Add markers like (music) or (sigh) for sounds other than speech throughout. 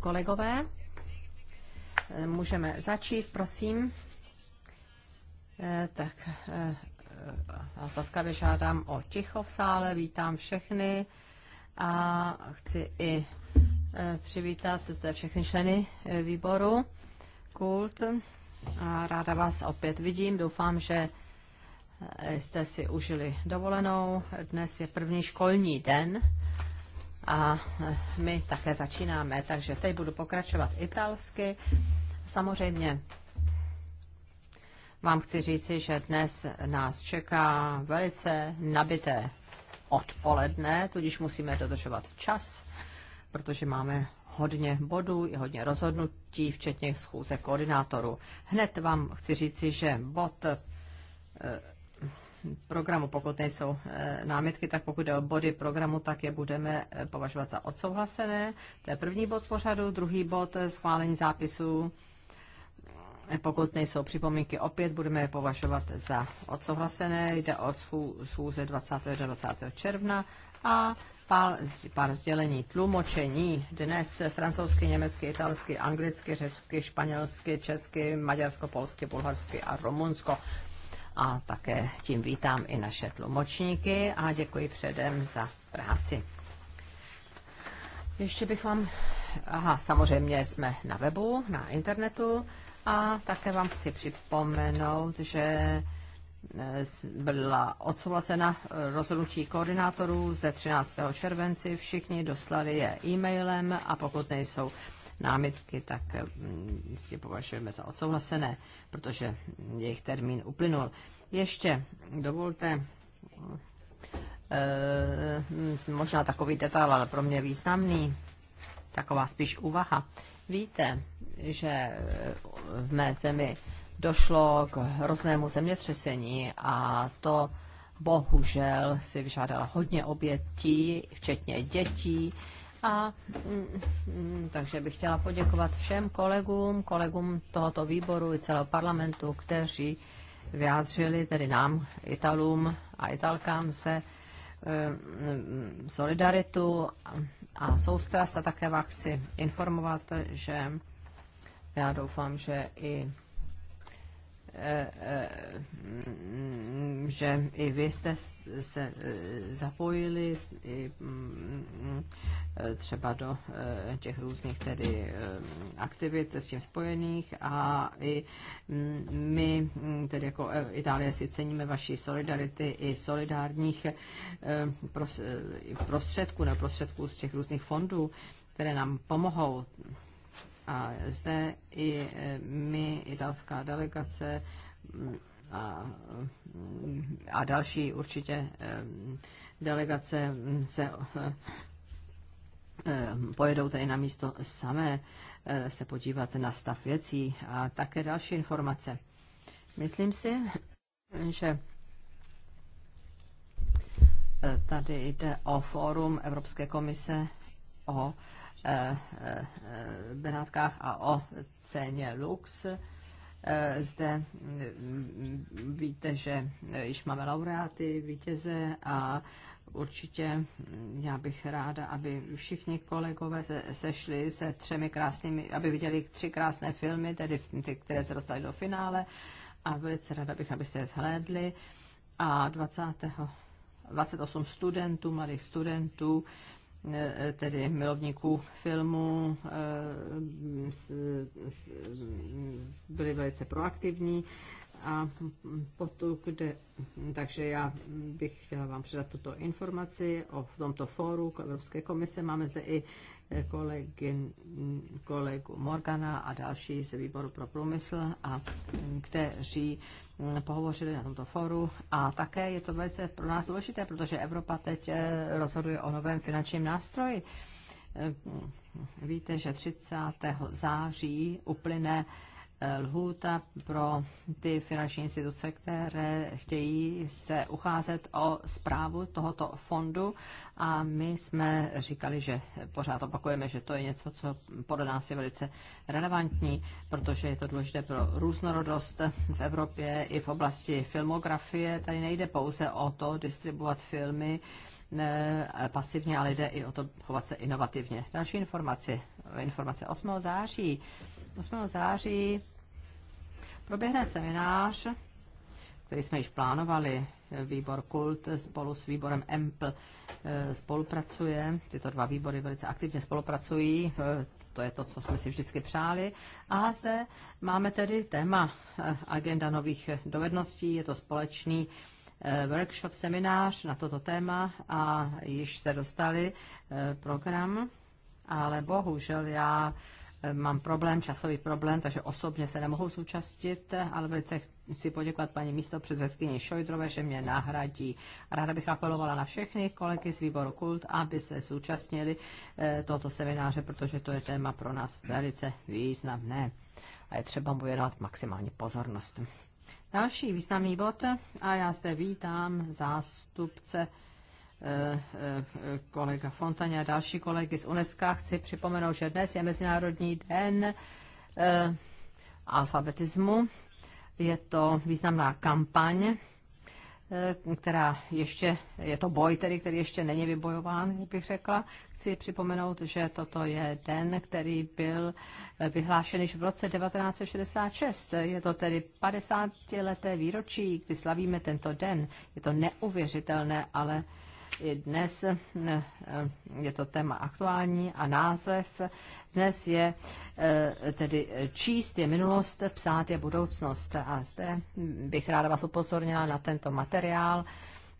Kolegové, můžeme začít, prosím. Eh, tak eh, vás laskavě žádám o ticho v sále, vítám všechny a chci i eh, přivítat zde všechny členy výboru Kult. A ráda vás opět vidím, doufám, že jste si užili dovolenou. Dnes je první školní den a my také začínáme, takže teď budu pokračovat italsky. Samozřejmě vám chci říci, že dnes nás čeká velice nabité odpoledne, tudíž musíme dodržovat čas, protože máme hodně bodů i hodně rozhodnutí, včetně schůze koordinátorů. Hned vám chci říci, že bod eh, programu. Pokud nejsou e, námitky, tak pokud jde o body programu, tak je budeme e, považovat za odsouhlasené. To je první bod pořadu, druhý bod e, schválení zápisu. Pokud nejsou připomínky, opět budeme je považovat za odsouhlasené. Jde o schůze 20. do 20. června a pár, pár sdělení tlumočení. Dnes francouzsky, německy, italsky, anglicky, řecky, španělsky, česky, maďarsko, polsky, bulharsky a rumunsko a také tím vítám i naše tlumočníky a děkuji předem za práci. Ještě bych vám, aha, samozřejmě jsme na webu, na internetu a také vám chci připomenout, že eh, byla odsouhlasena eh, rozhodnutí koordinátorů ze 13. červenci. Všichni dostali je e-mailem a pokud nejsou námitky, tak mm, jistě považujeme za odsouhlasené, protože jejich termín uplynul. Ještě dovolte e, možná takový detail, ale pro mě významný, taková spíš úvaha. Víte, že v mé zemi došlo k hroznému zemětřesení a to bohužel si vyžádala hodně obětí, včetně dětí a mm, mm, takže bych chtěla poděkovat všem kolegům, kolegům tohoto výboru i celého parlamentu, kteří vyjádřili, tedy nám, Italům a Italkám zde eh, mm, solidaritu a soustrast a také vás chci informovat, že já doufám, že i že i vy jste se zapojili i mm, třeba do eh, těch různých tedy eh, aktivit s tím spojených a i mm, my, mm, tedy jako eh, Itálie, si ceníme vaší solidarity i solidárních prostředků, na prostředků z těch různých fondů, které nám pomohou a zde i e, my, italská delegace a, a další určitě e, delegace se e, pojedou tady na místo samé se podívat na stav věcí a také další informace. Myslím si, že tady jde o fórum Evropské komise o Eh, eh, Benátkách a o ceně Lux. Eh, zde mm, víte, že již máme laureáty, vítěze a určitě mm, já bych ráda, aby všichni kolegové se, sešli se třemi krásnými, aby viděli tři krásné filmy, tedy ty, které se dostaly do finále a velice ráda bych, abyste je zhlédli. A 20. 28 studentů, mladých studentů Eh, tedy milovníků filmu eh, byli velice proaktivní a potom kde, takže já bych chtěla vám předat tuto informaci o tomto fóru Evropské komise. Máme zde i kolegy, kolegu Morgana a další z výboru pro průmysl, a kteří mm, pohovořili na tomto foru. A také je to velice pro nás důležité, protože Evropa teď eh, rozhoduje o novém finančním nástroji. Eh, víte, že 30. září uplyne lhůta pro ty finanční instituce, které chtějí se ucházet o zprávu tohoto fondu a my jsme říkali, že pořád opakujeme, že to je něco, co podle nás je velice relevantní, protože je to důležité pro různorodost v Evropě i v oblasti filmografie. Tady nejde pouze o to distribuovat filmy, ne, pasivně, ale jde i o to chovat se inovativně. Další informace, informace 8. září 8. září proběhne seminář, který jsme již plánovali. Výbor Kult spolu s výborem EMPL eh, spolupracuje. Tyto dva výbory velice aktivně spolupracují. Eh, to je to, co jsme si vždycky přáli. A zde máme tedy téma eh, agenda nových dovedností. Je to společný workshop, seminář na toto téma a již se dostali program, ale bohužel já Eh, mám problém, časový problém, takže osobně se nemohu zúčastnit, ale velice chci poděkovat paní místo předsedkyni Šojdrové, že mě nahradí. Ráda bych apelovala na všechny kolegy z výboru Kult, aby se zúčastnili eh, tohoto semináře, protože to je téma pro nás velice významné a je třeba mu věnovat maximální pozornost. Další významný bod a já zde vítám zástupce Eh, eh, kolega Fontaně a další kolegy z UNESCO. Chci připomenout, že dnes je Mezinárodní den eh, alfabetismu. Je to významná kampaň, která ještě, je to boj tedy, který ještě není vybojován, bych řekla. Chci připomenout, že toto je den, který byl vyhlášen již v roce 1966. Je to tedy 50 leté výročí, kdy slavíme tento den. Je to neuvěřitelné, ale i dnes eh, eh, je to téma aktuální a název dnes je eh, tedy číst je minulost, psát je budoucnost. A zde bych ráda vás upozornila na tento materiál,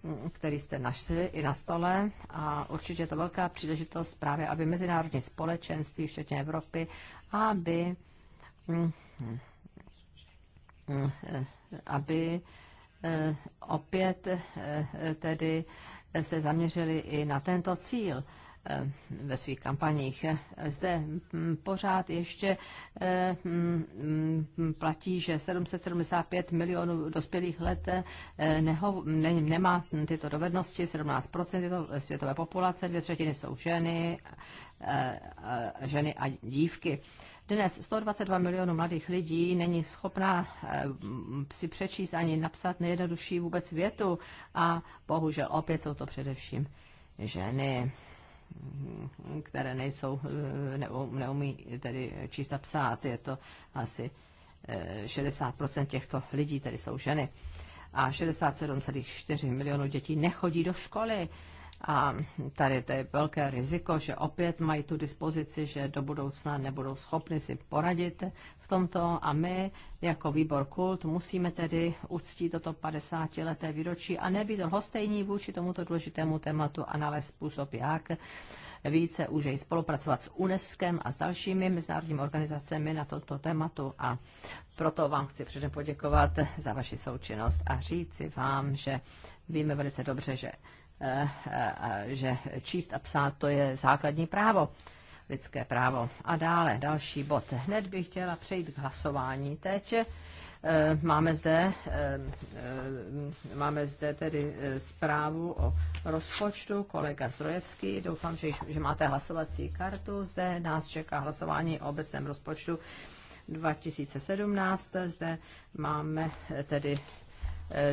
mm, který jste našli i na stole a určitě je to velká příležitost právě, aby mezinárodní společenství, včetně Evropy, aby mm, mm, aby opět tedy se zaměřili i na tento cíl eh, ve svých kampaních. Zde mm, pořád ještě eh, mm, platí, že 775 milionů dospělých let eh, neho, ne, nemá tyto dovednosti, 17% je to světové populace, dvě třetiny jsou ženy, ženy a dívky. Dnes 122 milionů mladých lidí není schopná eh, si přečíst ani napsat nejjednodušší vůbec větu a bohužel opět jsou to především ženy hm, které nejsou, eh, neumí tedy číst a psát. Je to asi 60% eh, těchto lidí, tedy jsou ženy. A 67,4 milionů dětí nechodí do školy. A tady to je velké riziko, že opět mají tu dispozici, že do budoucna nebudou schopni si poradit v tomto a my jako výbor kult musíme tedy uctít toto 50-leté výročí a nebýt lhostejní vůči tomuto důležitému tématu a nalézt způsob, jak více užej spolupracovat s UNESCO a s dalšími mezinárodními organizacemi na toto tématu a proto vám chci předem poděkovat za vaši součinnost a říci vám, že víme velice dobře, že Eh, eh, že číst a psát to je základní právo, lidské právo. A dále, další bod. Hned bych chtěla přejít k hlasování teď. Eh, máme zde, máme zde tedy zprávu o rozpočtu kolega Zdrojevský. Doufám, že, již, že máte hlasovací kartu. Zde nás čeká hlasování o obecném rozpočtu 2017. Zde máme tedy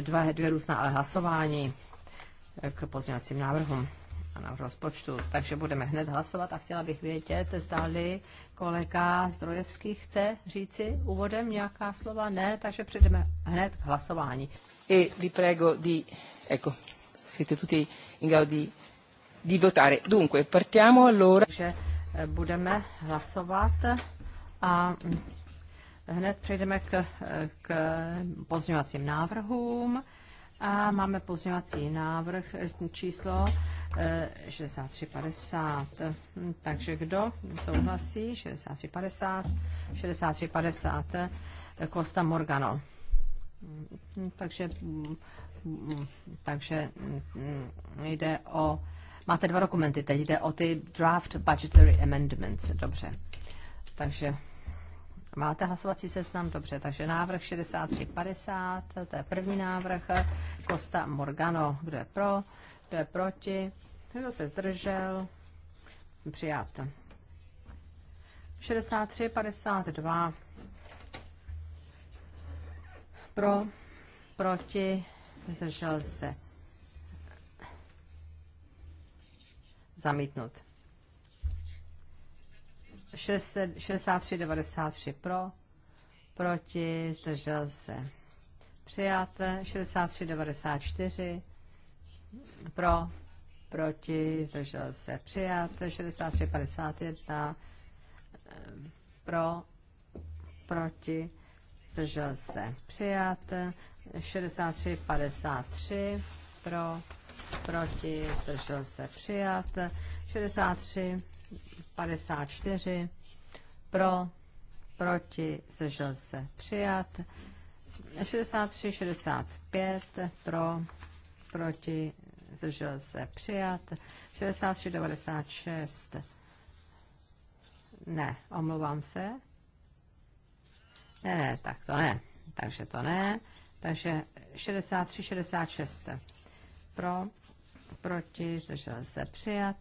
dva, dvě různá hlasování k pozměňovacím návrhům a návrh rozpočtu. Takže budeme hned hlasovat a chtěla bych vědět, zdali kolega Zdrojevský chce říci úvodem nějaká slova. Ne, takže přejdeme hned k hlasování. E vi prego di, ecco, siete tutti in grado di, di votare. Dunque, partiamo allora. Takže eh, budeme hlasovat a mm, hned přejdeme k, eh, k pozměňovacím návrhům. A máme pozměňovací návrh číslo 6350. Eh, takže kdo souhlasí? 6350. 6350. Eh, Costa Morgano. Takže, takže mm, jde o... Máte dva dokumenty, teď jde o ty draft budgetary amendments, dobře. Takže Máte hlasovací seznam? Dobře, takže návrh 6350, to je první návrh. Kosta Morgano, kdo je pro, kdo je proti, kdo se zdržel, přijat. 6352 pro, proti, zdržel se. zamítnout. 63,93 pro, proti, zdržel se. Přijaté 63,94 pro, proti, zdržel se. Přijaté 63,51 pro, proti, zdržel se. Přijaté 63,53 pro, proti, zdržel se. Přijat 63 54 pro, proti, zdržel se přijat. 63, 65 pro, proti, zdržel se přijat. 63, 96 ne, omlouvám se. Ne, ne, tak to ne. Takže to ne. Takže 63, 66 pro, proti, zdržel se přijat.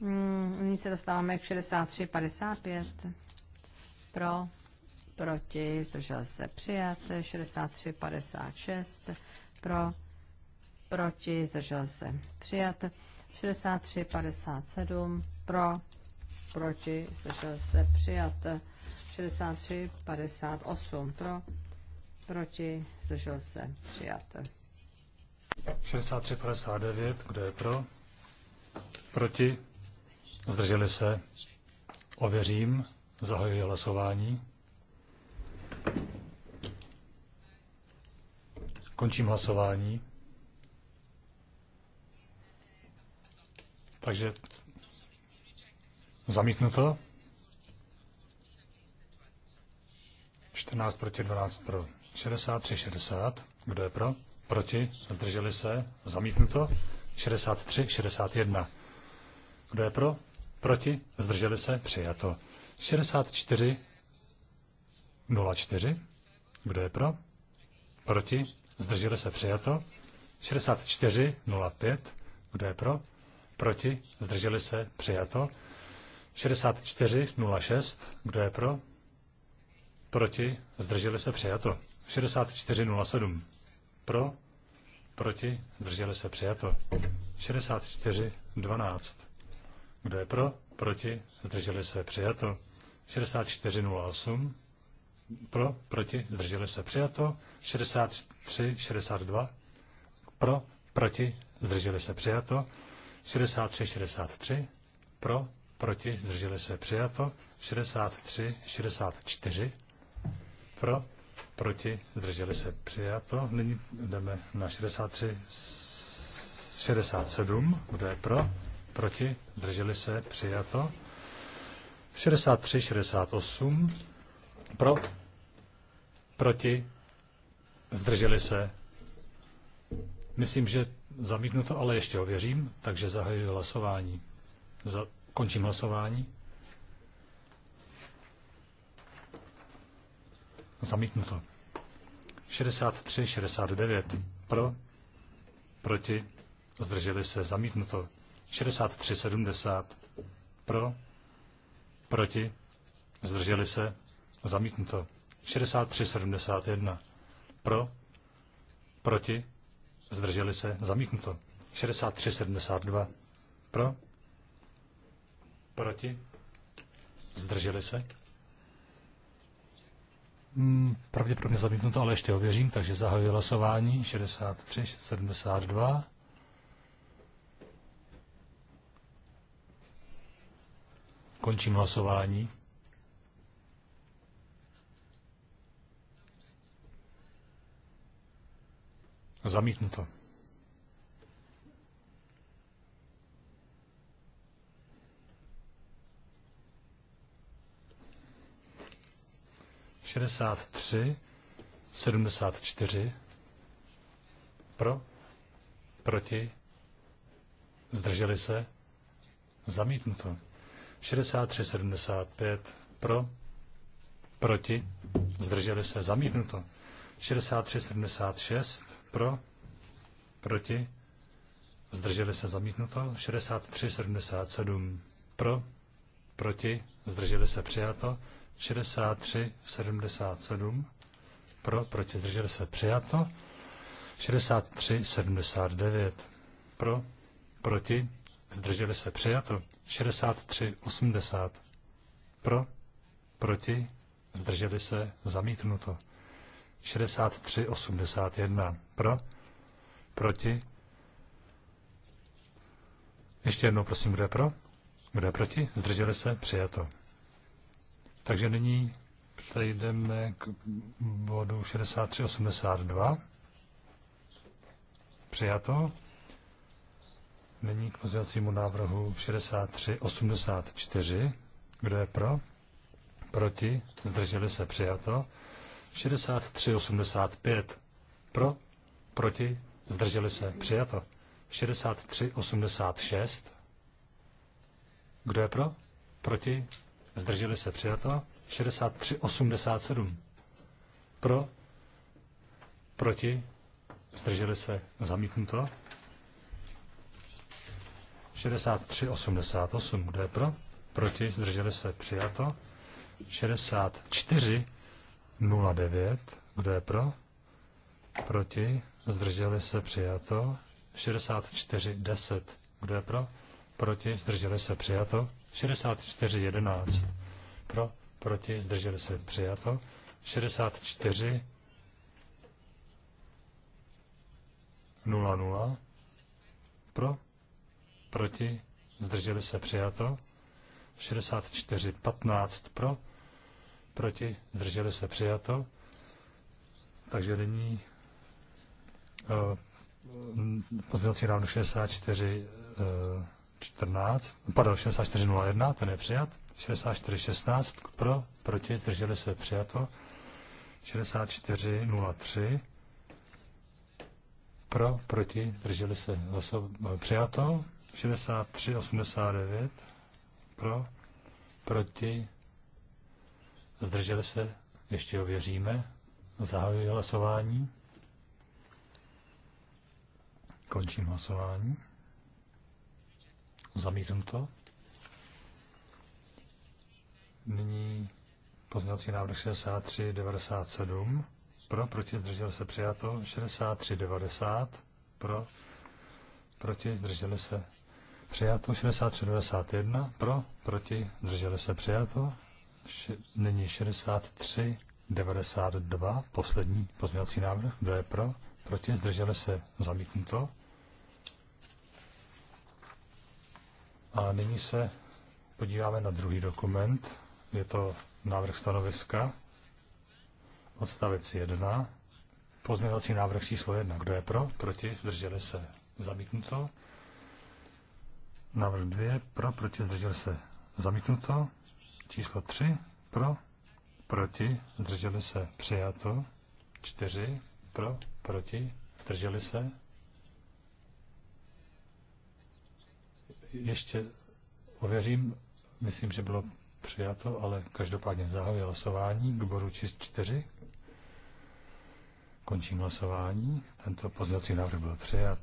Hmm, nyní se dostáváme k 63,55. Pro, proti, zdržel se přijat. 63,56. Pro, proti, zdržel se přijat. 63,57. Pro, proti, zdržel se přijat. 63,58. Pro, proti, zdržel se přijat. 63,59. Kdo je pro? Proti? Zdrželi se? Ověřím. Zahajuji hlasování. Končím hlasování. Takže zamítnuto. 14 proti 12 pro. 63, 60. Kdo je pro? Proti? Zdrželi se? Zamítnuto. 63, 61. Kdo je pro? Proti? Zdrželi se? Přijato. 64 04. Kdo je pro? Proti? Zdrželi se? Přijato. 64 05. Kdo je pro? Proti? Zdrželi se? Přijato. 64 06. Kdo je pro? Proti? Zdrželi se? Přijato. 64 07. Pro? Proti? Zdrželi se? Přijato. 64 12. Kdo je pro? Proti? Zdrželi se? Přijato. 6408. Pro? Proti? Zdrželi se? Přijato. 63.62. Pro? Proti? Zdrželi se? Přijato. 63.63. Pro? Proti? Zdrželi se? Přijato. 63.64. Pro? Proti? Zdrželi se? Přijato. Nyní jdeme na 63.67. Kdo je pro? proti, drželi se, přijato. 63, 68, pro, proti, zdrželi se. Myslím, že zamítnuto, ale ještě ověřím, takže zahajuji hlasování. Za, končím hlasování. Zamítnuto. 63, 69 pro, proti, zdrželi se, zamítnuto. 63-70. pro, proti, zdrželi se, zamítnuto. 63-71. pro, proti, zdrželi se, zamítnuto. 63-72. pro, proti, zdrželi se. Hmm, pravděpodobně zamítnuto, ale ještě ověřím, takže zahajuji hlasování 63, 72. Končím hlasování. Zamítnuto. Šedesát tři, sedmdesát čtyři, pro, proti, zdrželi se, zamítnuto. 6375 pro, proti, zdrželi se, zamítnuto. 6376 pro, proti, zdrželi se, zamítnuto. 6377 pro, proti, zdrželi se, přijato. 6377 pro, proti, zdrželi se, přijato. 6379 pro, proti, zdrželi se přijato. 63, 80 pro, proti, zdrželi se zamítnuto. 63, 81 pro, proti. Ještě jednou prosím, kdo je pro? Kdo je proti? Zdrželi se? Přijato. Takže nyní přejdeme k bodu 63-82. Přijato. Nyní k pozvědacímu návrhu 6384. Kdo je pro? Proti? Zdrželi se přijato. 6385. Pro? Proti? Zdrželi se přijato. 6386. Kdo je pro? Proti? Zdrželi se přijato. 6387. Pro? Proti? Zdrželi se zamítnuto. 63,88. Kdo je pro? Proti? Zdrželi se? Přijato. 64,09. Kdo je pro? Proti? Zdrželi se? Přijato. 64,10. Kdo je pro? Proti? Zdrželi se? Přijato. 64,11. Pro? Proti? Zdrželi se? Přijato. 64 00 pro proti, zdrželi se přijato, 64, 15 pro, proti, zdrželi se přijato, takže nyní eh, pozměňovací návrh 64, 14, eh, pardon, 6401, ten je přijat, 6416 pro, proti, zdrželi se přijato, 6403 pro, proti, zdrželi se hlasov, eh, přijato, 63, 89 pro, proti, zdrželi se, ještě ověříme, zahajuji hlasování, končím hlasování, zamítnu to. Nyní pozměňovací návrh 63, 97 pro, proti, zdrželi se, přijato, 63, 90 pro, proti, zdrželi se, Přijato 63,91 pro, proti, drželi se přijato. Š- nyní 63,92, poslední pozměňovací návrh, kdo je pro, proti, zdrželi se zamítnuto. A nyní se podíváme na druhý dokument. Je to návrh stanoviska, odstavec 1, pozměňovací návrh číslo 1. Kdo je pro? Proti? Zdrželi se? Zamítnuto. Návrh 2 pro, proti, zdržel se zamítnuto. Číslo 3 pro, proti, zdrželi se přijato. 4 pro, proti, zdrželi se. Ještě ověřím, myslím, že bylo přijato, ale každopádně zahajuji hlasování k bodu číst 4. Končím hlasování. Tento pozměňovací návrh byl přijat.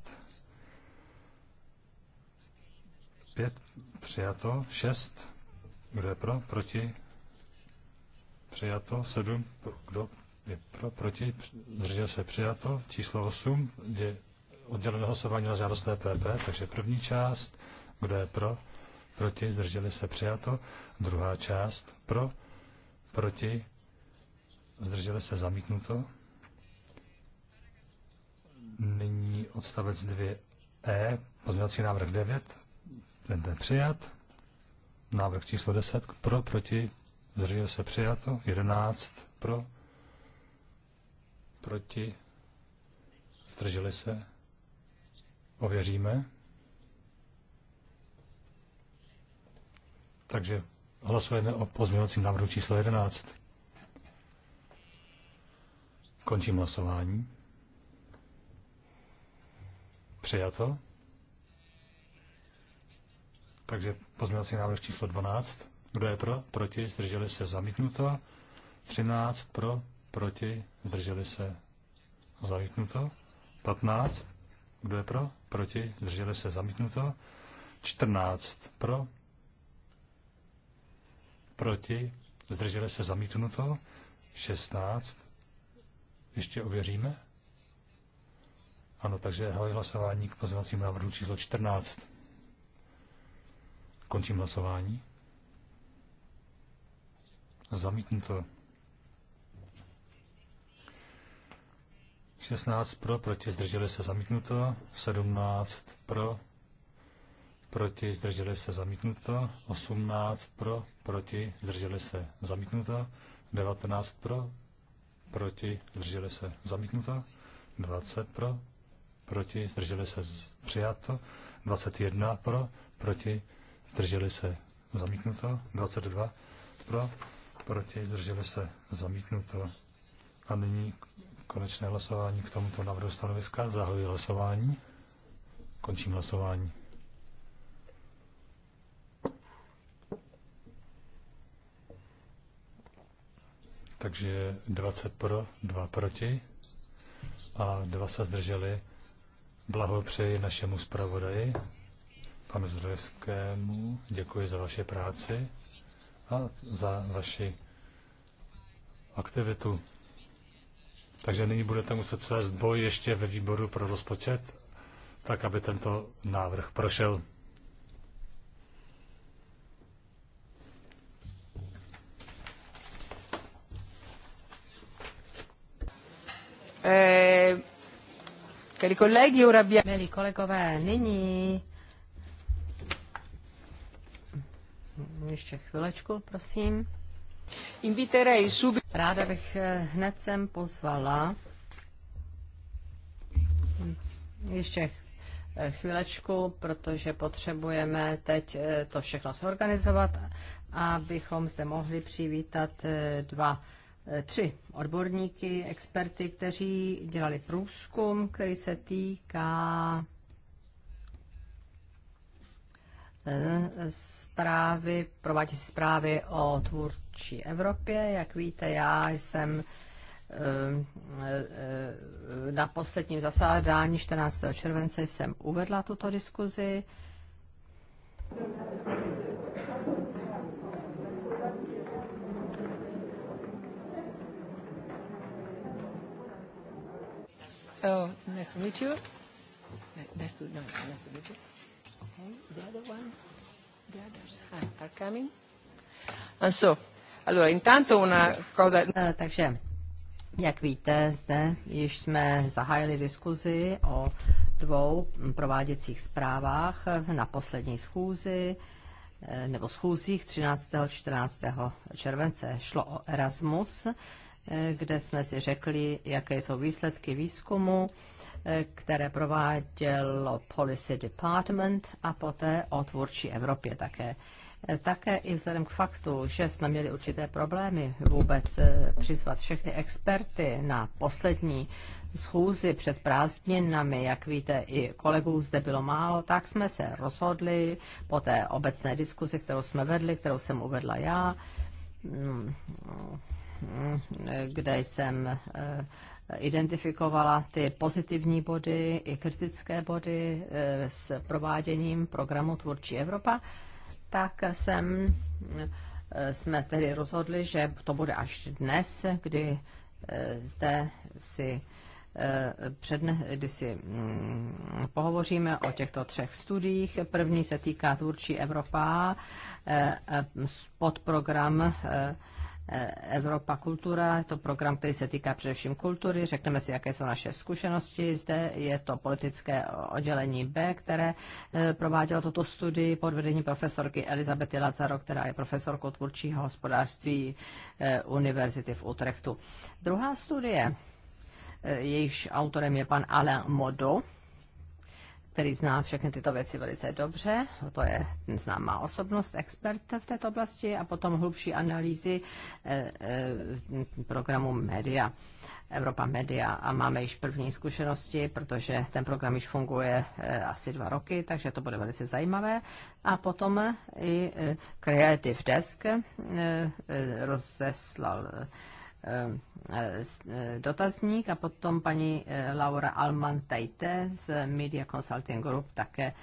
Pět přijato, šest, kdo je pro, proti, přijato, sedm, kdo je pro, proti, zdržel se přijato, číslo osm, je oddělené hlasování na žádost TPP, takže první část, kdo je pro, proti, zdrželi se přijato, druhá část, pro, proti, zdrželi se zamítnuto. Nyní odstavec 2e, pozměňovací návrh 9, ten je přijat. Návrh číslo 10 pro, proti, zdržel se přijato. 11 pro, proti, zdrželi se. Ověříme. Takže hlasujeme o pozměňovacím návrhu číslo 11. Končím hlasování. Přijato. Takže pozměňovací návrh číslo 12. Kdo je pro? Proti? Zdrželi se? Zamítnuto. 13. Pro? Proti? Zdrželi se? Zamítnuto. 15. Kdo je pro? Proti? Zdrželi se? Zamítnuto. 14. Pro? Proti? Zdrželi se? Zamítnuto. 16. Ještě ověříme. Ano, takže hlasování k pozvacímu návrhu číslo 14. Končím hlasování. Zamítnuto. 16 pro, proti zdrželi se zamítnuto, 17 pro, proti zdrželi se zamítnuto, 18 pro, proti zdrželi se zamítnuto, 19 pro, proti zdrželi se zamítnuto, 20 pro, proti zdrželi se přijato, 21 pro, proti zdrželi se zamítnuto, 22 pro, proti, zdrželi se zamítnuto. A nyní konečné hlasování k tomuto návrhu stanoviska. Zahajuji hlasování. Končím hlasování. Takže 20 pro, 2 proti a 2 se zdrželi. Blahopřeji našemu zpravodaji panu Zdrojevskému. Děkuji za vaši práci a za vaši aktivitu. Takže nyní budete muset svést boj ještě ve výboru pro rozpočet, tak aby tento návrh prošel. Eh, cari colleghi, ora abbiamo... Milí kolegové, nyní Ještě chvilečku, prosím. Ráda bych eh, hned sem pozvala. Ještě eh, chvilečku, protože potřebujeme teď eh, to všechno zorganizovat, abychom zde mohli přivítat dva, tři odborníky, experty, kteří dělali průzkum, který se týká zprávy, prováděcí zprávy o tvůrčí Evropě. Jak víte, já jsem eh, eh, na posledním zasádání 14. července jsem uvedla tuto diskuzi. Oh, nice to meet you. Nice to, nice, nice to meet you. Okay. The other the others ah, are coming. And ah, so, allora, intanto una cosa... Eh, takže, jak víte, zde již jsme zahájili diskuzi o dvou prováděcích zprávách na poslední schůzi eh, nebo schůzích 13. 14. července. Šlo o Erasmus, eh, kde jsme si řekli, jaké jsou výsledky výzkumu které provádělo Policy Department a poté o tvůrčí Evropě také. Také i vzhledem k faktu, že jsme měli určité problémy vůbec eh, přizvat všechny experty na poslední schůzi před prázdninami, jak víte, i kolegů zde bylo málo, tak jsme se rozhodli po té obecné diskuzi, kterou jsme vedli, kterou jsem uvedla já, mm, mm, kde jsem eh, identifikovala ty pozitivní body i kritické body eh, s prováděním programu Tvůrčí Evropa, tak jsem, eh, jsme tedy rozhodli, že to bude až dnes, kdy eh, zde si předne, kdy si mm, pohovoříme o těchto třech studiích. První se týká Tvůrčí Evropa, podprogram program Eh, Evropa kultura, je to program, který se týká především kultury, řekneme si, jaké jsou naše zkušenosti. Zde je to politické oddělení B, které eh, provádělo tuto studii pod vedením profesorky Elizabety Lazaro, která je profesorkou tvůrčího hospodářství eh, Univerzity v Utrechtu. Druhá studie, jejíž autorem je pan Alain Modo, který zná všechny tyto věci velice dobře, to je známá osobnost, expert v této oblasti, a potom hlubší analýzy eh, eh, programu Media, Evropa Media. A máme již první zkušenosti, protože ten program již funguje eh, asi dva roky, takže to bude velice zajímavé. A potom i Creative Desk rozeslal Eh, eh, dotazník a potom paní eh, Laura Alman Tejte z Media Consulting Group také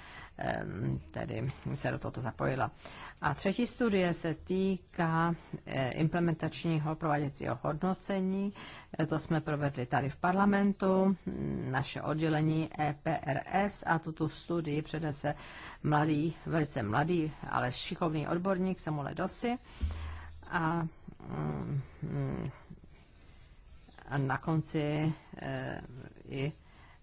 tedy se do tohoto zapojila. A třetí studie se týká implementačního prováděcího hodnocení. To jsme provedli tady v parlamentu, mm, naše oddělení EPRS a tuto studii předese mladý, velice mladý, ale šikovný odborník Samuel Dosy. A mm, mm, na konci eh, i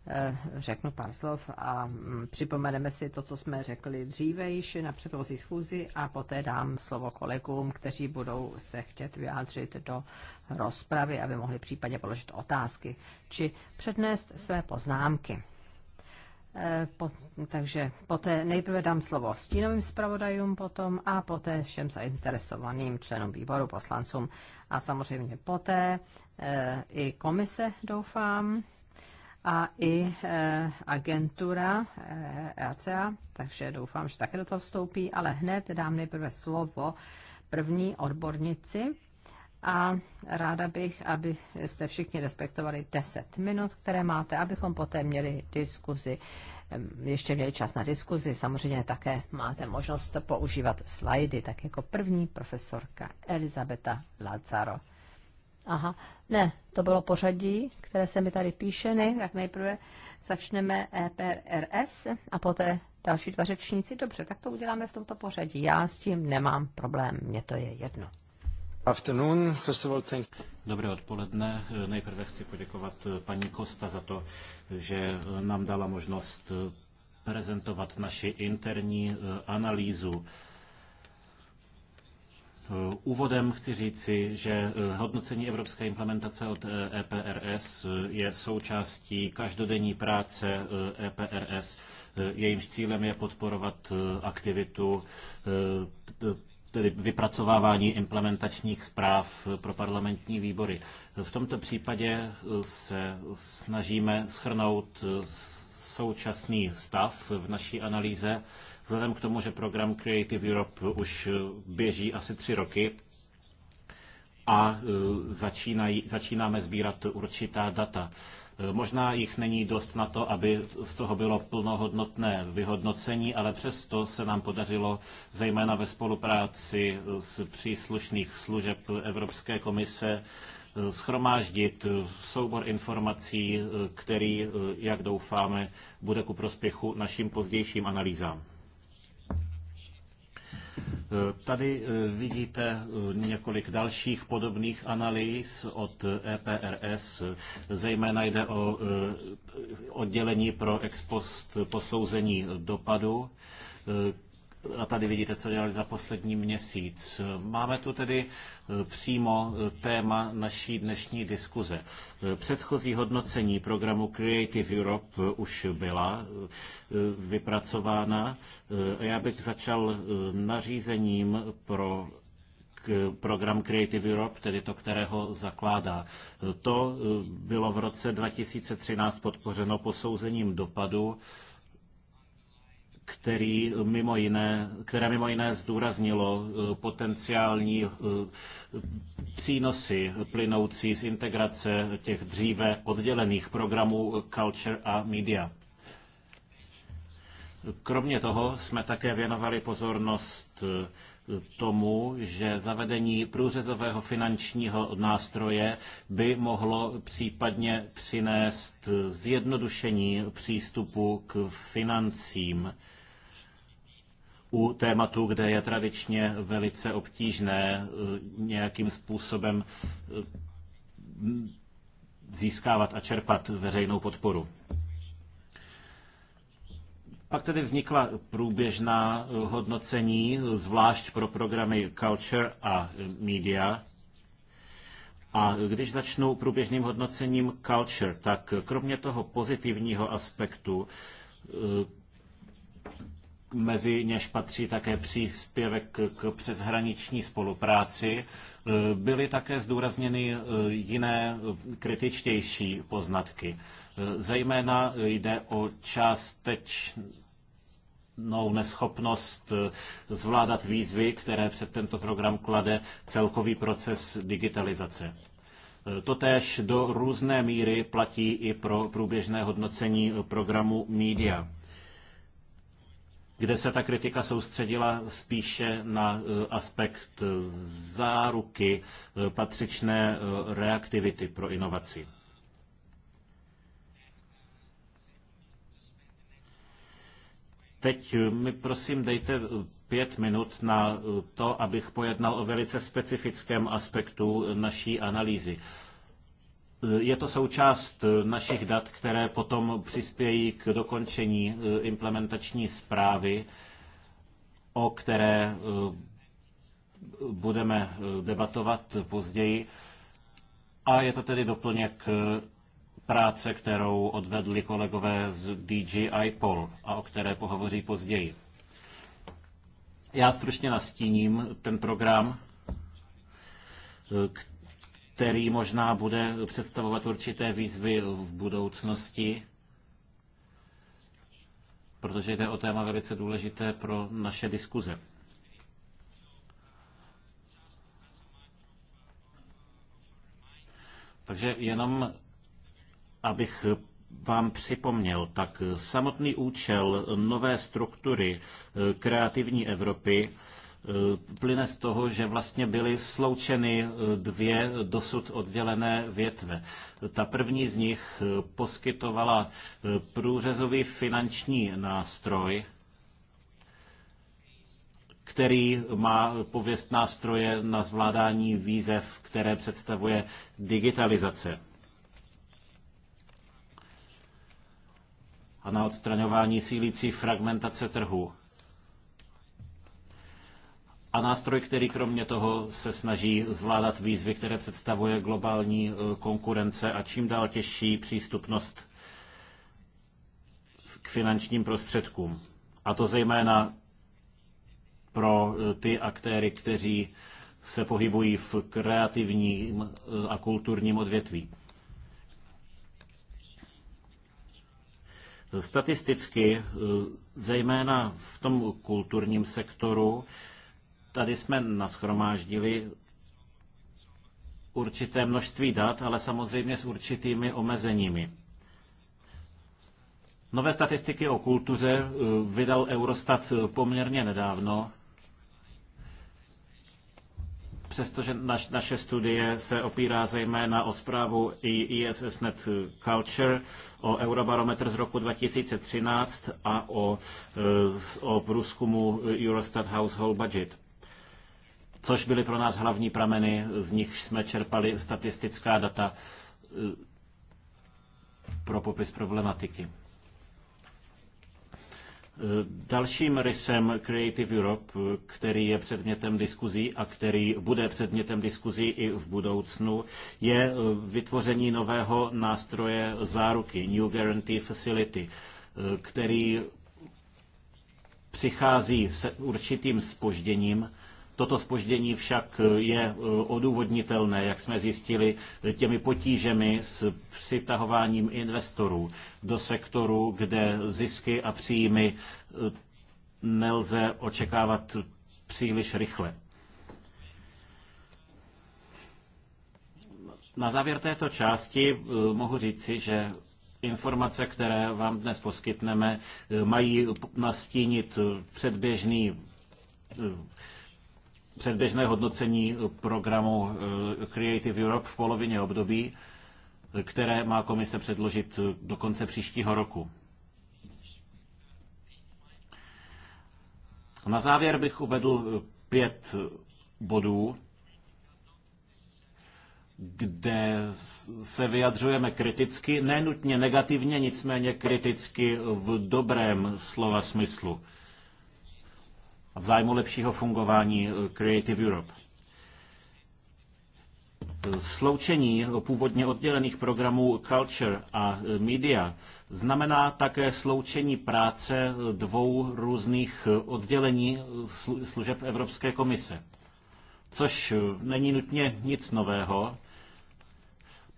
eh, řeknu pár slov a mm, připomeneme si to, co jsme řekli dříve již na předchozí schůzi a poté dám slovo kolegům, kteří budou se chtět vyjádřit do rozpravy, aby mohli případně položit otázky či přednést své poznámky. Eh, po, takže poté nejprve dám slovo stínovým zpravodajům potom a poté všem zainteresovaným členům výboru, poslancům a samozřejmě poté e, i komise, doufám, a i eh, e, agentura e, takže doufám, že také do toho vstoupí, ale hned dám nejprve slovo první odbornici, a ráda bych, abyste všichni respektovali 10 minut, které máte, abychom poté měli diskuzi, ještě měli čas na diskuzi. Samozřejmě také máte možnost používat slajdy, tak jako první profesorka Elizabeta Lazaro. Aha, ne, to bylo pořadí, které se mi tady píše, ne, tak nejprve začneme EPRS a poté další dva řečníci. Dobře, tak to uděláme v tomto pořadí. Já s tím nemám problém, mě to je jedno. Dobré odpoledne. Nejprve chci poděkovat eh, paní Kosta za to, že eh, nám dala možnost eh, prezentovat naši interní analýzu Úvodem chci říci, že hodnocení evropské implementace od EPRS e je součástí každodenní práce EPRS. E jejímž cílem je podporovat aktivitu tedy vypracovávání implementačních zpráv pro parlamentní výbory. V tomto případě eh, se snažíme schrnout eh, současný stav v naší analýze. Vzhledem k tomu, že program Creative Europe už eh, běží asi tři roky a začínají, začínáme sbírat určitá data. Eh, možná jich není dost na to, aby z toho bylo plnohodnotné vyhodnocení, ale přesto se nám podařilo, zejména ve spolupráci eh, s příslušných služeb Evropské komise, eh, schromáždit soubor informací, který, jak doufáme, bude ku prospěchu našim pozdějším analýzám. Eh, tady eh, vidíte eh, několik dalších podobných analýz od EPRS. Zejména jde o oddělení pro ex post posouzení dopadu, a tady vidíte, co dělali za poslední měsíc. Máme tu tedy e, přímo e, téma naší dnešní diskuze. E, předchozí hodnocení programu Creative Europe už byla vypracována. Já bych začal nařízením pro program Creative Europe, tedy to, kterého zakládá. To bylo v roce 2013 podpořeno posouzením dopadu který mimo jiné, které mimo jiné zdůraznilo eh, potenciální eh, přínosy plynoucí z integrace těch dříve oddělených programů Culture a Media. Kromě toho jsme také věnovali pozornost eh, tomu, že zavedení průřezového finančního nástroje by mohlo případně přinést zjednodušení přístupu k financím u tématu, kde je tradičně velice obtížné e, nějakým způsobem e, získávat a čerpat veřejnou podporu. Pak tedy vznikla průběžná hodnocení, zvlášť pro programy Culture a Media. A když začnu průběžným hodnocením Culture, tak kromě toho pozitivního aspektu, e, mezi něž patří také příspěvek k přeshraniční spolupráci. Byly také zdůrazněny e, jiné kritičtější poznatky. E, zejména jde o částečnou neschopnost e, zvládat výzvy, které před tento program klade celkový proces digitalizace. Totéž do různé míry platí i pro průběžné hodnocení programu Media kde se ta kritika soustředila spíše na eh, aspekt eh, záruky eh, patřičné reaktivity pro inovaci. Teď mi prosím dejte pět minut na to, abych pojednal o velice specifickém aspektu naší analýzy. Eh, je to součást eh, našich dat, které potom přispějí k dokončení eh, implementační zprávy, o které budeme debatovat později. A je to tedy doplněk práce, kterou odvedli kolegové z DJI Pol a o které pohovoří později. Já stručně nastíním ten program, který možná bude představovat určité výzvy v budoucnosti, protože jde o téma velice důležité pro naše diskuze. Takže jenom, abych vám připomněl, tak samotný účel nové struktury eh, kreativní Evropy Eh, plyne z toho, že vlastně byly sloučeny eh, dvě dosud oddělené větve. Ta první z nich eh, poskytovala průřezový finanční nástroj, který má pověst nástroje na zvládání výzev, které představuje digitalizace. A na odstraňování sílící fragmentace trhu a nástroj, který kromě toho se snaží zvládat výzvy, které představuje globální eh, konkurence a čím dál těžší přístupnost k finančním prostředkům. A to zejména pro eh, ty aktéry, kteří se pohybují v kreativním eh, a kulturním odvětví. Statisticky, zejména v tom kulturním sektoru, Tady jsme nashromáždili určité množství dat, ale samozřejmě s určitými omezeními. Nové statistiky o kultuře eh, vydal Eurostat eh, poměrně nedávno, přestože naš, naše studie se opírá zejména o zprávu ISSNet eh, Culture, o Eurobarometr z roku 2013 a o, o průzkumu Eurostat Household Budget což byly pro nás hlavní prameny, z nich jsme čerpali statistická data e, pro popis problematiky. E, dalším rysem Creative Europe, který je předmětem diskuzí a který bude předmětem diskuzí i v budoucnu, je e, vytvoření nového nástroje záruky, New Guarantee Facility, který přichází s určitým spožděním, Toto spoždění však eh, je eh, odůvodnitelné, jak jsme zjistili, eh, těmi potížemi s přitahováním investorů do sektoru, kde zisky a příjmy nelze očekávat příliš rychle. Na závěr této části mohu říci, že informace, které vám dnes poskytneme, mají nastínit předběžný předběžné hodnocení programu eh, Creative Europe v polovině období, které má komise předložit do konce příštího roku. Na závěr bych uvedl eh, pět eh, bodů, kde se vyjadřujeme kriticky, nenutně negativně, nicméně kriticky v dobrém slova smyslu v zájmu lepšího fungování eh, Creative Europe. Sloučení původně oddělených programů Culture a eh, Media znamená také sloučení práce eh, dvou různých oddělení služeb Evropské komise, což není nutně nic nového,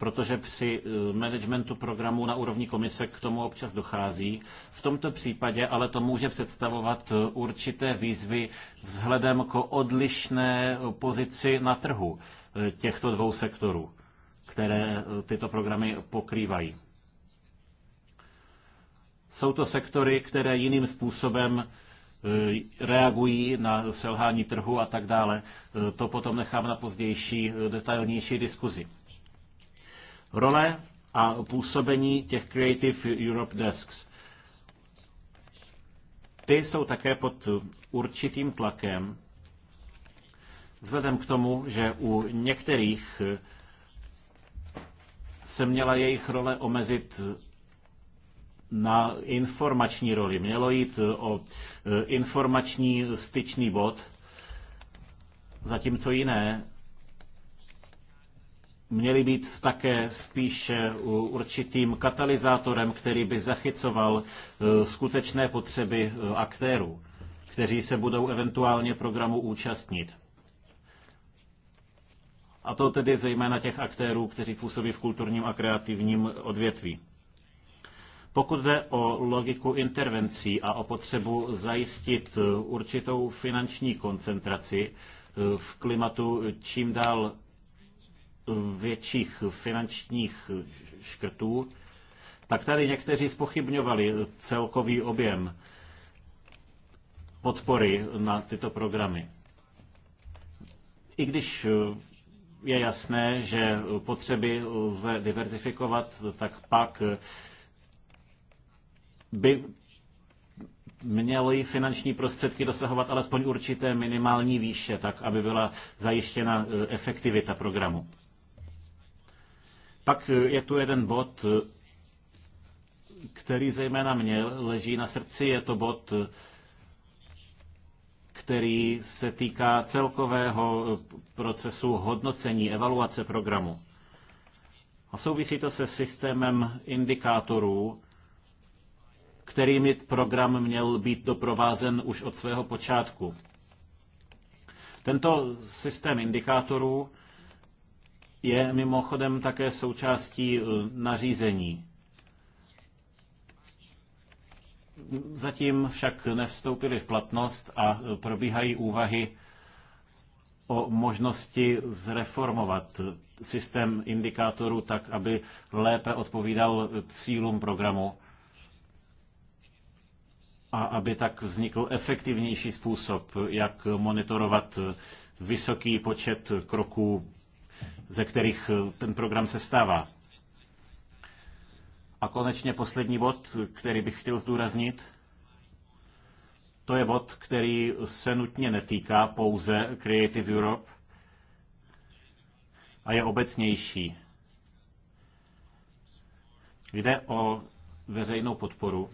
protože při eh, managementu programů na úrovni komise k tomu občas dochází. V tomto případě ale to může představovat eh, určité výzvy vzhledem k odlišné eh, pozici na trhu těchto dvou sektorů, které tyto programy pokrývají. Jsou to sektory, které jiným způsobem reagují na selhání trhu a tak dále. To potom nechám na pozdější detailnější diskuzi. Role a působení těch Creative Europe Desks. Ty jsou také pod určitým tlakem, vzhledem k tomu, že u některých se měla jejich role omezit na informační roli. Mělo jít o e, informační styčný bod, zatímco jiné měly být také spíše eh, určitým katalyzátorem, který by zachycoval eh, skutečné potřeby eh, aktérů, kteří se budou eventuálně programu účastnit. A to tedy zejména těch aktérů, kteří působí v kulturním a kreativním odvětví. Pokud jde o logiku intervencí a o potřebu zajistit určitou finanční koncentraci v klimatu čím dál větších finančních škrtů, tak tady někteří spochybňovali celkový objem podpory na tyto programy. I když je jasné, že potřeby lze diverzifikovat, tak pak by měly finanční prostředky dosahovat alespoň určité minimální výše, tak aby byla zajištěna efektivita programu. Pak e, je tu jeden bod, e, který zejména mě leží na srdci. Je to bod, e, který se týká celkového procesu hodnocení, evaluace programu. A souvisí to se systémem indikátorů, kterými program měl být doprovázen už od svého počátku. Tento systém indikátorů je mimochodem také součástí e, nařízení. Zatím však nevstoupily v platnost a e, probíhají úvahy o možnosti zreformovat systém indikátorů tak, aby lépe odpovídal cílům programu a aby tak vznikl efektivnější způsob, jak monitorovat vysoký počet kroků ze kterých eh, ten program se stává. A konečně poslední bod, který bych chtěl zdůraznit, to je bod, který se nutně netýká pouze Creative Europe a je obecnější. Jde o veřejnou podporu.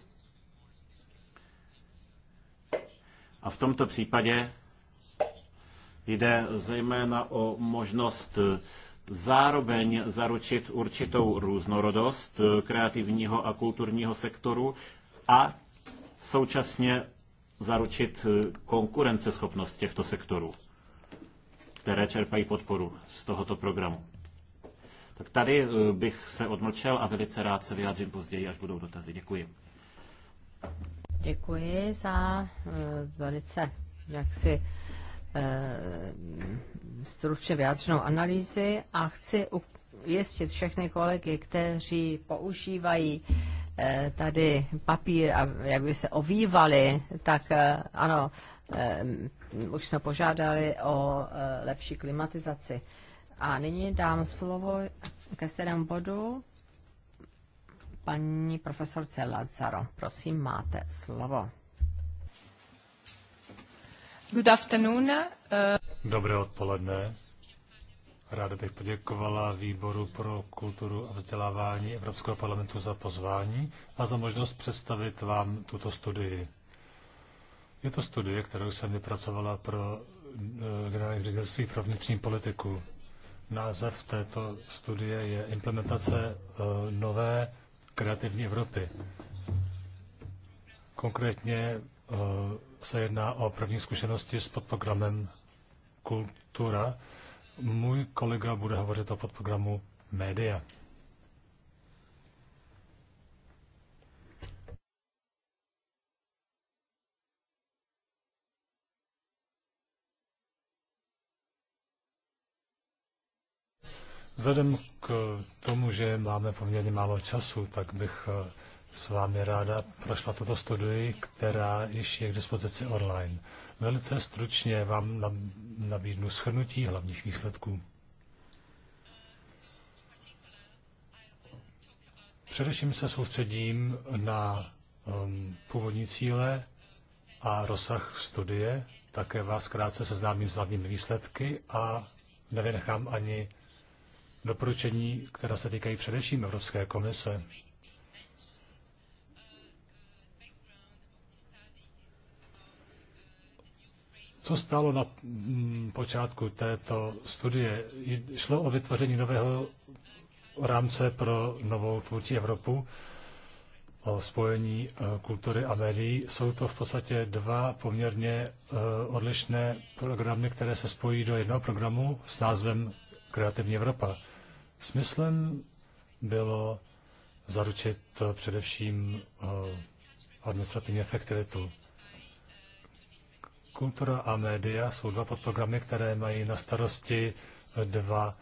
A v tomto případě Jde zejména o možnost zároveň zaručit určitou různorodost kreativního a kulturního sektoru a současně zaručit konkurenceschopnost těchto sektorů, které čerpají podporu z tohoto programu. Tak tady eh, bych se odmlčel a velice rád se vyjádřím později, až budou dotazy. Děkuji. Děkuji za eh, velice jaksi Eh, stručně vyjádřenou analýzy a chci ujistit všechny kolegy, kteří používají eh, tady papír a jak by se ovývali, tak eh, ano, už jsme požádali o lepší klimatizaci. A nyní dám slovo ke stejnému bodu paní profesorce Lazaro. Prosím, máte slovo. Good afternoon. Uh, Dobré odpoledne. Ráda bych poděkovala Výboru pro kulturu a vzdělávání Evropského parlamentu za pozvání a za možnost představit vám tuto studii. Je to studie, kterou jsem vypracovala pro eh, generální ředitelství pro vnitřní politiku. Název této studie je Implementace eh, nové kreativní Evropy. Konkrétně eh, se jedná o první zkušenosti s podprogramem Kultura. Můj kolega bude hovořit o podprogramu Média. Vzhledem k tomu, že máme poměrně málo času, tak bych eh, s vámi ráda prošla tato studii, která již je k dispozici online. Velice stručně vám nabídnu shrnutí hlavních výsledků. Především se soustředím na um, původní cíle a rozsah studie. Také vás krátce seznámím s hlavními výsledky a nevynechám ani doporučení, která se týkají především Evropské komise. Co stálo na mm, počátku této studie? Šlo o vytvoření nového rámce pro novou tvůrčí Evropu, o spojení e, kultury a médií. Jsou to v podstatě dva poměrně e, odlišné programy, které se spojí do jednoho programu s názvem Kreativní Evropa. Smyslem bylo zaručit e, především administrativní efektivitu. Kultura a média jsou dva podprogramy, které mají na starosti dva,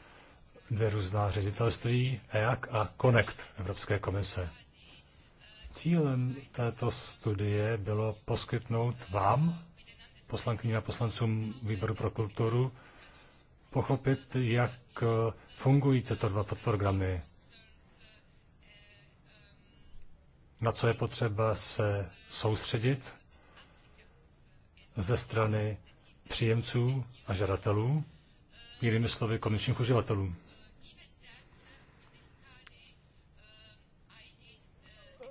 dvě různá ředitelství, EAC a CONNECT Evropské komise. Cílem této studie bylo poskytnout vám, poslankyním a poslancům Výboru pro kulturu, pochopit, jak fungují tyto dva podprogramy, na co je potřeba se soustředit ze strany příjemců a žadatelů, jinými slovy konečných uživatelů.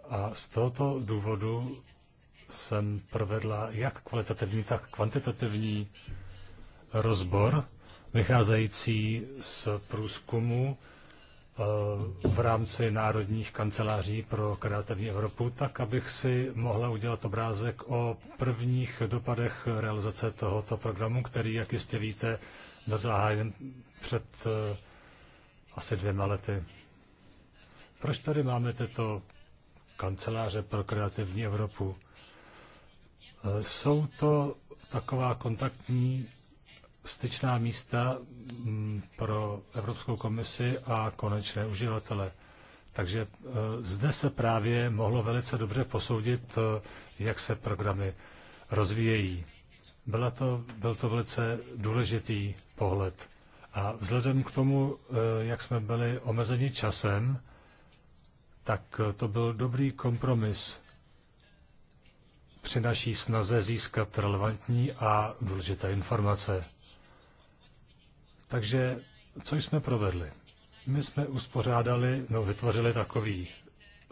A z tohoto důvodu jsem provedla jak kvalitativní, tak kvantitativní rozbor, vycházející z průzkumu Eh, v rámci národních kanceláří pro kreativní Evropu, tak abych si mohla udělat obrázek o prvních dopadech realizace tohoto programu, který, jak jistě víte, byl zahájen před eh, asi dvěma lety. Proč tady máme tyto kanceláře pro kreativní Evropu? Eh, jsou to taková kontaktní styčná místa mm, pro Evropskou komisi a konečné uživatele. Takže eh, zde se právě mohlo velice dobře posoudit, eh, jak se programy rozvíjejí. Byla to, byl to velice důležitý pohled. A vzhledem k tomu, eh, jak jsme byli omezeni časem, tak to byl dobrý kompromis při naší snaze získat relevantní a důležité informace. Takže co jsme provedli? My jsme uspořádali, no vytvořili takový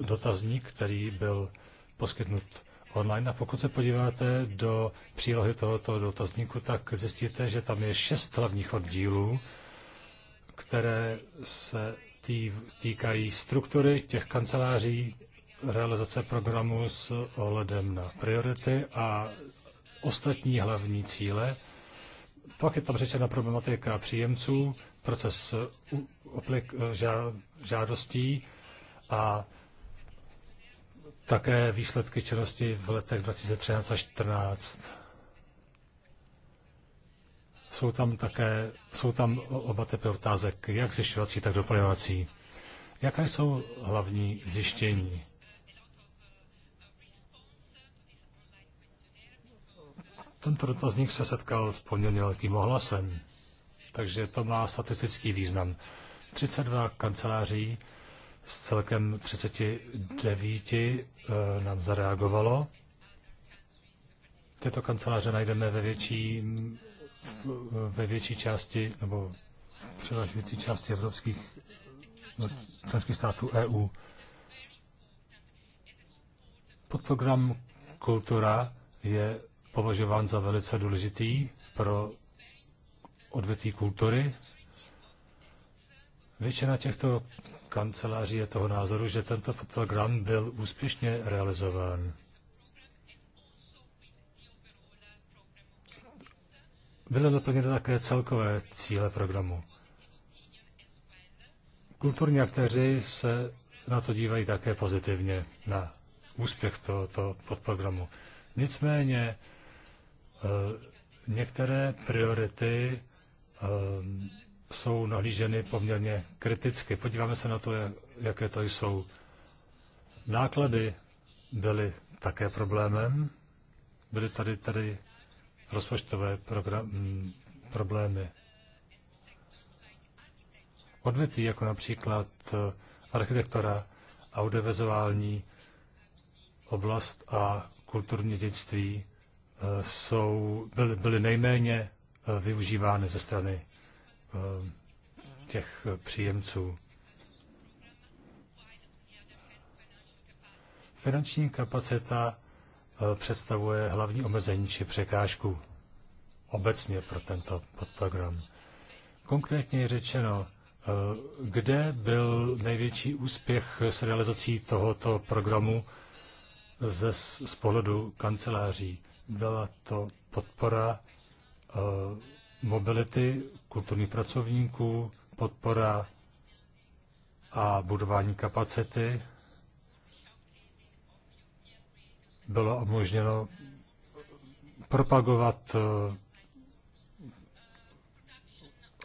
dotazník, který byl poskytnut online. A pokud se podíváte do přílohy tohoto dotazníku, tak zjistíte, že tam je šest hlavních oddílů, které se tý, týkají struktury těch kanceláří, realizace programu s ohledem na priority a ostatní hlavní cíle, pak je tam řečena problematika příjemců, proces oplik, eh, eh, žádostí a také výsledky činnosti v letech 2013 a 2014. Jsou tam také, jsou tam oba typy otázek, jak zjišťovací, tak doplňovací. Jaké jsou hlavní zjištění? Tento dotazník se setkal s poměrně velkým ohlasem, takže to má statistický význam. 32 kanceláří s celkem 39 eh, nám zareagovalo. Tyto kanceláře najdeme ve větší, eh, ve větší části nebo převažující části evropských no, členských států EU. Podprogram Kultura je považován za velice důležitý pro odvětví kultury. Většina těchto kanceláří je toho názoru, že tento program byl úspěšně realizován. Byly doplněny také celkové cíle programu. Kulturní aktéři se na to dívají také pozitivně, na úspěch tohoto podprogramu. Nicméně Eh, některé priority eh, jsou nahlíženy poměrně kriticky. Podíváme se na to, jaké to jsou. Náklady byly také problémem. Byly tady, tady rozpočtové hm, problémy. Odvětví jako například eh, architektura, audiovizuální oblast a kulturní dědictví jsou, byly, byly nejméně eh, využívány ze strany eh, těch příjemců. Finanční kapacita eh, představuje hlavní omezení či překážku obecně pro tento podprogram. Konkrétně je řečeno, kde byl největší úspěch s realizací tohoto programu ze, z pohledu kanceláří? Byla to podpora eh, mobility kulturních pracovníků, podpora a budování kapacity. Bylo umožněno propagovat eh,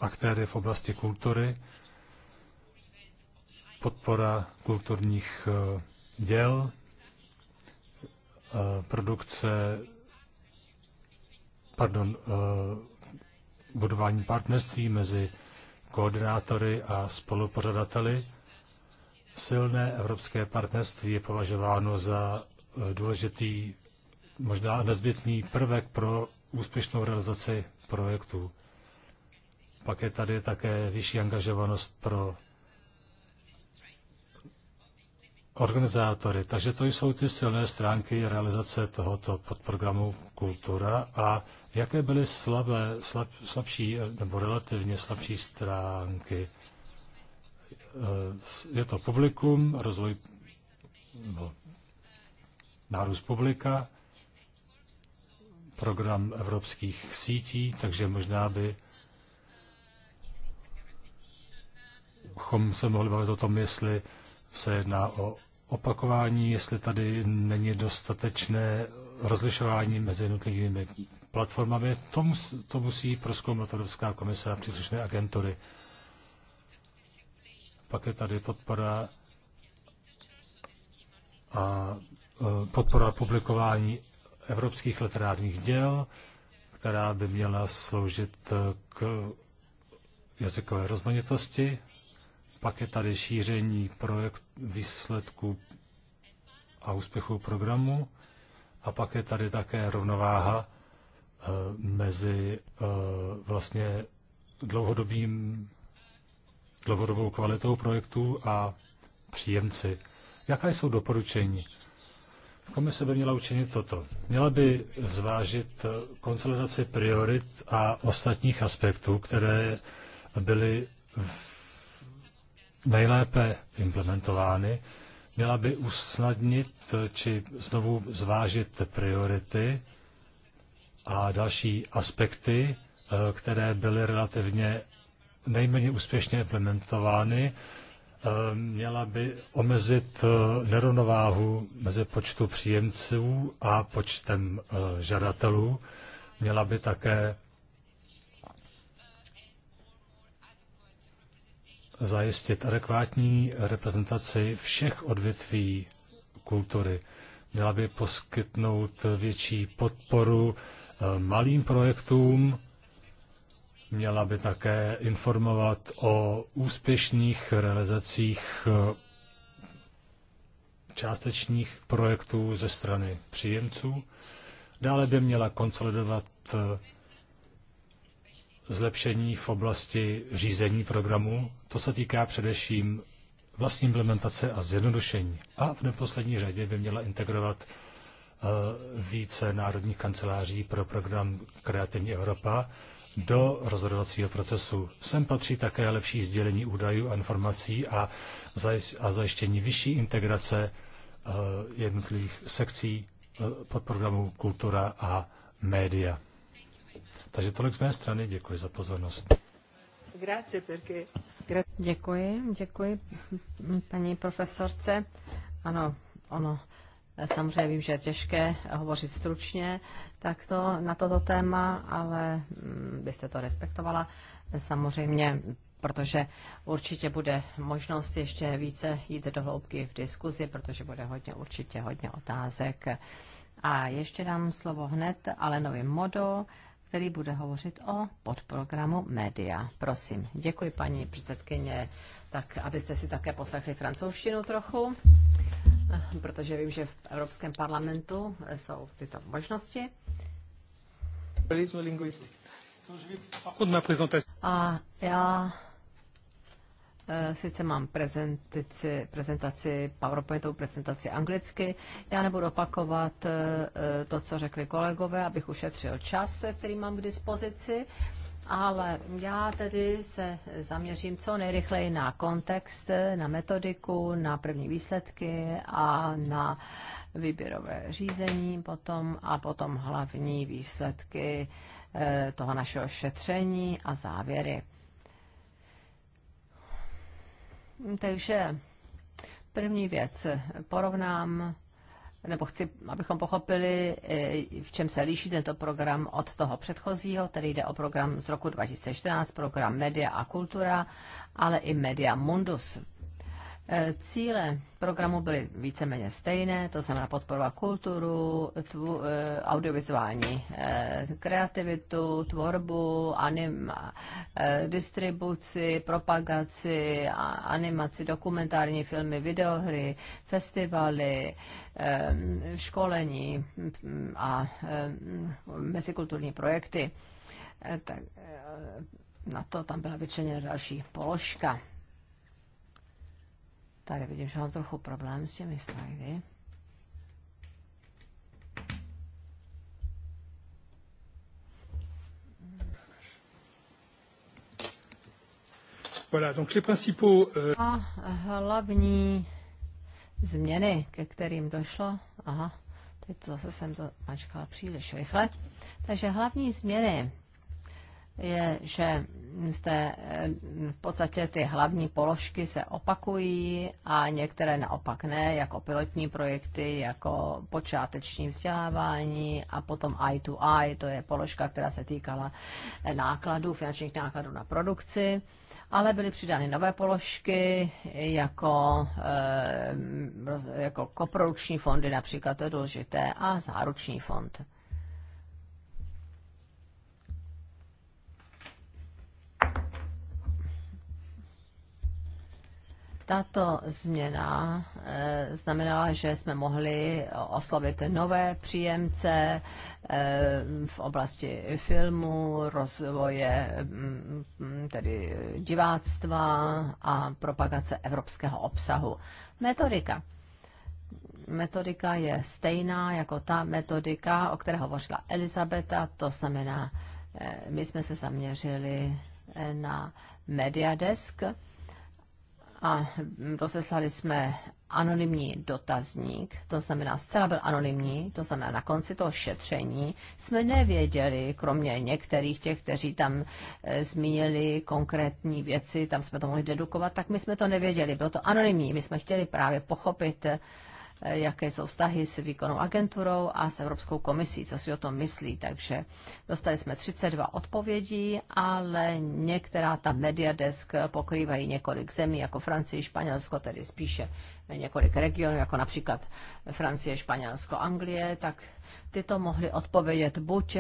aktéry v oblasti kultury, podpora kulturních eh, děl, produkce pardon, eh, budování partnerství mezi koordinátory a spolupořadateli. Silné evropské partnerství je považováno za eh, důležitý, možná nezbytný prvek pro úspěšnou realizaci projektů. Pak je tady také vyšší angažovanost pro organizátory. Takže to jsou ty silné stránky realizace tohoto podprogramu Kultura a Jaké byly slabé, slab, slabší nebo relativně slabší stránky? Eh, je to publikum, rozvoj no, nárůst publika, program evropských sítí, takže možná by se mohli bavit o tom, jestli se jedná o opakování, jestli tady není dostatečné rozlišování mezi jednotlivými platformami, to, mus, to musí proskoumat Evropská komise a příslušné agentury. Pak je tady podpora a e, podpora publikování evropských literárních děl, která by měla sloužit k jazykové rozmanitosti. Pak je tady šíření projekt výsledků a úspěchů programu. A pak je tady také rovnováha Eh, mezi eh, vlastně dlouhodobým, dlouhodobou kvalitou projektu a příjemci. Jaká jsou doporučení? Komise by měla učinit toto. Měla by zvážit eh, konsolidaci priorit a ostatních aspektů, které byly nejlépe implementovány. Měla by usnadnit či znovu zvážit priority a další aspekty, eh, které byly relativně nejméně úspěšně implementovány, eh, měla by omezit eh, nerovnováhu mezi počtu příjemců a počtem žadatelů. Měla by také zajistit adekvátní reprezentaci všech odvětví kultury. Měla by poskytnout větší podporu malým projektům, měla by také informovat o úspěšných realizacích eh, částečních projektů ze strany příjemců. Dále by měla konsolidovat eh, zlepšení v oblasti řízení programu. To se týká především vlastní implementace a zjednodušení. A v neposlední řadě by měla integrovat Eh, více národních kanceláří pro program Kreativní Evropa do rozhodovacího procesu. Sem patří také lepší sdělení údajů a informací a, zaj- a zajištění vyšší integrace eh, jednotlivých sekcí eh, podprogramu Kultura a média. Takže tolik z mé strany, děkuji za pozornost. Děkuji, děkuji paní profesorce. Ano, ono Samozřejmě vím, že je těžké hovořit stručně takto na toto téma, ale mm, byste to respektovala samozřejmě, protože určitě bude možnost ještě více jít do hloubky v diskuzi, protože bude hodně, určitě hodně otázek. A ještě dám slovo hned Alenovi Modo, který bude hovořit o podprogramu Média. Prosím. Děkuji, paní předsedkyně. Tak, abyste si také poslechli francouzštinu trochu, protože vím, že v Evropském parlamentu jsou tyto možnosti. A já Eh, sice mám prezentaci, prezentaci, PowerPointovou prezentaci anglicky, já nebudu opakovat eh, eh, to, co řekli kolegové, abych ušetřil čas, který mám k dispozici, ale já tedy se zaměřím co nejrychleji na kontext, na metodiku, na první výsledky a na výběrové řízení potom a potom hlavní výsledky toho našeho šetření a závěry. Takže první věc, porovnám nebo chci, abychom pochopili, eh, v čem se liší tento program od toho předchozího, který jde o program z roku 2014, program Media a kultura, ale i Media Mundus. Eh, cíle programu byly víceméně stejné, to znamená podporovat kulturu, tvo, eh, audiovizuální eh, kreativitu, tvorbu, anim, distribuci, propagaci, animaci, dokumentární filmy, videohry, festivaly, školení hm, a mezikulturní projekty. Tak na to tam byla vyčleněna další položka Tady vidím, že mám trochu problém s těmi slidy. Voilà, donc les principaux, euh... A hlavní změny, ke kterým došlo, aha, teď to zase jsem to mačkala příliš rychle. Takže hlavní změny je, že jste, eh, v podstatě ty hlavní položky se opakují a některé naopak ne, jako pilotní projekty, jako počáteční vzdělávání a potom eye to eye, to je položka, která se týkala eh, nákladů, finančních nákladů na produkci, ale byly přidány nové položky, jako, eh, jako koprodukční fondy například, to je důležité, a záruční fond. Tato změna eh, znamenala, že jsme mohli oslovit nové příjemce eh, v oblasti filmu, rozvoje mm, tedy diváctva a propagace evropského obsahu. Metodika metodika je stejná jako ta metodika, o které hovořila Elizabeta, to znamená, eh, my jsme se zaměřili na Mediadesk, a rozeslali jsme anonymní dotazník, to znamená zcela byl anonymní, to znamená na konci toho šetření jsme nevěděli, kromě některých těch, kteří tam e, zmínili konkrétní věci, tam jsme to mohli dedukovat, tak my jsme to nevěděli, bylo to anonymní, my jsme chtěli právě pochopit, Eh, jaké jsou vztahy s výkonnou agenturou a s Evropskou komisí, co si o tom myslí. Takže dostali jsme 32 odpovědí, ale některá ta mediadesk pokrývají několik zemí, jako Francie, Španělsko, tedy spíše několik regionů, jako například Francie, Španělsko, Anglie, tak tyto mohly odpovědět buď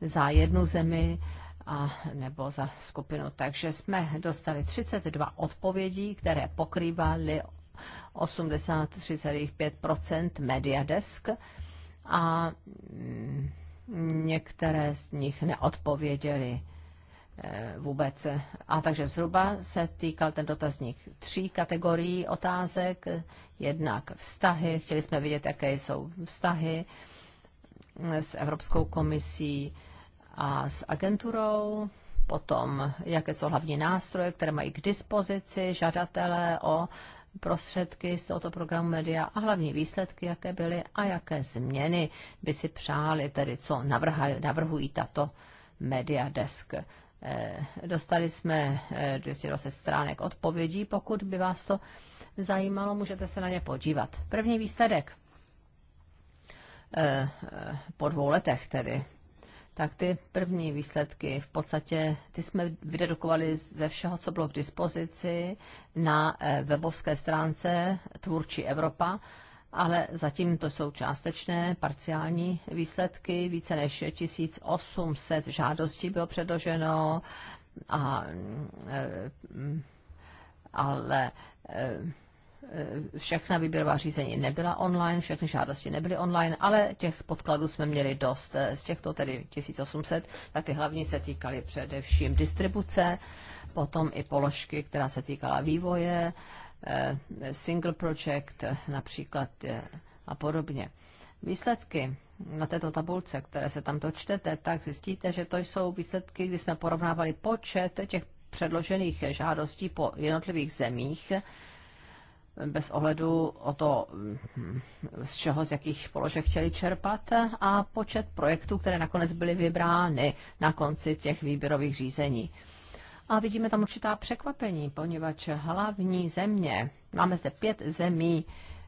za jednu zemi, a nebo za skupinu. Takže jsme dostali 32 odpovědí, které pokrývaly 83,5 Mediadesk a mm, některé z nich neodpověděly eh, vůbec. A takže zhruba se týkal ten dotazník tří kategorií otázek. Jednak vztahy, chtěli jsme vidět, jaké jsou vztahy s Evropskou komisí a s agenturou, potom jaké jsou hlavní nástroje, které mají k dispozici žadatelé o prostředky z tohoto programu média a hlavní výsledky, jaké byly a jaké změny by si přáli, tedy co navrhaj, navrhují tato media desk. Eh, dostali jsme 220 eh, stránek odpovědí. Pokud by vás to zajímalo, můžete se na ně podívat. První výsledek eh, po dvou letech tedy tak ty první výsledky, v podstatě ty jsme vydedukovali ze všeho, co bylo k dispozici na eh, webovské stránce Tvůrčí Evropa, ale zatím to jsou částečné, parciální výsledky. Více než 1800 žádostí bylo předloženo a eh, ale eh, Eh, všechna výběrová řízení nebyla online, všechny žádosti nebyly online, ale těch podkladů jsme měli dost. Eh, z těchto tedy 1800, tak ty hlavní se týkaly především distribuce, potom i položky, která se týkala vývoje, eh, single project například a podobně. Výsledky na této tabulce, které se tamto čtete, tak zjistíte, že to jsou výsledky, kdy jsme porovnávali počet těch předložených žádostí po jednotlivých zemích bez ohledu o to, z čeho, z jakých položek chtěli čerpat a počet projektů, které nakonec byly vybrány na konci těch výběrových řízení. A vidíme tam určitá překvapení, poněvadž hlavní země, máme zde pět zemí,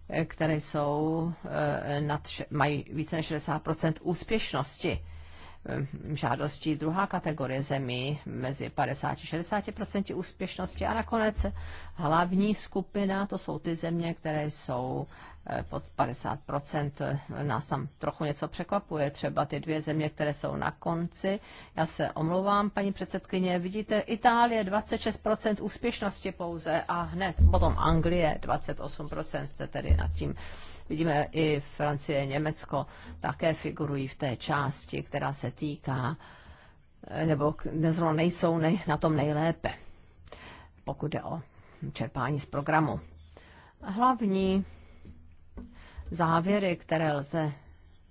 eh, které jsou eh, nad, mají více než 60 úspěšnosti Eh, žádostí druhá kategorie zemí mezi 50-60% a úspěšnosti a nakonec hlavní skupina, to jsou ty země, které jsou eh, pod 50%. Nás tam trochu něco překvapuje, třeba ty dvě země, které jsou na konci. Já se omlouvám, paní předsedkyně, vidíte, Itálie 26% úspěšnosti pouze a hned potom Anglie 28%, tedy nad tím Vidíme i Francie, Německo také figurují v té části, která se týká, eh, nebo nezrovna nejsou nej, na tom nejlépe, pokud jde o čerpání z programu. Hlavní závěry, které lze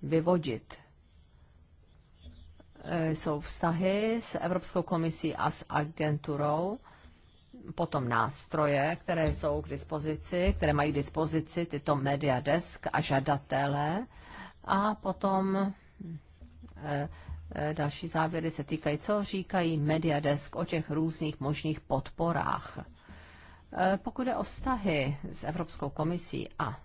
vyvodit, eh, jsou vztahy s Evropskou komisí a s agenturou potom nástroje, které jsou k dispozici, které mají k dispozici tyto media desk a žadatelé, a potom eh, eh, další závěry se týkají, co říkají media desk o těch různých možných podporách. Eh, pokud je o vztahy s Evropskou komisí a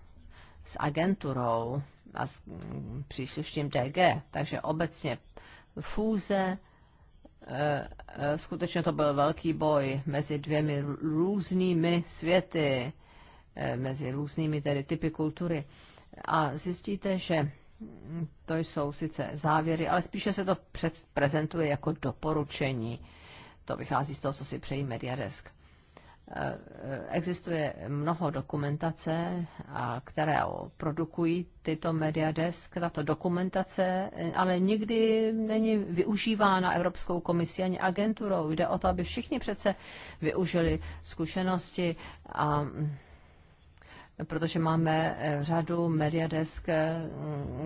s agenturou a s mm, příslušným DG, takže obecně fúze, Eh, eh, skutečně to byl velký boj mezi dvěmi různými světy, eh, mezi různými tedy typy kultury. A zjistíte, že to jsou sice závěry, ale spíše se to prezentuje jako doporučení. To vychází z toho, co si přejí Mediadesk. Existuje mnoho dokumentace, které produkují tyto mediadesk, tato dokumentace, ale nikdy není využívána Evropskou komisí ani agenturou. Jde o to, aby všichni přece využili zkušenosti a protože máme eh, řadu mediadesk, eh,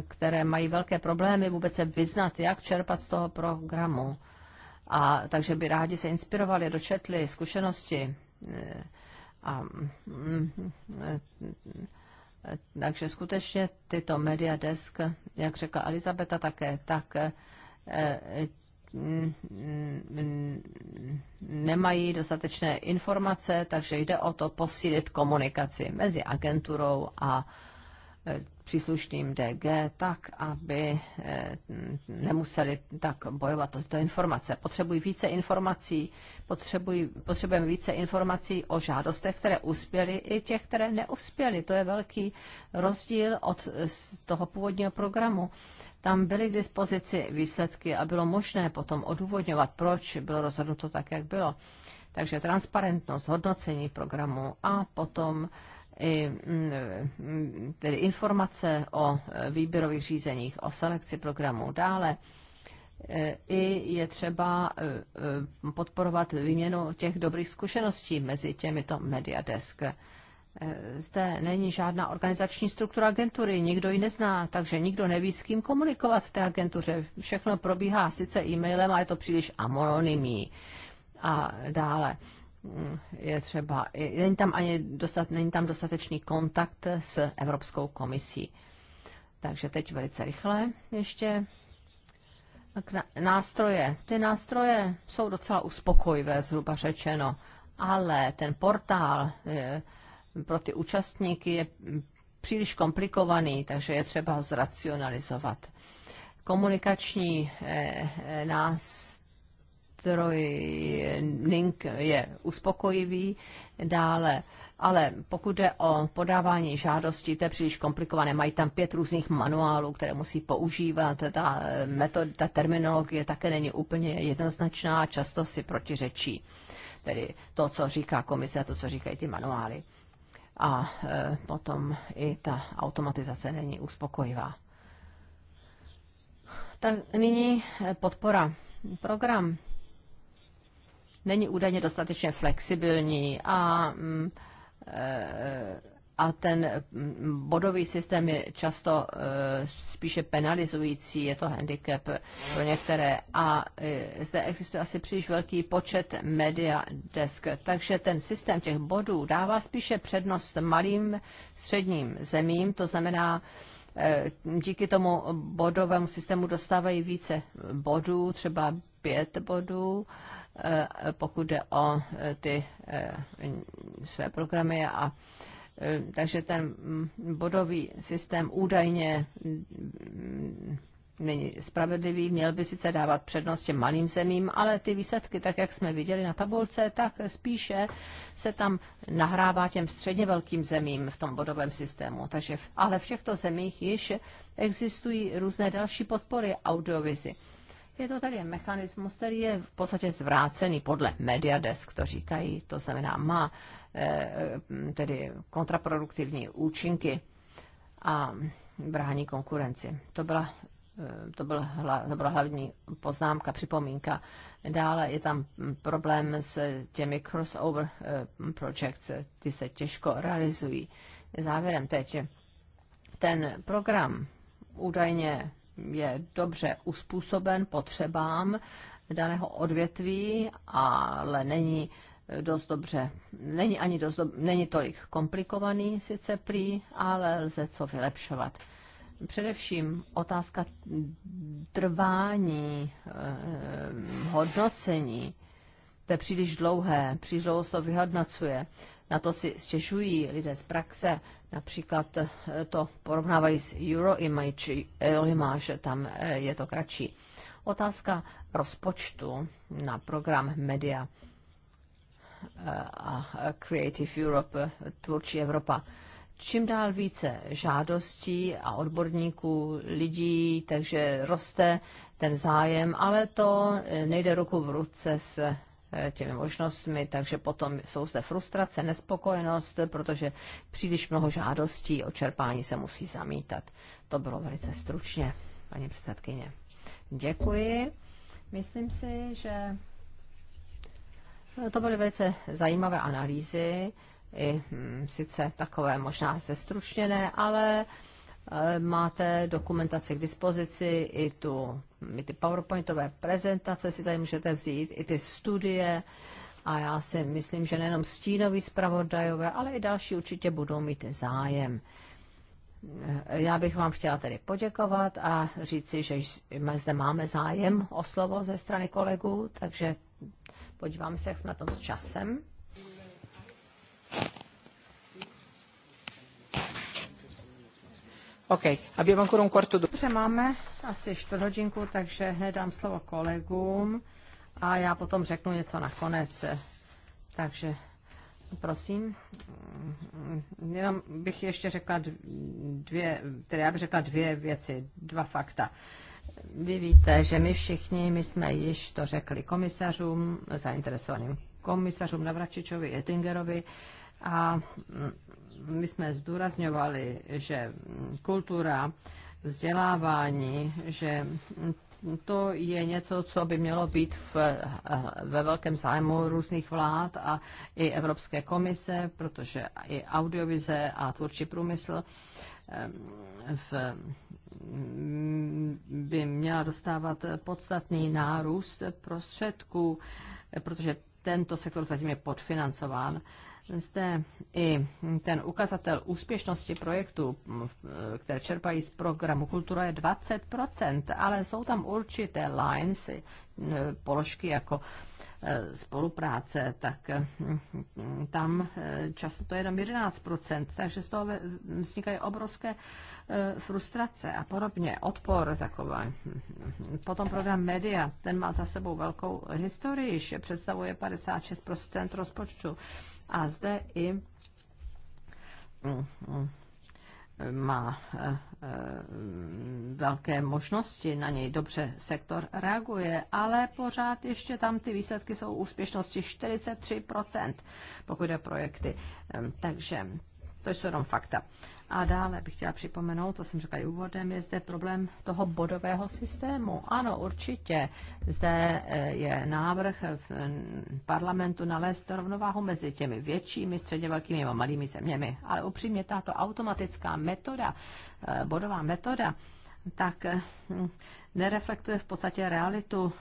které mají velké problémy vůbec se vyznat, jak čerpat z toho programu. A takže by rádi se inspirovali, dočetli zkušenosti a, mm, takže skutečně tyto media desk, jak řekla Elizabeta také, tak eh, mm, nemají dostatečné informace, takže jde o to posílit komunikaci mezi agenturou a příslušným DG tak, aby eh, nemuseli tak bojovat o tyto informace. Potřebují více informací, potřebují, potřebujeme více informací o žádostech, které uspěly i těch, které neuspěly. To je velký rozdíl od eh, toho původního programu. Tam byly k dispozici výsledky a bylo možné potom odůvodňovat, proč bylo rozhodnuto tak, jak bylo. Takže transparentnost, hodnocení programu a potom i mm, mm, tedy informace o e, výběrových řízeních, o selekci programů. Dále e, i je třeba e, podporovat výměnu těch dobrých zkušeností mezi těmito mediadesk. Zde není žádná organizační struktura agentury, nikdo ji nezná, takže nikdo neví, s kým komunikovat v té agentuře. Všechno probíhá sice e-mailem, ale je to příliš anonymní. A dále Mm, je třeba, není tam, ani dostat, není tam dostatečný kontakt s Evropskou komisí. Takže teď velice rychle ještě. Nástroje. Ty nástroje jsou docela uspokojivé, zhruba řečeno, ale ten portál je, eh, pro ty účastníky je příliš komplikovaný, takže je třeba ho zracionalizovat. Komunikační e, eh, eh, nás trojning je uspokojivý. Dále ale pokud jde o podávání žádosti, to je příliš komplikované. Mají tam pět různých manuálů, které musí používat. Ta, metoda, ta terminologie také není úplně jednoznačná a často si protiřečí. Tedy to, co říká komise a to, co říkají ty manuály. A e, potom i ta automatizace není uspokojivá. Tak nyní podpora. Program není údajně dostatečně flexibilní a, mm, eh, a ten mm, bodový systém je často eh, spíše penalizující, je to handicap pro některé a eh, zde existuje asi příliš velký počet media desk, takže ten systém těch bodů dává spíše přednost malým středním zemím, to znamená, díky tomu bodovému systému dostávají více bodů, třeba pět bodů, Eh, pokud jde o eh, ty eh, své programy a takže ten mm, bodový systém údajně mm, není spravedlivý, měl by sice dávat přednost těm malým zemím, ale ty výsledky, tak jak jsme viděli na tabulce, tak spíše se tam nahrává těm středně velkým zemím v tom bodovém systému. Takže, ale v těchto zemích již existují různé další podpory audiovizi. Je to tady mechanismus, který je v podstatě zvrácený podle Mediadesk, to říkají, to znamená má eh, eh, tedy kontraproduktivní účinky a brání konkurenci. To byla eh, to, byla, to byla hlavní poznámka, připomínka. Dále je tam problém s těmi crossover projects, ty se těžko realizují. Závěrem teď, ten program údajně je dobře uspůsoben potřebám daného odvětví, ale není dost dobře, není ani dost do, není tolik komplikovaný sice prý, ale lze co vylepšovat. Především otázka trvání, eh, hodnocení, to je příliš dlouhé, příliš dlouho se to vyhodnocuje. Na to si stěžují lidé z praxe, Například eh, to porovnávají s Euroimage, Euroimage tam eh, je to kratší. Otázka rozpočtu na program Media eh, a Creative Europe, Tvůrčí Evropa. Čím dál více žádostí a odborníků, lidí, takže roste ten zájem, ale to nejde ruku v ruce s Eh, těmi možnostmi, takže potom jsou zde frustrace, nespokojenost, protože příliš mnoho žádostí o čerpání se musí zamítat. To bylo velice stručně, paní předsedkyně. Děkuji. Myslím si, že to byly velice zajímavé analýzy, i hm, sice takové možná zestručněné, ale eh, máte dokumentaci k dispozici, i, tu, i ty PowerPointové prezentace si tady můžete vzít, i ty studie. A já si myslím, že nejenom stínový zpravodajové, ale i další určitě budou mít zájem. Já bych vám chtěla tedy poděkovat a říci, že zde máme zájem o slovo ze strany kolegů, takže podíváme se, jak jsme na tom s časem. Ok, abbiamo ancora un quarto d'ora. Dobře, máme asi čtvrt hodinku, takže hned dám slovo kolegům a já potom řeknu něco nakonec. Takže prosím, jenom bych ještě řekla dvě, tedy já bych řekla dvě věci, dva fakta. Vy víte, že my všichni, my jsme již to řekli komisařům, zainteresovaným komisařům Navračičovi, Ettingerovi a my jsme zdůrazňovali, že kultura, vzdělávání, že to je něco, co by mělo být v, ve velkém zájmu různých vlád a i Evropské komise, protože i audiovize a tvůrčí průmysl v, by měla dostávat podstatný nárůst prostředků, protože tento sektor zatím je podfinancován zde i ten ukazatel úspěšnosti projektu, které čerpají z programu Kultura, je 20%, ale jsou tam určité lines, e, položky jako e, spolupráce, tak e, tam často to je jenom 11%, takže z toho vznikají obrovské frustrace a podobně, odpor takové. Potom program Media, ten má za sebou velkou historii, že představuje 56% rozpočtu a zde i mm, mm, má eh, eh, velké možnosti, na něj dobře sektor reaguje, ale pořád ještě tam ty výsledky jsou úspěšnosti 43%, pokud je projekty. Ehm, takže to jsou jenom fakta. A dále bych chtěla připomenout, to jsem řekla i úvodem, je zde problém toho bodového systému. Ano, určitě. Zde eh, je návrh v mm, parlamentu nalézt rovnováhu mezi těmi většími, středně velkými a malými zeměmi. Ale upřímně tato automatická metoda, eh, bodová metoda, tak eh, hm, nereflektuje v podstatě realitu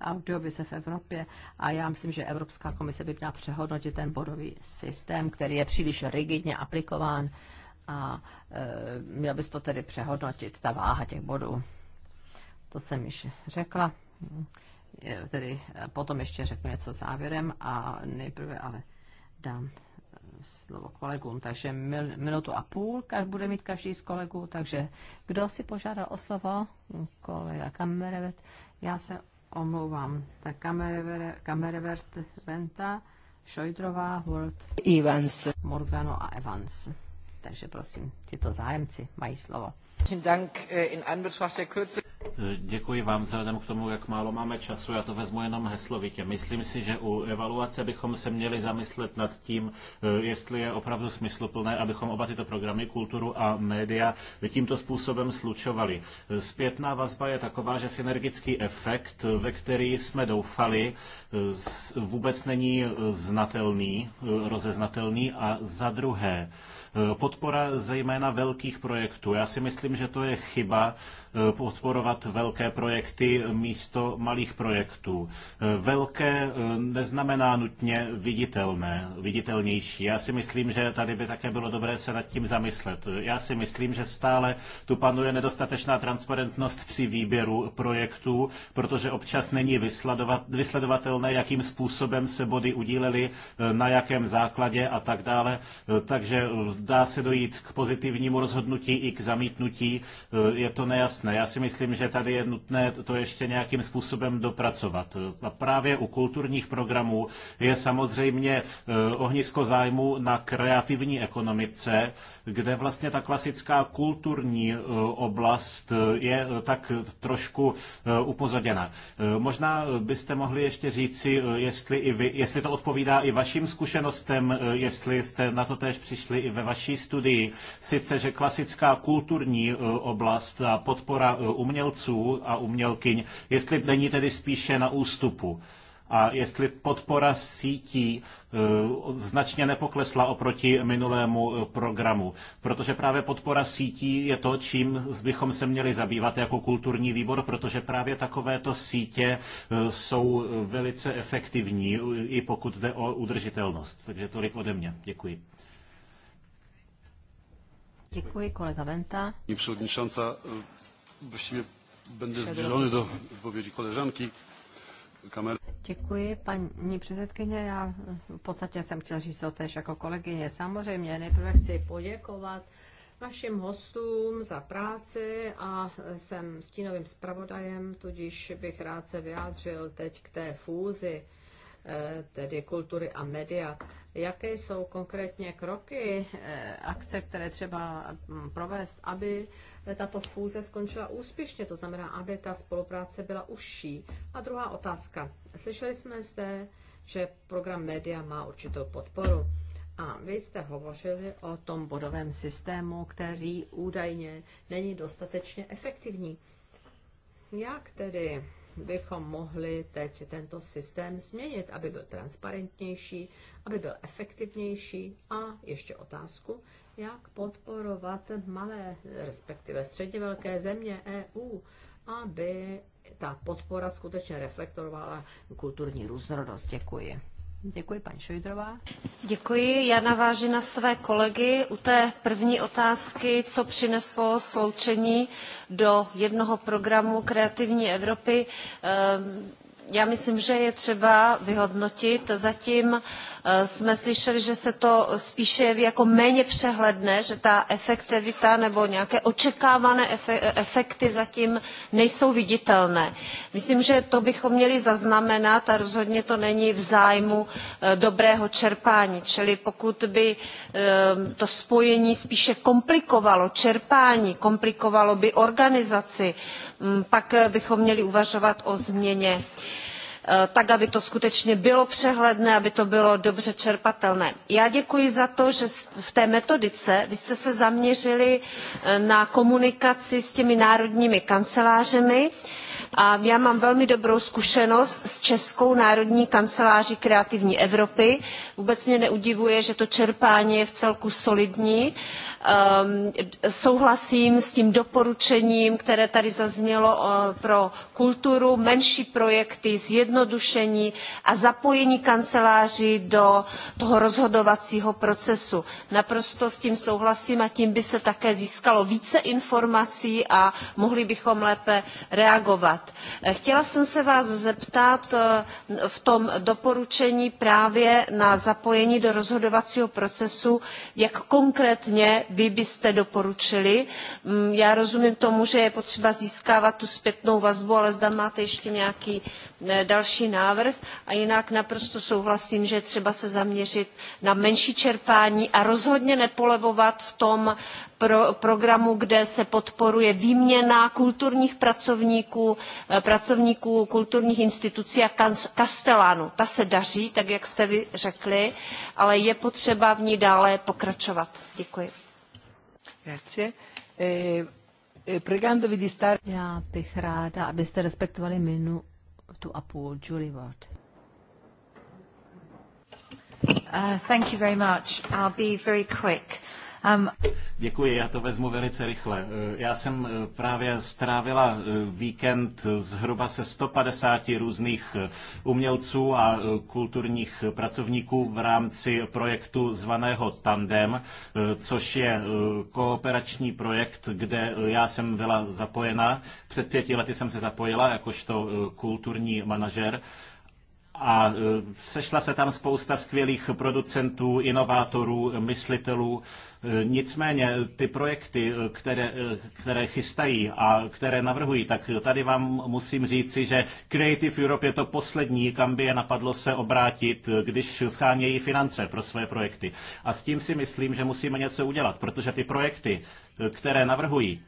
audiovize v Evropě a já myslím, že Evropská komise by měla přehodnotit ten bodový systém, který je příliš rigidně aplikován a e, měl bys to tedy přehodnotit, ta váha těch bodů. To jsem již řekla. tedy e, potom ještě řeknu něco závěrem a nejprve ale dám e, slovo kolegům, takže mil, minutu a půl kaž, bude mít každý z kolegů, takže kdo si požádal o slovo? Kolega Kamerevert. Já se omlouvám. Tak kamerever, Kamerevert Venta, Šojdrová, World, Evans, Morgano a Evans. Takže prosím, tyto zájemci mají slovo. Dank äh, in Anbetracht der Kürze. Děkuji vám vzhledem k tomu, jak málo máme času. Já to vezmu jenom heslovitě. Myslím si, že u evaluace bychom se měli zamyslet nad tím, eh, jestli je opravdu smysluplné, abychom oba tyto programy, kulturu a média, tímto způsobem slučovali. Eh, zpětná vazba je taková, že synergický efekt, eh, ve který jsme doufali, vůbec není znatelný, rozeznatelný. A za druhé, podpora zejména velkých projektů. Já si myslím, že to je chyba, podporovat velké projekty místo malých projektů. Velké eh, neznamená nutně viditelné, viditelnější. Já si myslím, že tady by také bylo dobré se nad tím zamyslet. Já si myslím, že stále tu panuje nedostatečná transparentnost při výběru projektů, protože občas není vysledovatelné, jakým způsobem se body udílely, eh, na jakém základě a tak dále. Eh, takže dá se dojít k pozitivnímu rozhodnutí i k zamítnutí. Je to nejasné jasné. Já si myslím, že tady je nutné to ještě nějakým způsobem dopracovat. A právě u kulturních programů je samozřejmě eh, ohnisko zájmu na kreativní ekonomice, kde vlastně ta klasická kulturní eh, oblast eh, je tak trošku upozaděna. Možná byste mohli ještě říci, jestli, i vy, jestli to odpovídá i vašim zkušenostem, jestli jste na to též přišli i ve vaší studii. Sice, že klasická kulturní oblast a podpora podpora e, umělců a umělkyň, jestli není tedy spíše na ústupu a jestli podpora sítí e, značně nepoklesla oproti minulému e, programu. Protože právě podpora sítí je to, čím bychom se měli zabývat jako kulturní výbor, protože právě takovéto sítě jsou velice efektivní, i pokud jde o udržitelnost. Takže tolik ode mě. Děkuji. Děkuji, kolega Venta. Pani Właściwie będę zbliżony do wypowiedzi koleżanki. Kamer... Děkuji, paní předsedkyně. Já v podstatě jsem chtěla říct to tež jako kolegyně. Samozřejmě nejprve chci poděkovat našim hostům za práci a jsem stínovým zpravodajem, tudíž bych rád se vyjádřil teď k té fúzi, eh, tedy kultury a média. Jaké jsou konkrétně kroky, eh, akce, které třeba mm, provést, aby tato fúze skončila úspěšně, to znamená, aby ta spolupráce byla užší. A druhá otázka. Slyšeli jsme zde, že program média má určitou podporu. A vy jste hovořili o tom bodovém systému, který údajně není dostatečně efektivní. Jak tedy bychom mohli teď tento systém změnit, aby byl transparentnější, aby byl efektivnější? A ještě otázku, jak podporovat malé, respektive středně velké země EU, aby ta podpora skutečně reflektovala kulturní různorodost. Děkuji. Děkuji, paní Šojdrová. Děkuji. Já navážu na své kolegy u té první otázky, co přineslo sloučení do jednoho programu Kreativní Evropy. Ehm, já myslím, že je třeba vyhodnotit. Zatím Eh, jsme slyšeli, že se to spíše jeví jako méně přehledné, že ta efektivita nebo nějaké očekávané efekty zatím nejsou viditelné. Myslím, že to bychom měli zaznamenat a rozhodně to není v zájmu eh, dobrého čerpání. Čili pokud by eh, to spojení spíše komplikovalo čerpání, komplikovalo by organizaci, mm, pak bychom měli uvažovat o změně. Uh, Eh, tak aby to skutečně bylo přehledné aby to bylo dobře čerpatelné. já děkuji za to že v té metodice jste se zaměřili eh, na komunikaci s těmi národními kancelářemi a já mám velmi dobrou zkušenost s českou národní kanceláří kreativní evropy vůbec mě neudivuje že to čerpání je vcelku solidní a Ehm, souhlasím s tím doporučením které tady zaznělo eh, pro kulturu menší projekty zjednodušení a zapojení kanceláří do toho rozhodovacího procesu. naprosto s tím souhlasím a tím by se také získalo více informací a mohli bychom lépe reagovat. Eh, chtěla jsem se vás zeptat eh, v tom doporučení právě na zapojení do rozhodovacího procesu jak konkrétně vy byste doporučili. Mm, já rozumím tomu, že je potřeba získávat tu zpětnou vazbu, ale zda máte ještě nějaký další návrh. A jinak naprosto souhlasím, že je třeba se zaměřit na menší čerpání a rozhodně nepolevovat v tom programu, kde se podporuje výměna kulturních pracovníků, eh, pracovníků kulturních institucí a kastelánů. Ta se daří, tak jak jste vy řekli, ale je potřeba v ní dále pokračovat. Děkuji. Grazie. E, e, pregandovi di stare... Já bych ráda, abyste respektovali minutu a půl. Julie Ward. Uh, thank you very much. I'll be very quick. Um... Děkuji, já to vezmu velice rychle. Eh, já jsem eh, právě strávila eh, víkend zhruba se 150 různých umělců a kulturních pracovníků v rámci projektu zvaného Tandem, což je kooperační projekt, kde já jsem byla zapojena. Před pěti lety jsem se zapojila jakožto kulturní manažer a e, sešla se tam spousta skvělých producentů, inovátorů, myslitelů. E, nicméně ty projekty, e, které, které chystají a které navrhují, tak tady vám musím říci, že Creative Europe je to poslední, kam by je napadlo se obrátit, když schánějí finance pro své projekty. A s tím si myslím, že musíme něco udělat, protože ty projekty, které navrhují,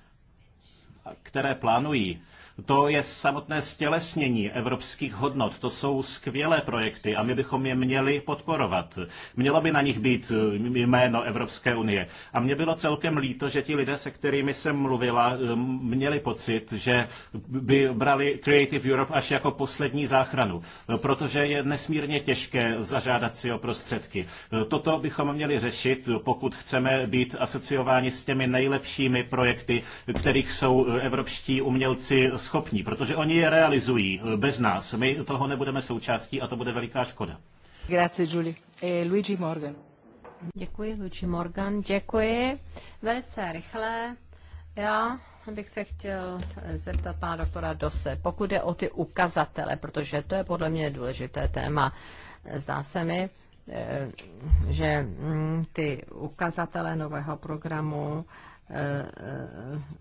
které plánují, to je samotné stělesnění evropských hodnot. To jsou skvělé projekty a my bychom je měli podporovat. Mělo by na nich být eh, jméno Evropské unie. A mě bylo celkem líto, že ti lidé, se kterými jsem mluvila, eh, měli pocit, že by brali Creative Europe až jako poslední záchranu, eh, protože je nesmírně těžké zažádat si o prostředky. Toto bychom měli řešit, pokud chceme být asociováni s těmi nejlepšími projekty, kterých jsou evropští umělci schopní, protože oni je realizují eh, bez nás. My toho nebudeme součástí a to bude veliká škoda. Grazie, Julie. E Luigi Morgan. Děkuji, Luigi Morgan. Děkuji. Velice rychle. Já bych se chtěl zeptat pana doktora Dose, pokud je o ty ukazatele, protože to je podle mě důležité téma. Zdá se mi, eh, že mm, ty ukazatele nového programu Eh,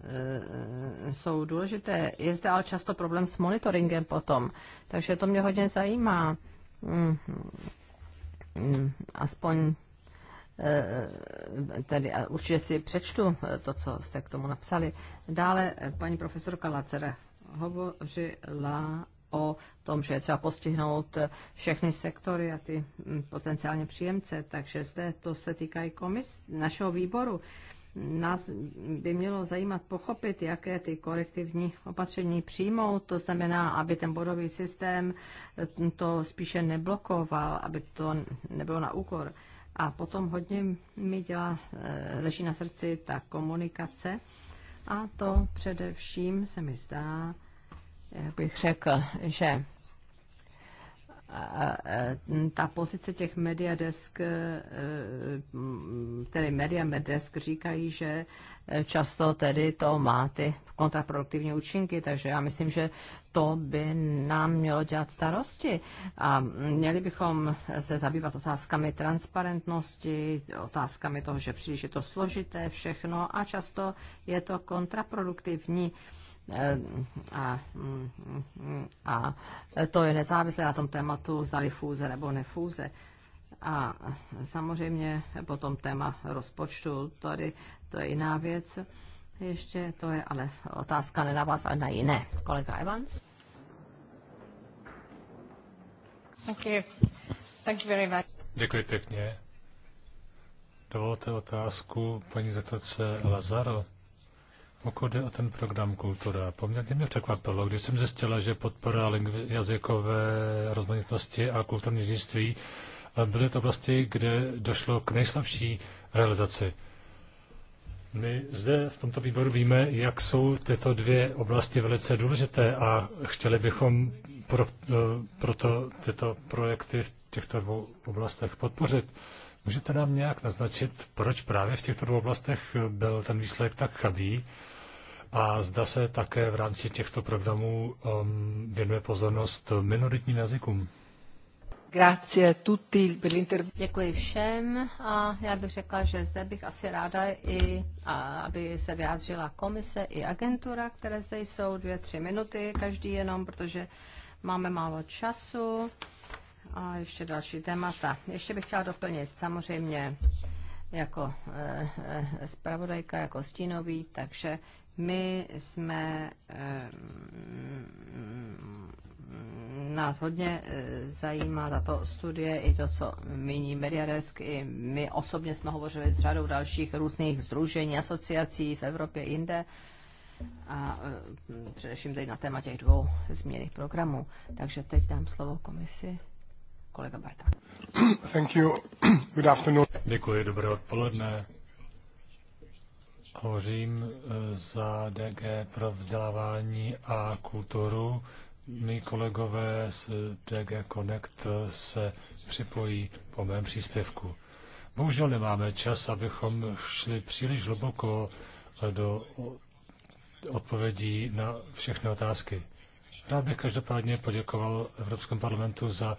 eh, jsou důležité. Je zde ale často problém s monitoringem potom, takže to mě hodně zajímá. Mm-hmm. Mm, aspoň eh, tedy určitě si přečtu to, co jste k tomu napsali. Dále paní profesorka Lacera hovořila o tom, že je třeba postihnout všechny sektory a ty mm, potenciálně příjemce, takže zde to se týká i komis, našeho výboru nás by mělo zajímat pochopit, jaké ty korektivní opatření přijmout, to znamená, aby ten bodový systém to spíše neblokoval, aby to nebylo na úkor. A potom hodně mi dělá, eh, leží na srdci ta komunikace a to především se mi zdá, jak eh, bych řekl, že ta pozice těch media desk, e, tedy media desk říkají, že e, často tedy to má ty kontraproduktivní účinky, takže já myslím, že to by nám mělo dělat starosti. A měli bychom se zabývat otázkami transparentnosti, otázkami toho, že příliš je to složité všechno a často je to kontraproduktivní. Uh, Eh, a, a to je nezávislé na tom tématu, zdali fúze nebo nefúze. A samozřejmě potom téma rozpočtu, tady to je jiná věc. Ještě to je ale otázka ne na vás, ale na jiné. Kolega Evans? Thank you. Thank you very much. Děkuji pěkně. Dovolte otázku paní zetace Lazaro. Pokud jde o ten program Kultura, poměrně mě překvapilo, když jsem zjistila, že podpora lingvi, jazykové rozmanitosti a kulturní dědictví eh, byly to oblasti, kde došlo k nejslabší realizaci. My zde v tomto výboru víme, jak jsou tyto dvě oblasti velice důležité a chtěli bychom pro, eh, proto tyto projekty v těchto dvou oblastech podpořit. Můžete nám nějak naznačit, proč právě v těchto dvou oblastech byl ten výsledek tak chabý a zda se také v rámci těchto programů um, věnuje pozornost minoritním jazykům. Grazie tutti per Děkuji všem a já bych řekla, že zde bych asi ráda i, a aby se vyjádřila komise i agentura, které zde jsou dvě, tři minuty každý jenom, protože máme málo času a ještě další témata. Ještě bych chtěla doplnit samozřejmě jako eh, e, eh, spravodajka, jako stínový, takže my jsme, ehm, nás hodně e, zajímá tato studie, i to, co míní Mediadesk, i my osobně jsme hovořili s řadou dalších různých združení, asociací v Evropě, jinde, a e, především tady na téma těch dvou změných programů. Takže teď dám slovo komisi. Kolega Barta. Thank you. Good afternoon. Děkuji, dobré odpoledne. Hovořím eh, za DG pro vzdělávání a kulturu. My kolegové z DG Connect se připojí po mém příspěvku. Bohužel nemáme čas, abychom šli příliš hluboko eh, do odpovědí na všechny otázky. Rád bych každopádně poděkoval Evropskému parlamentu za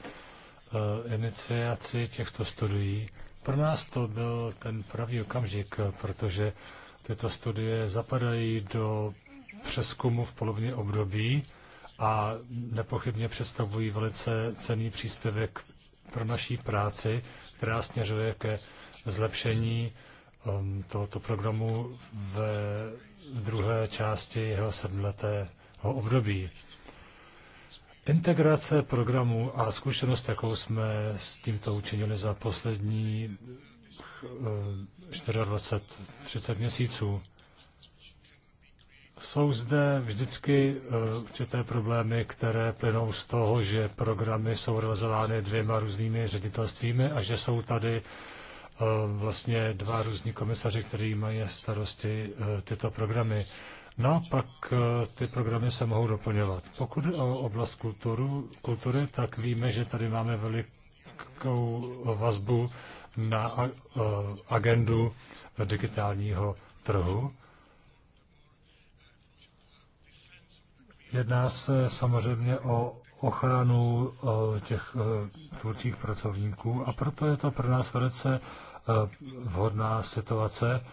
eh, iniciaci těchto studií. Pro nás to byl ten pravý okamžik, protože Tyto studie zapadají do přeskumu v polovině období a nepochybně představují velice cený příspěvek pro naší práci, která směřuje ke zlepšení um, tohoto programu ve druhé části jeho sedmletého období. Integrace programu a zkušenost, jakou jsme s tímto učinili za poslední 24-30 měsíců. Jsou zde vždycky eh, určité problémy, které plynou z toho, že programy jsou realizovány dvěma různými ředitelstvími a že jsou tady eh, vlastně dva různí komisaři, kteří mají starosti eh, tyto programy. No pak ty programy se mohou doplňovat. Pokud o oblast kulturu, kultury, tak víme, že tady máme velikou vazbu na e, agendu digitálního trhu. Jedná se samozřejmě o ochranu e, těch e, tvůrčích pracovníků a proto je to pro nás velice vhodná situace,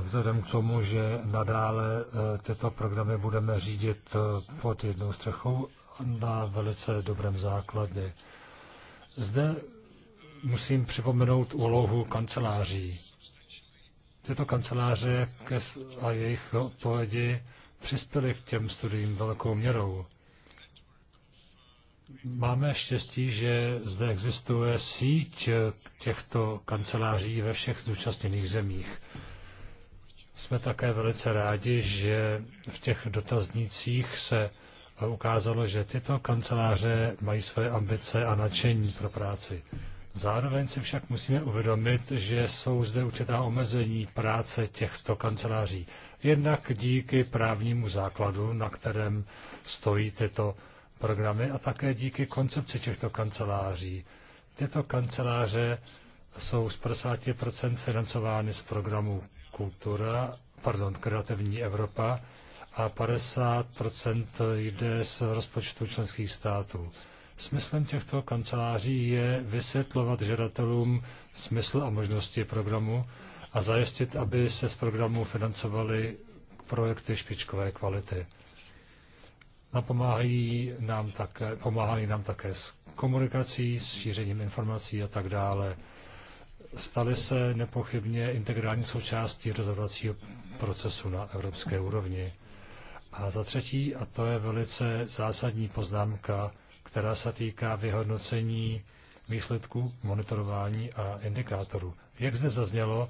vzhledem k tomu, že nadále tyto programy budeme řídit pod jednou střechou na velice dobrém základě. Zde musím připomenout úlohu kanceláří. Tyto kanceláře a jejich odpovědi přispěly k těm studiím velkou měrou. Máme štěstí, že zde existuje síť těchto kanceláří ve všech zúčastněných zemích. Jsme také velice rádi, že v těch dotaznících se ukázalo, že tyto kanceláře mají své ambice a nadšení pro práci. Zároveň si však musíme uvědomit, že jsou zde určitá omezení práce těchto kanceláří. Jednak díky právnímu základu, na kterém stojí tyto programy a také díky koncepci těchto kanceláří. Tyto kanceláře jsou z 50% financovány z programu Kultura, pardon, Kreativní Evropa a 50% jde z rozpočtu členských států. Smyslem těchto kanceláří je vysvětlovat žadatelům smysl a možnosti programu a zajistit, aby se z programu financovaly projekty špičkové kvality. Napomáhají nám také, pomáhají nám také s komunikací, s šířením informací a tak dále. Staly se nepochybně integrální součástí rozhodovacího procesu na evropské úrovni. A za třetí, a to je velice zásadní poznámka, která se týká vyhodnocení výsledků, monitorování a indikátorů. Jak zde zaznělo,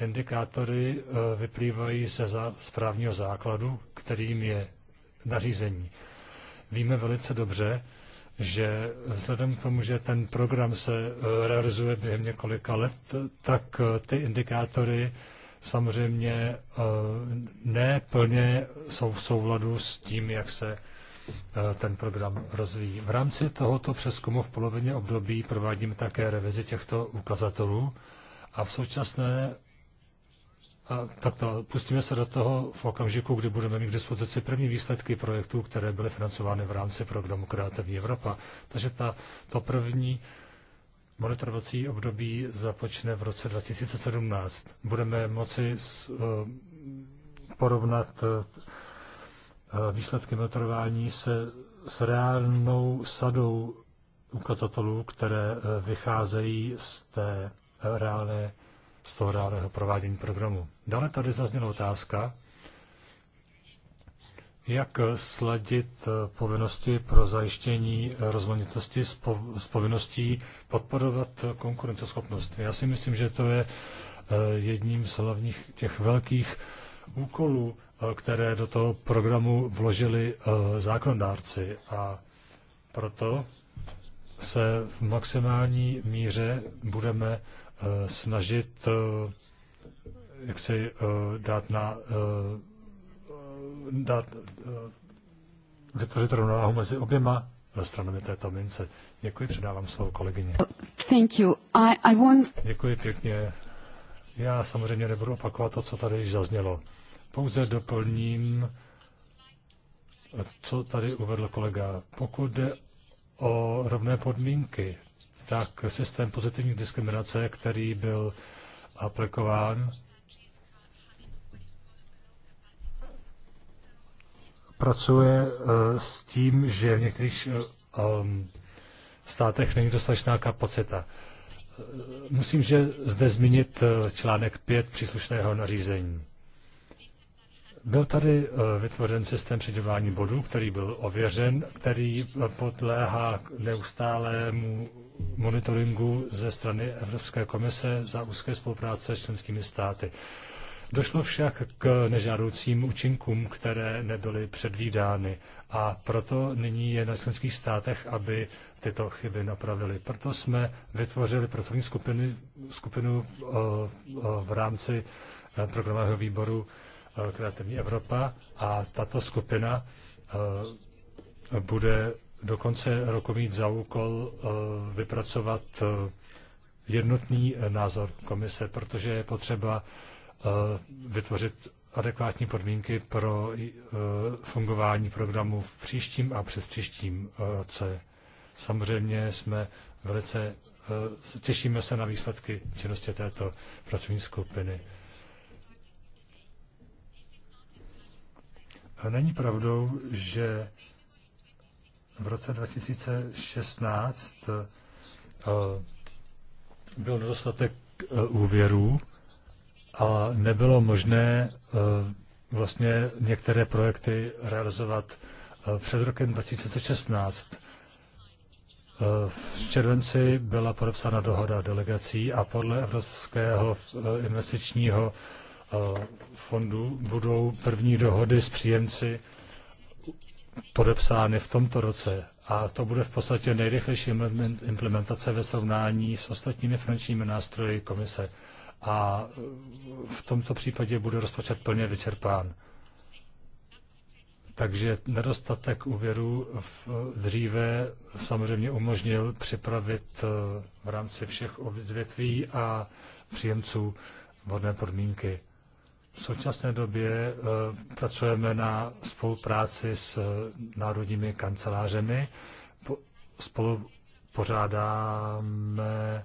indikátory e, vyplývají se za správního základu, kterým je nařízení. Víme velice dobře, že vzhledem k tomu, že ten program se e, realizuje během několika let, tak e, ty indikátory samozřejmě neplně jsou v souladu s tím, jak se Eh, ten program rozvíjí. V rámci tohoto přeskumu v polovině období provádíme také revizi těchto ukazatelů a v současné a tak to, pustíme se do toho v okamžiku, kdy budeme mít k dispozici první výsledky projektů, které byly financovány v rámci programu Kreativní Evropa. Takže ta, to první monitorovací období započne v roce 2017. Budeme moci s, eh, porovnat eh, výsledky metrování se s reálnou sadou ukazatelů, které e, vycházejí z, té e, reálné, z toho reálného provádění programu. Dále tady zazněla otázka, jak e, sladit povinnosti pro zajištění rozmanitosti s, s povinností podporovat konkurenceschopnost? Já si myslím, že to je jedním z hlavních těch velkých úkolů Eh, které do toho programu vložili eh, zákonodárci. A proto se v maximální míře budeme eh, snažit jak si dát na dát, vytvořit rovnováhu mezi oběma stranami této mince. Děkuji, předávám slovo kolegyně. Thank you. I, I want... Děkuji pěkně. Já samozřejmě nebudu opakovat to, co tady již zaznělo pouze doplním, co tady uvedl kolega. Pokud jde o rovné podmínky, tak systém pozitivní diskriminace, který byl aplikován, pracuje eh, s tím, že v některých eh, um, státech není dostatečná kapacita. Eh, musím že zde zmínit článek 5 příslušného nařízení. Byl tady eh, vytvořen systém přidělování bodů, který byl ověřen, který eh, podléhá neustálému monitoringu ze strany Evropské komise za úzké spolupráce s členskými státy. Došlo však k nežádoucím účinkům, které nebyly předvídány a proto nyní je na členských státech, aby tyto chyby napravili. Proto jsme vytvořili pracovní skupiny, skupinu eh, v rámci programového výboru Eh, Kreativní Evropa a tato skupina eh, bude do konce roku mít za úkol eh, vypracovat jednotný názor komise, protože je potřeba vytvořit adekvátní podmínky pro fungování programu v příštím a přes příštím roce. Samozřejmě jsme velice těšíme se na výsledky činnosti této pracovní skupiny. Není pravdou, že v roce 2016 eh, byl nedostatek eh, úvěrů a nebylo možné eh, vlastně některé projekty realizovat před rokem 2016. V červenci byla podepsána dohoda delegací a podle Evropského investičního fondů budou první dohody s příjemci podepsány v tomto roce. A to bude v podstatě nejrychlejší implementace ve srovnání s ostatními finančními nástroji komise. A v tomto případě bude rozpočet plně vyčerpán. Takže nedostatek úvěru v dříve samozřejmě umožnil připravit eh, v rámci všech odvětví a příjemců vhodné podmínky. V současné době eh, pracujeme na spolupráci s eh, národními kancelářemi. Spolu pořádáme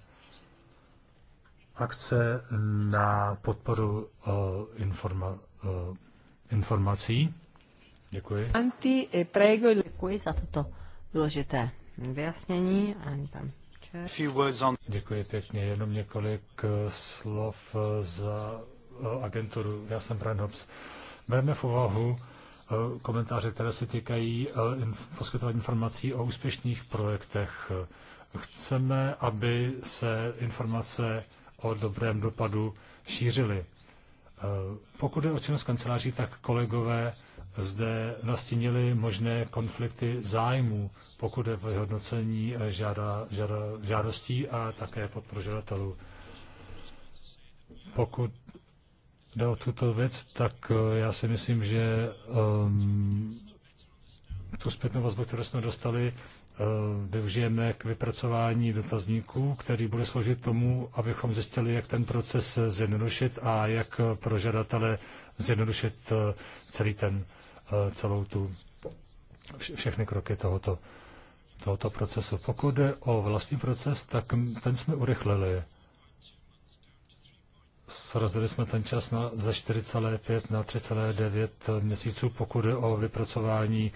akce na podporu eh, informa, informací. Děkuji. Anti prego. Děkuji za toto důležité vyjasnění. Děkuji pěkně. Jenom několik slov za Eh, agenturu. Já jsem Brian Hobbs. Bereme v úvahu eh, komentáře, které se týkají eh, poskytování informací o úspěšných projektech. Chceme, aby se informace o dobrém dopadu šířily. Pokud je o činnost kanceláří, tak kolegové zde nastínili možné konflikty zájmů, pokud je vyhodnocení žáda, žáda, žádostí a také podpor žadatelů. Pokud jde o tuto věc, tak eh, já si myslím, že um, tu zpětnou vazbu, kterou jsme dostali, eh, využijeme k vypracování dotazníků, který bude složit tomu, abychom zjistili, jak ten proces zjednodušit a jak pro žadatele zjednodušit eh, celý ten, celou tu, všechny kroky tohoto, tohoto procesu. Pokud jde o vlastní proces, tak ten jsme urychlili. Srazili jsme ten čas na, ze 4,5 na 3,9 měsíců, pokud je o vypracování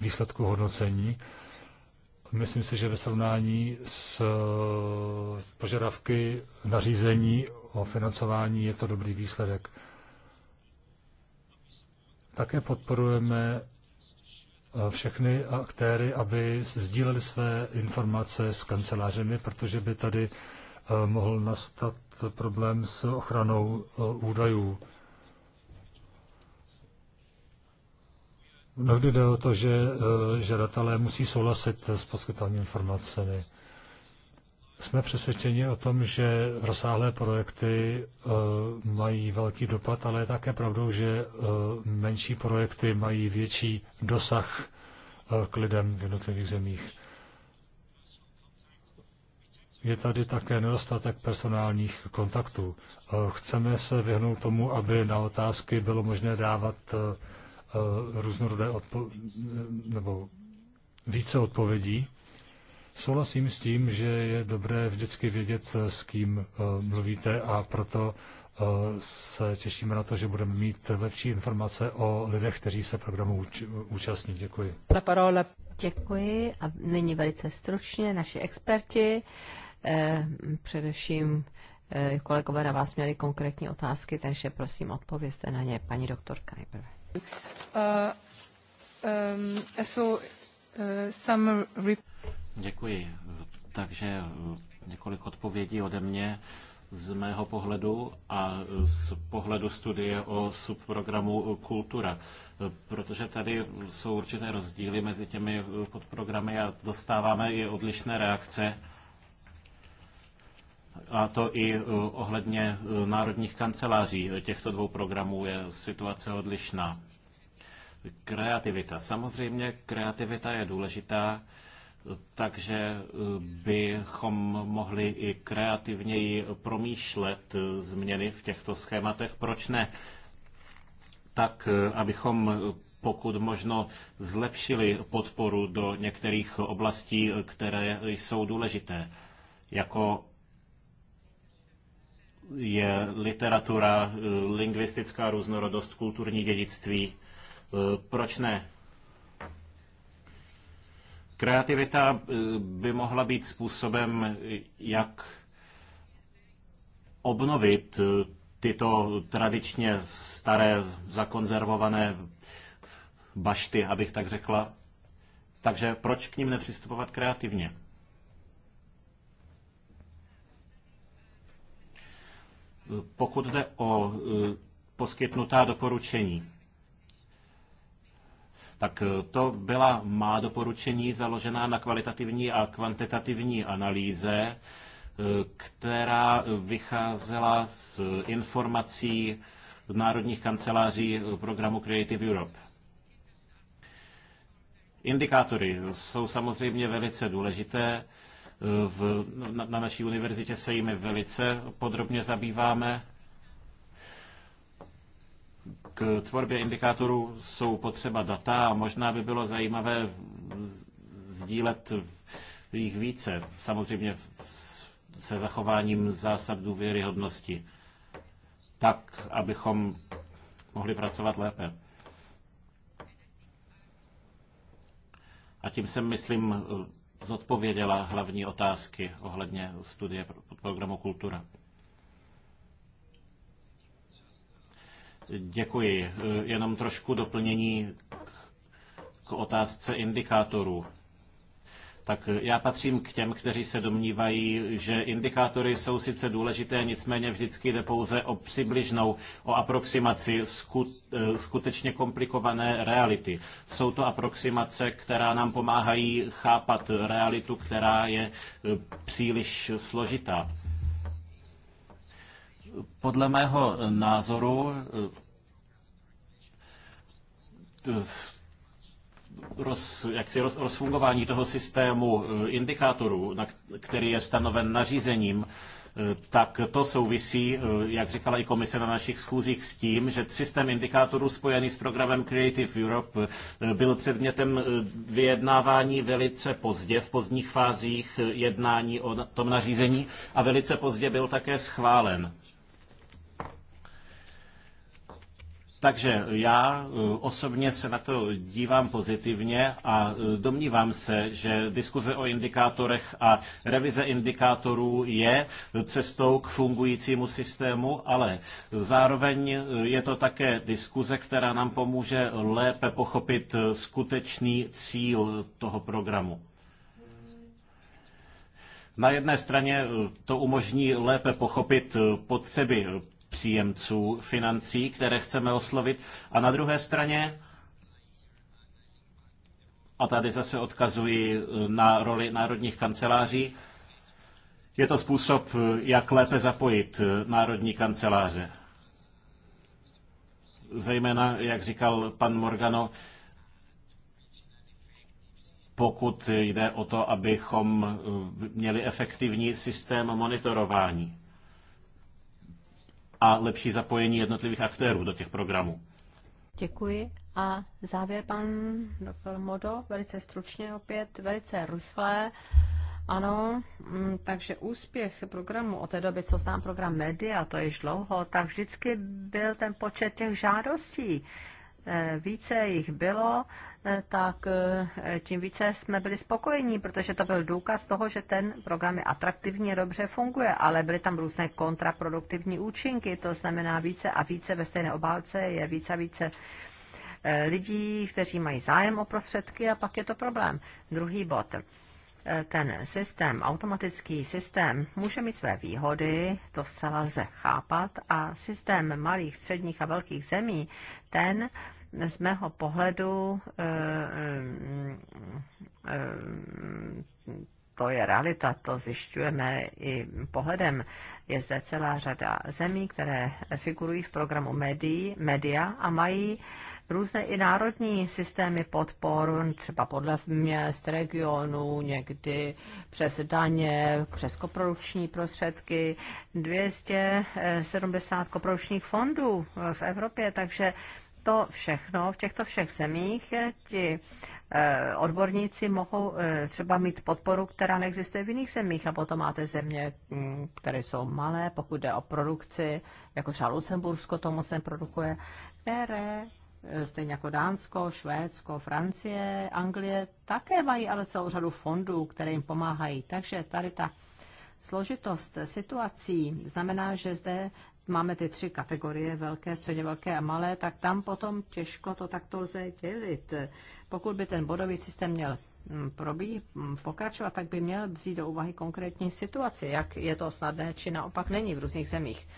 výsledku hodnocení. Myslím si, že ve srovnání s eh, požadavky nařízení o financování je to dobrý výsledek. Také podporujeme eh, všechny aktéry, aby sdíleli své informace s kancelářemi, protože by tady eh, mohl nastat problém s ochranou e, údajů. Mnohdy jde o to, že e, žadatelé musí souhlasit s poskytováním informacemi. Jsme přesvědčeni o tom, že rozsáhlé projekty e, mají velký dopad, ale je také pravdou, že menší projekty mají větší dosah k lidem v jednotlivých zemích je tady také nedostatek personálních kontaktů. Eh, chceme se vyhnout tomu, aby na otázky bylo možné dávat eh, eh, různorodé odpo- nebo více odpovědí. Souhlasím s tím, že je dobré vždycky vědět, s kým mluvíte a proto se těšíme na to, že budeme mít lepší informace o lidech, kteří se programu účastní. Děkuji. Děkuji a nyní velice stručně naši experti. Eh, především eh, kolegové na vás měli konkrétní otázky, takže prosím odpovězte na ně, paní doktorka nejprve. Uh, um, so, uh, some... Děkuji. Takže několik odpovědí ode mě z mého pohledu a z pohledu studie o subprogramu Kultura. Protože tady jsou určité rozdíly mezi těmi podprogramy a dostáváme i odlišné reakce. A to i eh, ohledně eh, národních kanceláří těchto dvou programů je situace odlišná. Kreativita. Samozřejmě kreativita je důležitá, takže eh, bychom mohli i kreativněji promýšlet změny v těchto schématech. Proč ne? Tak, abychom pokud možno zlepšili podporu do některých oblastí, které jsou důležité, jako je literatura, eh, lingvistická různorodost, kulturní dědictví. Eh, proč ne? Kreativita eh, by mohla být způsobem, jak obnovit tyto tradičně staré, zakonzervované bašty, abych tak řekla. Takže proč k ním nepřistupovat kreativně? pokud jde o e, poskytnutá doporučení. Tak e, to byla má doporučení založená na kvalitativní a kvantitativní analýze, e, která vycházela z informací národních kanceláří programu Creative Europe. Indikátory jsou samozřejmě velice důležité, v, na, na naší univerzitě se jimi velice podrobně zabýváme. K tvorbě indikátorů jsou potřeba data a možná by bylo zajímavé sdílet jich více, samozřejmě se zachováním zásad důvěryhodnosti, tak, abychom mohli pracovat lépe. A tím jsem, myslím, zodpověděla hlavní otázky ohledně studie programu Kultura. Děkuji. Jenom trošku doplnění k otázce indikátorů tak já patřím k těm, kteří se domnívají, že indikátory jsou sice důležité, nicméně vždycky jde pouze o přibližnou, o aproximaci eh, skutečně komplikované reality. Jsou to aproximace, která nám pomáhají chápat realitu, která je eh, příliš složitá. Podle mého názoru eh, roz, jaksi roz, rozfungování toho systému eh, indikátorů, na, který je stanoven nařízením, eh, tak to souvisí, eh, jak říkala i komise na našich schůzích, s tím, že systém indikátorů spojený s programem Creative Europe byl předmětem vyjednávání velice pozdě, v pozdních fázích jednání o tom nařízení a velice pozdě byl také schválen. Takže já eh, osobně se na to dívám pozitivně a eh, domnívám se, že diskuze o indikátorech a revize indikátorů je cestou k fungujícímu systému, ale zároveň eh, je to také diskuze, která nám pomůže lépe pochopit skutečný cíl toho programu. Na jedné straně to umožní lépe pochopit potřeby příjemců financí, které chceme oslovit. A na druhé straně, a tady zase odkazuji eh, na roli národních kanceláří, je to způsob, eh, jak lépe zapojit eh, národní kanceláře. Zejména, jak říkal pan Morgano, pokud jde o to, abychom měli efektivní systém monitorování a lepší zapojení jednotlivých aktérů do těch programů. Děkuji. A závěr pan doktor Modo, velice stručně opět, velice rychle. Ano, mm, takže úspěch programu od té doby, co znám program Media, to je již dlouho, tak vždycky byl ten počet těch žádostí. Eh, více jich bylo, tak e, tím více jsme byli spokojení, protože to byl důkaz toho, že ten program je atraktivní, dobře funguje, ale byly tam různé kontraproduktivní účinky, to znamená více a více ve stejné obálce je více a více e, lidí, kteří mají zájem o prostředky a pak je to problém. Druhý bod. E, ten systém, automatický systém, může mít své výhody, to zcela lze chápat, a systém malých, středních a velkých zemí, ten z mého pohledu eh, eh, eh, to je realita, to zjišťujeme i pohledem. Je zde celá řada zemí, které figurují v programu médií, media a mají různé i národní systémy podpor, třeba podle měst, regionu, někdy přes daně, přes koprodukční prostředky, 270 koprodukčních fondů v Evropě, takže to všechno, v těchto všech zemích eh, ti eh, odborníci mohou eh, třeba mít podporu, která neexistuje v jiných zemích. A potom máte země, mm, které jsou malé, pokud jde o produkci, jako třeba Lucembursko to moc neprodukuje, které stejně jako Dánsko, Švédsko, Francie, Anglie, také mají ale celou řadu fondů, které jim pomáhají. Takže tady ta složitost situací znamená, že zde máme ty tři kategorie, velké, středně velké a malé, tak tam potom těžko to takto lze dělit. Pokud by ten bodový systém měl mm, probí, mm, pokračovat, tak by měl vzít do úvahy konkrétní situaci, jak je to snadné, či naopak není v různých zemích.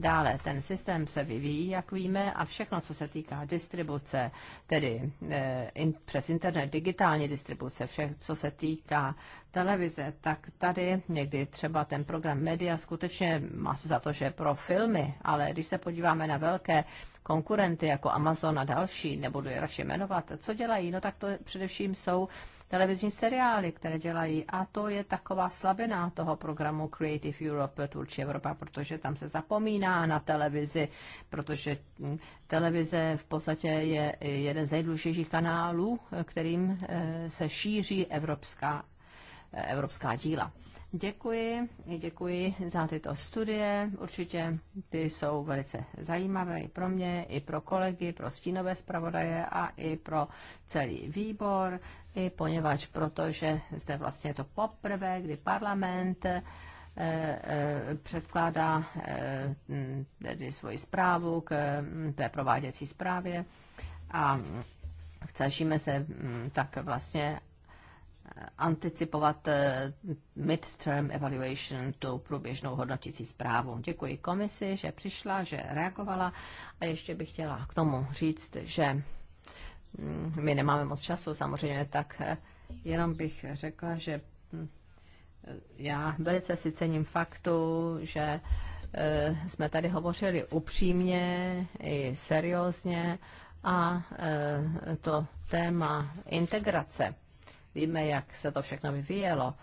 Dále, ten systém se vyvíjí, jak víme, a všechno, co se týká distribuce, tedy e, in, přes internet, digitální distribuce, vše, co se týká televize, tak tady někdy třeba ten program Media skutečně má se za to, že pro filmy, ale když se podíváme na velké konkurenty jako Amazon a další, nebudu je radši jmenovat, co dělají? No tak to především jsou televizní seriály, které dělají a to je taková slabina toho programu Creative Europe, Tvůrčí Evropa, protože tam se zapomíná na televizi, protože hm, televize v podstatě je jeden z nejdůležitějších kanálů, kterým eh, se šíří evropská evropská díla. Děkuji, děkuji za tyto studie. Určitě ty jsou velice zajímavé i pro mě, i pro kolegy, pro stínové zpravodaje a i pro celý výbor, i poněvadž protože zde vlastně je to poprvé, kdy parlament eh, eh, předkládá eh, tedy svoji zprávu k mm, té prováděcí zprávě a snažíme se mm, tak vlastně anticipovat eh, midterm evaluation, tu průběžnou hodnotící zprávu. Děkuji komisi, že přišla, že reagovala a ještě bych chtěla k tomu říct, že mm, my nemáme moc času samozřejmě, tak eh, jenom bych řekla, že mm, já velice si cením faktu, že eh, jsme tady hovořili upřímně i seriózně a to téma integrace Víme, jak se to všechno vyvíjelo.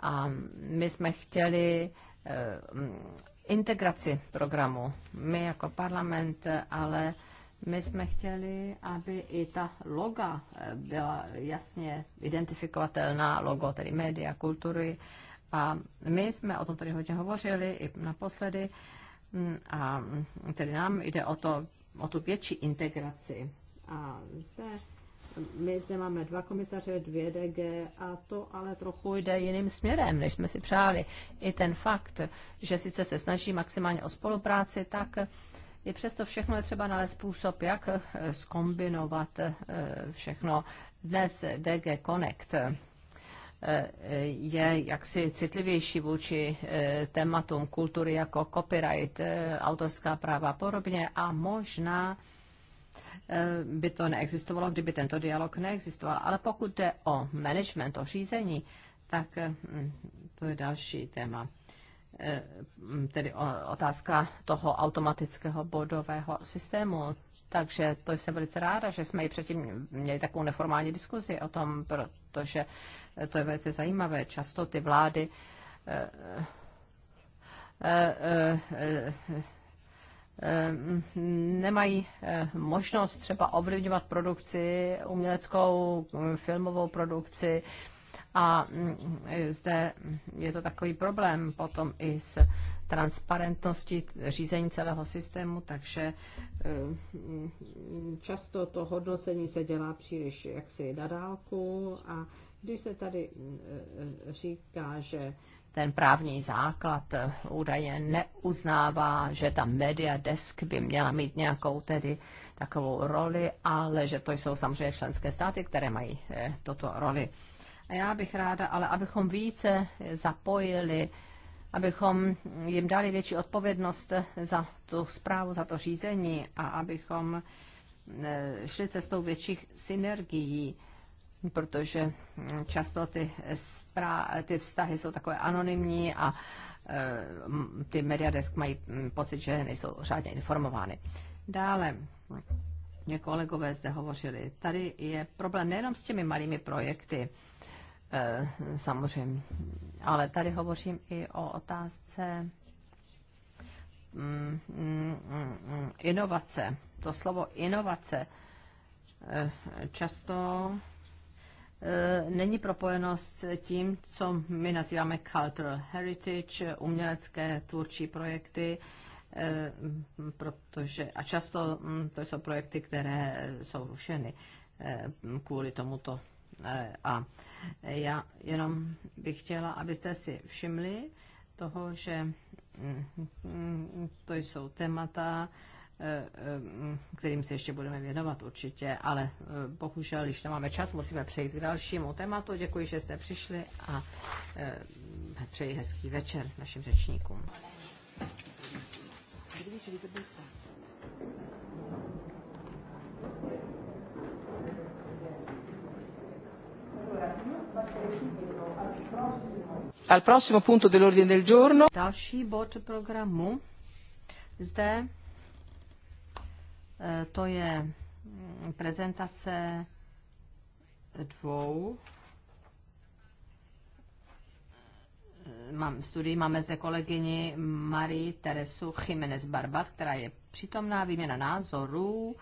A my jsme chtěli eh, integraci programu. My jako parlament, ale my jsme chtěli, aby i ta loga eh, byla jasně identifikovatelná, logo tedy média, kultury. A my jsme o tom tady hodně hovořili i naposledy. Mm, a tedy nám jde o, to, o tu větší integraci. A zde my zde máme dva komisaře, dvě DG a to ale trochu jde jiným směrem, než jsme si přáli. I ten fakt, že sice se snaží maximálně o spolupráci, tak je přesto všechno je třeba nalézt způsob, jak eh, skombinovat eh, všechno. Dnes DG Connect eh, je jaksi citlivější vůči tématům kultury jako copyright, autorská práva a podobně a možná Eh, by to neexistovalo, kdyby tento dialog neexistoval. Ale pokud jde o management, o řízení, tak eh, hm, to je další téma. Eh, tedy otázka toho automatického bodového systému. Takže to jsem velice ráda, že jsme i předtím měli takovou neformální diskuzi o tom, protože to je velice zajímavé. Často ty vlády Eh, nemají eh, možnost třeba ovlivňovat produkci, uměleckou, eh, filmovou produkci. A mm, zde je to takový problém potom i s transparentností řízení celého systému, takže často to hodnocení se dělá příliš jaksi na dálku a když se tady říká, že ten právní základ eh, údaje neuznává, že ta media desk by měla mít nějakou tedy takovou roli, ale že to jsou samozřejmě členské státy, které mají eh, toto roli. A já bych ráda, ale abychom více zapojili, abychom jim dali větší odpovědnost eh, za tu zprávu, za to řízení a abychom šli cestou větších synergií protože často ty, sprá- ty vztahy jsou takové anonymní a e, ty mediadesk mají pocit, že nejsou řádně informovány. Dále, mě kolegové zde hovořili, tady je problém nejenom s těmi malými projekty, e, samozřejmě, ale tady hovořím i o otázce inovace. To slovo inovace e, často Eh, není propojeno s tím, co my nazýváme cultural heritage, umělecké tvůrčí projekty, eh, protože, a často hm, to jsou projekty, které jsou rušeny eh, kvůli tomuto. A já jenom bych chtěla, abyste si všimli toho, že hm, hm, to jsou témata, Eh, eh, kterým se ještě budeme věnovat určitě, ale eh, bohužel, když nemáme čas, musíme přejít k dalšímu tématu. Děkuji, že jste přišli a přeji hezký večer našim řečníkům. Al prossimo punto dell'ordine del giorno. Další bod programu zde Eh, to je mm, prezentace dvou eh, mám studii, máme zde kolegyni Marie Teresu Jiménez Barbat, která je přítomná výměna názorů,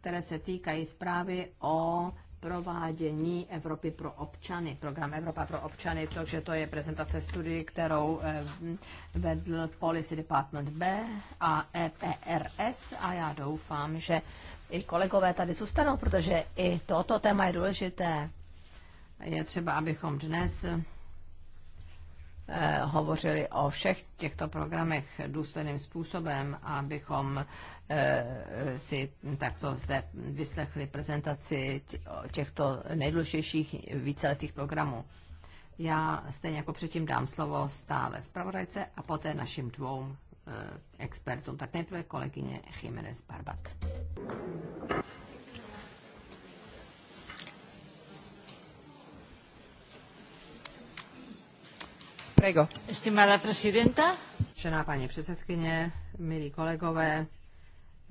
které se týkají zprávy o provádění Evropy pro občany, program Evropa pro občany, takže to je prezentace studii, kterou eh, vedl Policy Department B a EPRS a já doufám, že i kolegové tady zůstanou, protože i toto téma je důležité. Je třeba, abychom dnes Eh, hovořili o všech těchto programech důstojným způsobem, abychom eh, si takto zde vyslechli prezentaci těchto nejdůležitějších víceletých programů. Já stejně jako předtím dám slovo stále zpravodajce a poté našim dvou eh, expertům. Tak nejprve kolegyně Jiménez Barbat. Prego. Estimada presidenta. Žená paní předsedkyně, milí kolegové,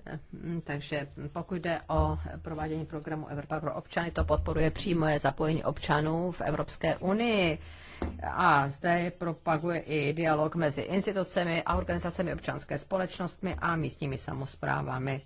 eh, takže pokud jde o provádění programu Evropa pro občany, to podporuje přímé zapojení občanů v Evropské unii. A zde propaguje i dialog mezi institucemi a organizacemi občanské společnostmi a místními samozprávami.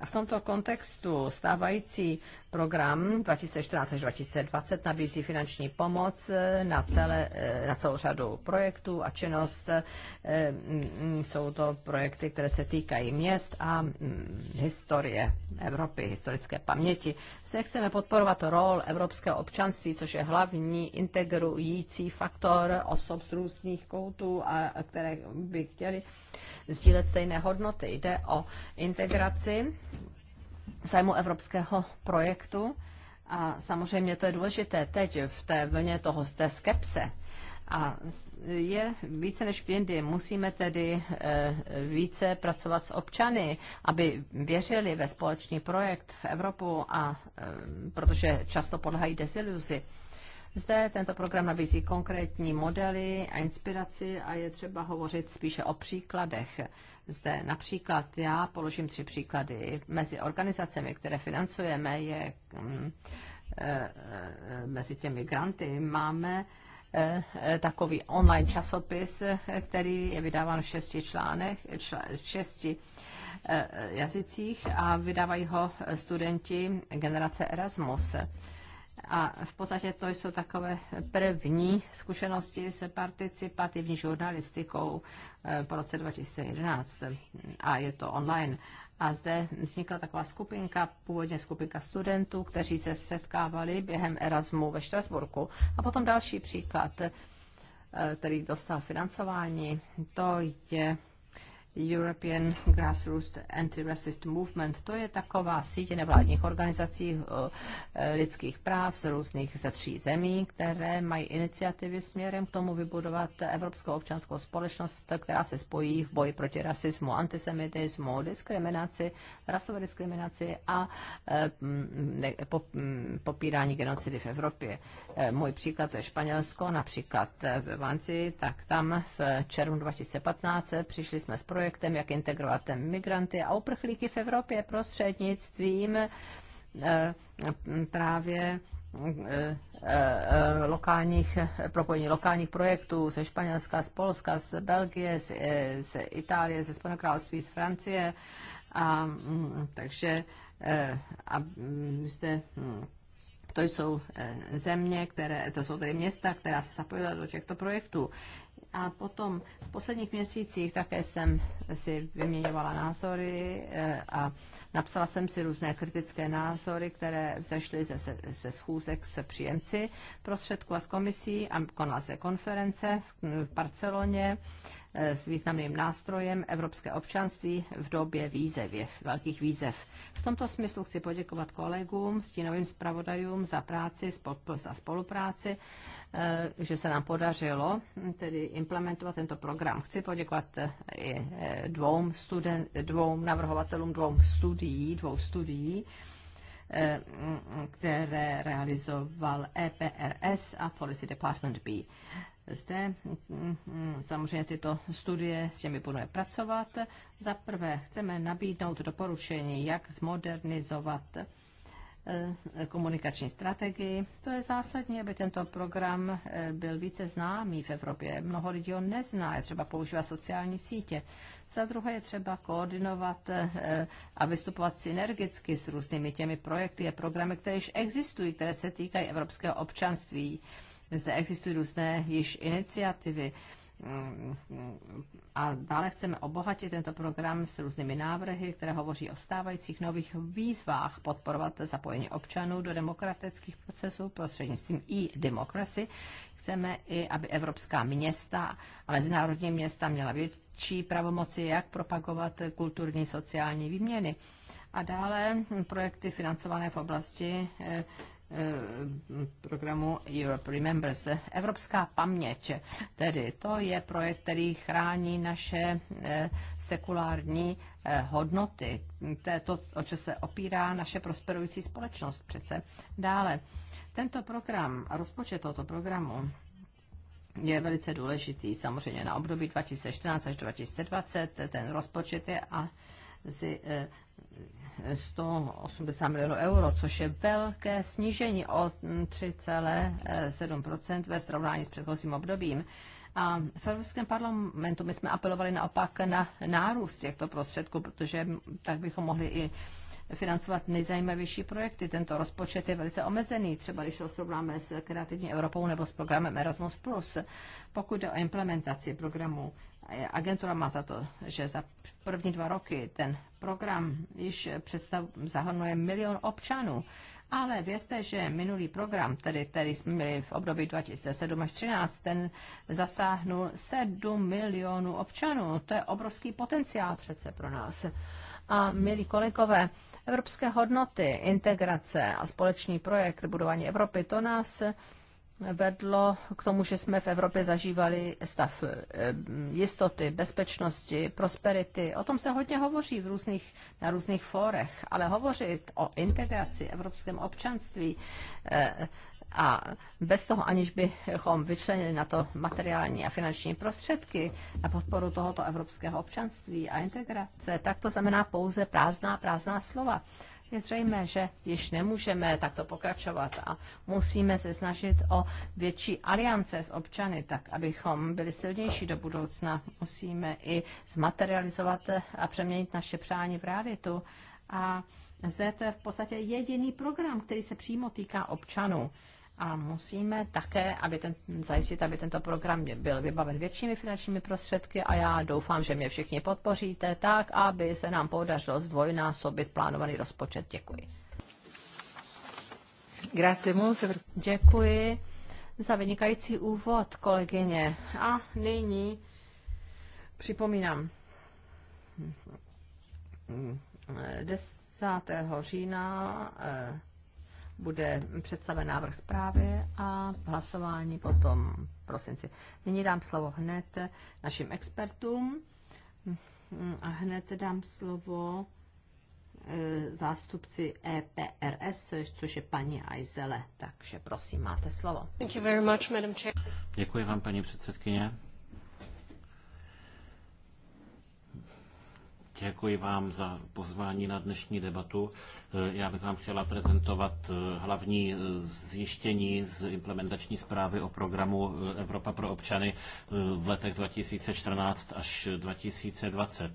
A v tomto kontextu stávající program 2014 až 2020 nabízí finanční pomoc eh, na, celé, eh, na celou řadu projektů a činnost. Eh, mm, mm, jsou to projekty, které se týkají měst a mm, historie Evropy, historické paměti. Zde chceme podporovat rol evropského občanství, což je hlavní integrující faktor osob z různých koutů, a které by chtěli sdílet stejné hodnoty. Jde o integraci zájmu evropského projektu. A samozřejmě to je důležité teď v té vlně toho, té skepse, a je více než jindy. Musíme tedy eh, více pracovat s občany, aby věřili ve společný projekt v Evropu, a, eh, protože často podlhají desiluzi. Zde tento program nabízí konkrétní modely a inspiraci a je třeba hovořit spíše o příkladech. Zde například já položím tři příklady. Mezi organizacemi, které financujeme, je mm, eh, mezi těmi granty máme Eh, eh, takový online časopis, eh, který je vydáván v šesti článech, v šesti jazycích a vydávají ho studenti generace Erasmus. A v podstatě to jsou takové první zkušenosti s participativní žurnalistikou po roce 2011. A je to online. A zde vznikla taková skupinka, původně skupinka studentů, kteří se setkávali během Erasmu ve Štrasburku. A potom další příklad, eh, který dostal financování, to je European Grassroots Anti-Racist Movement. To je taková síť nevládních organizací eh, lidských práv z různých ze tří zemí, které mají iniciativy směrem k tomu vybudovat evropskou občanskou společnost, která se spojí v boji proti rasismu, antisemitismu, diskriminaci, rasové diskriminaci a eh, popírání genocidy v Evropě. Eh, můj příklad to je Španělsko, například v Valencii, tak tam v červnu 2015 přišli jsme s projektem, projektem, jak integrovat migranty a uprchlíky v Evropě prostřednictvím eh, eh, právě eh, lokálních, propojení lokálních projektů ze Španělska, z Polska, z Belgie, z, z Itálie, ze Spojeného království, z Francie. A, mm, takže a mm, zde mm, to jsou země, které, to jsou tedy města, která se zapojila do těchto projektů. A potom v posledních měsících také jsem si vyměňovala názory eh, a napsala jsem si různé kritické názory, které vzešly ze, ze schůzek se příjemci prostředků a s komisí a konala se konference v Barceloně Eh, s významným nástrojem Evropské občanství v době výzev, velkých výzev. V tomto smyslu chci poděkovat kolegům, stínovým zpravodajům za práci, za spolupráci, eh, že se nám podařilo hm, tedy implementovat tento program. Chci poděkovat eh, i dvou, studen, dvou navrhovatelům dvou studií, dvou studií, které realizoval EPRS a Policy Department B. Zde mm, mm, samozřejmě tyto studie s těmi budeme pracovat. Za prvé chceme nabídnout doporučení, jak zmodernizovat eh, komunikační strategii. To je zásadní, aby tento program eh, byl více známý v Evropě. Mnoho lidí ho nezná, je třeba používat sociální sítě. Za druhé je třeba koordinovat eh, a vystupovat synergicky s různými těmi projekty a programy, které již existují, které se týkají evropského občanství. Zde existují různé již iniciativy mm, a dále chceme obohatit tento program s různými návrhy, které hovoří o stávajících nových výzvách podporovat zapojení občanů do demokratických procesů prostřednictvím i demokracie. Chceme i, aby evropská města a mezinárodní města měla větší pravomoci, jak propagovat kulturní sociální výměny. A dále projekty financované v oblasti eh, Eh, programu Europe Remembers, Evropská paměť. Tedy to je projekt, který chrání naše eh, sekulární eh, hodnoty. To je to, o co se opírá naše prosperující společnost přece. Dále, tento program a rozpočet tohoto programu je velice důležitý. Samozřejmě na období 2014 až 2020 ten rozpočet je a 180 milionů euro, což je velké snížení o 3,7 ve srovnání s předchozím obdobím. A v Evropském parlamentu my jsme apelovali naopak na nárůst těchto prostředků, protože tak bychom mohli i financovat nejzajímavější projekty. Tento rozpočet je velice omezený, třeba když ho srovnáme s Kreativní Evropou nebo s programem Erasmus+. Pokud jde o implementaci programu, agentura má za to, že za první dva roky ten program již představ, zahrnuje milion občanů. Ale vězte, že minulý program, tedy, který jsme měli v období 2007 až 2013, ten zasáhnul 7 milionů občanů. To je obrovský potenciál přece pro nás. A milí kolegové, Evropské hodnoty, integrace a společný projekt budování Evropy, to nás eh, vedlo k tomu, že jsme v Evropě zažívali stav eh, jistoty, bezpečnosti, prosperity. O tom se hodně hovoří v různých, na různých fórech, ale hovořit o integraci, evropském občanství, eh, a bez toho, aniž bychom vyčlenili na to materiální a finanční prostředky na podporu tohoto evropského občanství a integrace, tak to znamená pouze prázdná, prázdná slova. Je zřejmé, že již nemůžeme takto pokračovat a musíme se snažit o větší aliance s občany, tak abychom byli silnější do budoucna. Musíme i zmaterializovat a přeměnit naše přání v realitu. A zde to je v podstatě jediný program, který se přímo týká občanů a musíme také aby ten, zajistit, aby tento program byl vybaven většími finančními prostředky a já doufám, že mě všichni podpoříte tak, aby se nám podařilo zdvojnásobit plánovaný rozpočet. Děkuji. Grazie Děkuji za vynikající úvod, kolegyně. A nyní připomínám 10. října eh, bude představen návrh zprávy a hlasování potom v prosinci. Nyní dám slovo hned našim expertům a hned dám slovo e, zástupci EPRS, což, je paní Aizele. Takže prosím, máte slovo. Thank you very much, Madam Chair. Děkuji vám, paní předsedkyně. Děkuji vám za pozvání na dnešní debatu. Eh, já bych vám chtěla prezentovat eh, hlavní eh, zjištění z implementační zprávy o programu Evropa pro občany v letech 2014 až 2020.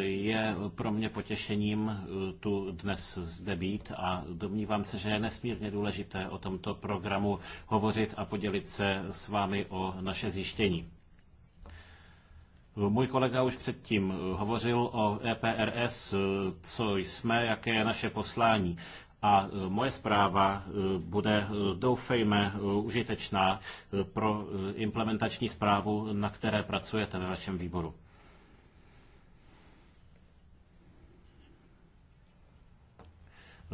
Je pro mě potěšením tu dnes zde být a domnívám se, že je nesmírně důležité o tomto programu hovořit a podělit se s vámi o naše zjištění. Můj kolega už předtím eh, hovořil o EPRS, eh, co jsme, jaké je naše poslání. A eh, moje zpráva bude, doufejme, užitečná pro implementační zprávu, na které pracujete ve vašem výboru.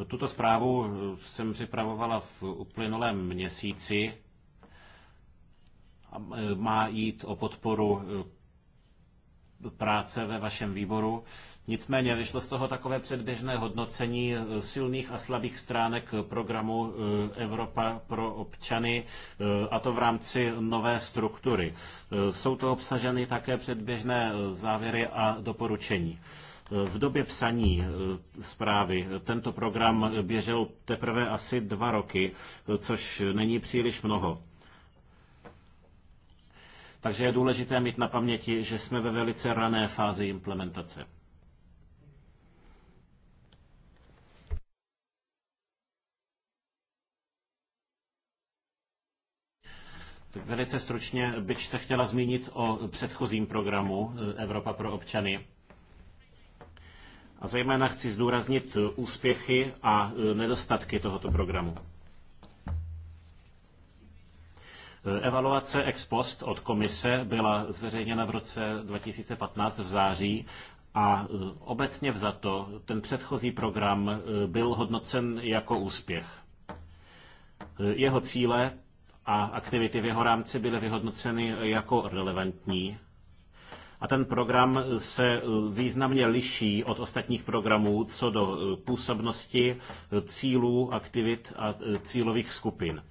Tuto zprávu jsem připravovala v uplynulém měsíci. Má jít o podporu práce ve vašem výboru. Nicméně vyšlo z toho takové předběžné hodnocení eh, silných a slabých stránek programu eh, Evropa pro občany, eh, a to v rámci nové struktury. Jsou to obsaženy také předběžné závěry a doporučení. V době psaní zprávy tento program běžel teprve asi dva roky, což není příliš mnoho. Takže je důležité mít na paměti, že jsme ve velice rané fázi implementace. Velice stručně bych se chtěla zmínit o předchozím programu eh, Evropa pro občany. A zejména chci zdůraznit úspěchy a eh, nedostatky tohoto programu. Evaluace ex post od komise byla zveřejněna v roce 2015 v září a e, obecně vzato ten předchozí program e, byl hodnocen jako úspěch. E, jeho cíle a aktivity v jeho rámci byly vyhodnoceny jako relevantní a ten program se významně liší od ostatních programů co do působnosti, cílů, aktivit a cílových skupin.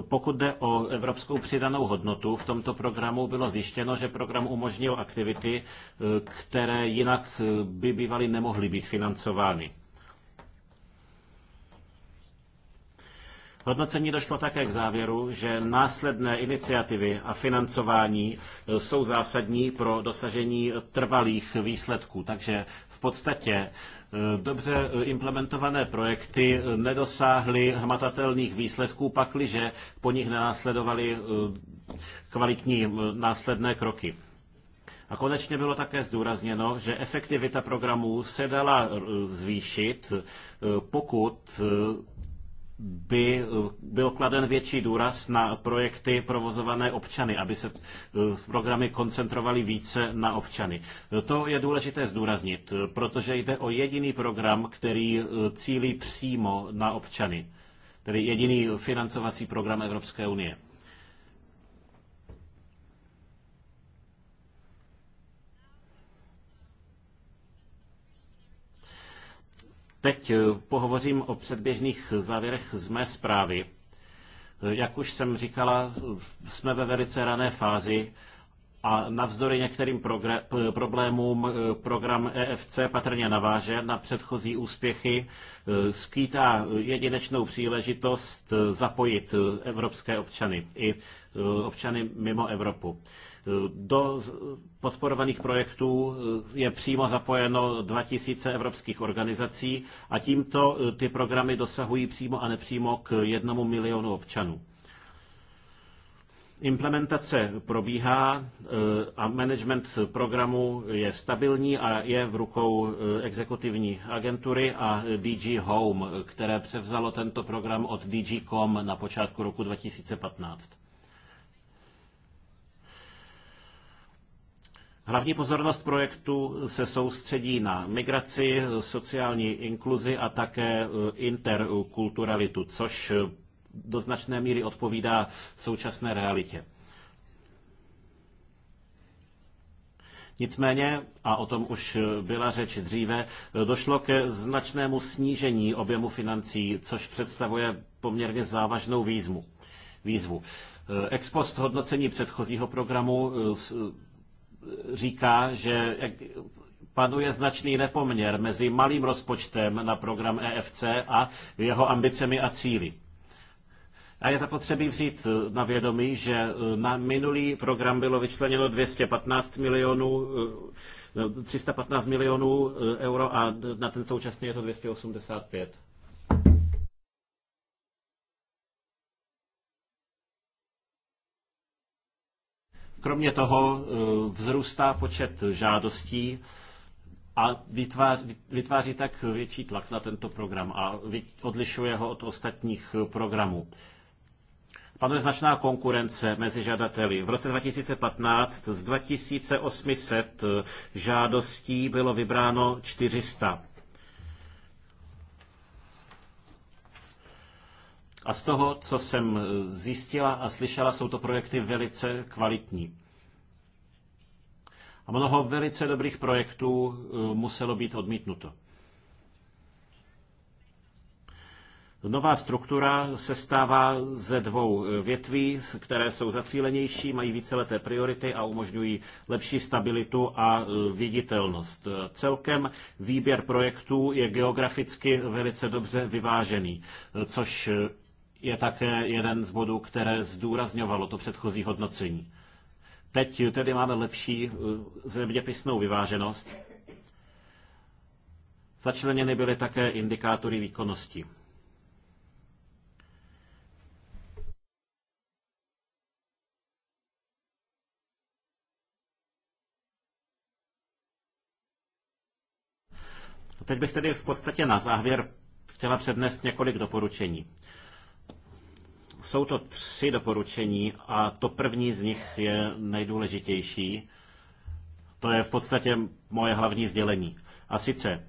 Pokud jde o evropskou přidanou hodnotu, v tomto programu bylo zjištěno, že program umožnil aktivity, eh, které jinak eh, by bývaly nemohly být financovány. Hodnocení došlo také k závěru, že následné iniciativy a financování eh, jsou zásadní pro dosažení trvalých výsledků. Takže podstatě eh, dobře eh, implementované projekty eh, nedosáhly hmatatelných výsledků, pakliže po nich nenásledovaly kvalitní následné kroky. A konečně bylo také zdůrazněno, že efektivita programů se dala zvýšit, pokud by eh, byl kladen větší důraz na projekty provozované občany, aby se eh, programy koncentrovaly více na občany. Eh, to je důležité zdůraznit, protože jde o jediný program, který cílí přímo na občany, tedy jediný financovací program Evropské unie. Teď eh, pohovořím o předběžných závěrech z mé zprávy. Eh, jak už jsem říkala, eh, jsme ve velice rané fázi a navzdory některým problémům eh, program EFC patrně naváže na předchozí úspěchy, eh, skýtá jedinečnou příležitost eh, zapojit evropské občany i občany mimo Evropu. Do podporovaných projektů je přímo zapojeno 2000 evropských organizací a tímto ty programy dosahují přímo a nepřímo k jednomu milionu občanů. Implementace probíhá eh, a management programu je stabilní a je v rukou eh, exekutivní agentury a eh, DG Home, které převzalo tento program od DG.com na počátku roku 2015. Hlavní pozornost projektu se soustředí na migraci, sociální inkluzi a také interkulturalitu, což do značné míry odpovídá současné realitě. Nicméně, a o tom už byla řeč dříve, došlo ke značnému snížení objemu financí, což představuje poměrně závažnou výzvu. výzvu. Ex post hodnocení předchozího programu eh, eh, říká, že panuje značný nepoměr mezi malým rozpočtem na program EFC a jeho ambicemi a cíly. A je zapotřebí vzít eh, na vědomí, že eh, na minulý program bylo vyčleněno 215 milionů, 315 eh, milionů euro a na ten současný je to 285. Kromě toho vzrůstá počet žádostí a vytváří, vytváří tak větší tlak na tento program a odlišuje ho od ostatních programů panuje značná konkurence mezi žadateli. V roce 2015 z 2800 eh, žádostí bylo vybráno 400. A z toho, co jsem eh, zjistila a slyšela, jsou to projekty velice kvalitní. A mnoho velice dobrých projektů eh, muselo být odmítnuto. Nová struktura se stává ze dvou eh, větví, které jsou zacílenější, mají víceleté priority a umožňují lepší stabilitu a eh, viditelnost. Eh, celkem výběr projektů je geograficky velice dobře vyvážený, což je také jeden z bodů, které zdůrazňovalo to předchozí hodnocení. Teď tedy máme lepší zeměpisnou vyváženost. Začleněny byly také indikátory výkonnosti. Teď bych tedy v podstatě na závěr chtěla přednést několik doporučení. Jsou to tři doporučení a to první z nich je nejdůležitější. To je v podstatě moje hlavní sdělení. A sice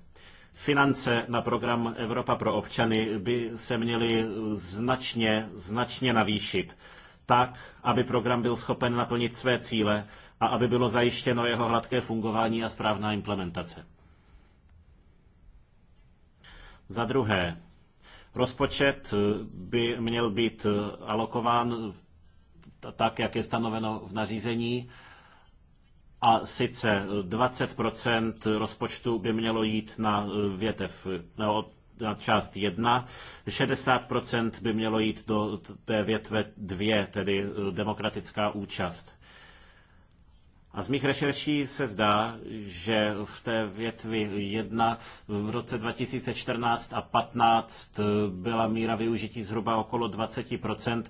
finance na program Evropa pro občany by se měly značně, značně navýšit tak, aby program byl schopen naplnit své cíle a aby bylo zajištěno jeho hladké fungování a správná implementace. Za druhé, rozpočet eh, by měl být eh, alokován tak, jak je stanoveno v nařízení, a sice 20 eh, rozpočtu by mělo jít na větev, na, část 1, 60 by mělo jít do té větve 2, tedy demokratická účast. A z mých rešerší se zdá, že v té větvi 1 v roce 2014 a 15 byla míra využití zhruba okolo 20%,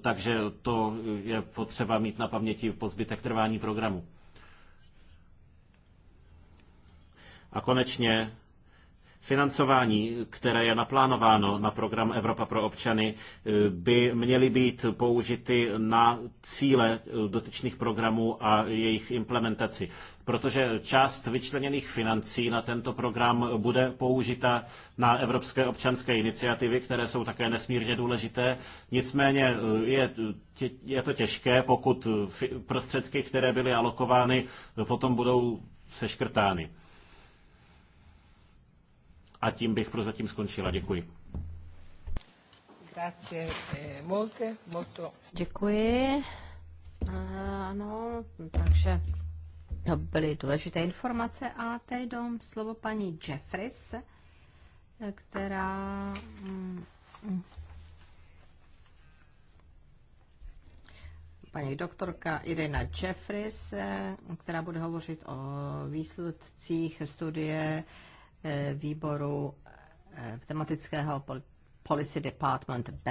takže to je potřeba mít na paměti po zbytek trvání programu. A konečně Financování, které je naplánováno na program Evropa pro občany, eh, by měly být použity na cíle eh, dotyčných programů a jejich implementaci protože část vyčleněných financí na tento program bude použita na evropské občanské iniciativy, které jsou také nesmírně důležité. Nicméně eh, je, je to těžké, pokud prostředky, které byly alokovány, potom budou seškrtány. A tím bych prozatím skončila. Děkuji. Eh, Děkuji. Eh, ano, takže to byly důležité informace a teď dom slovo paní Jeffries, eh, která mm, mm, paní doktorka Irena Jeffries, která bude hovořit o výsledcích studie Eh, výboru eh, tematického Policy Department B.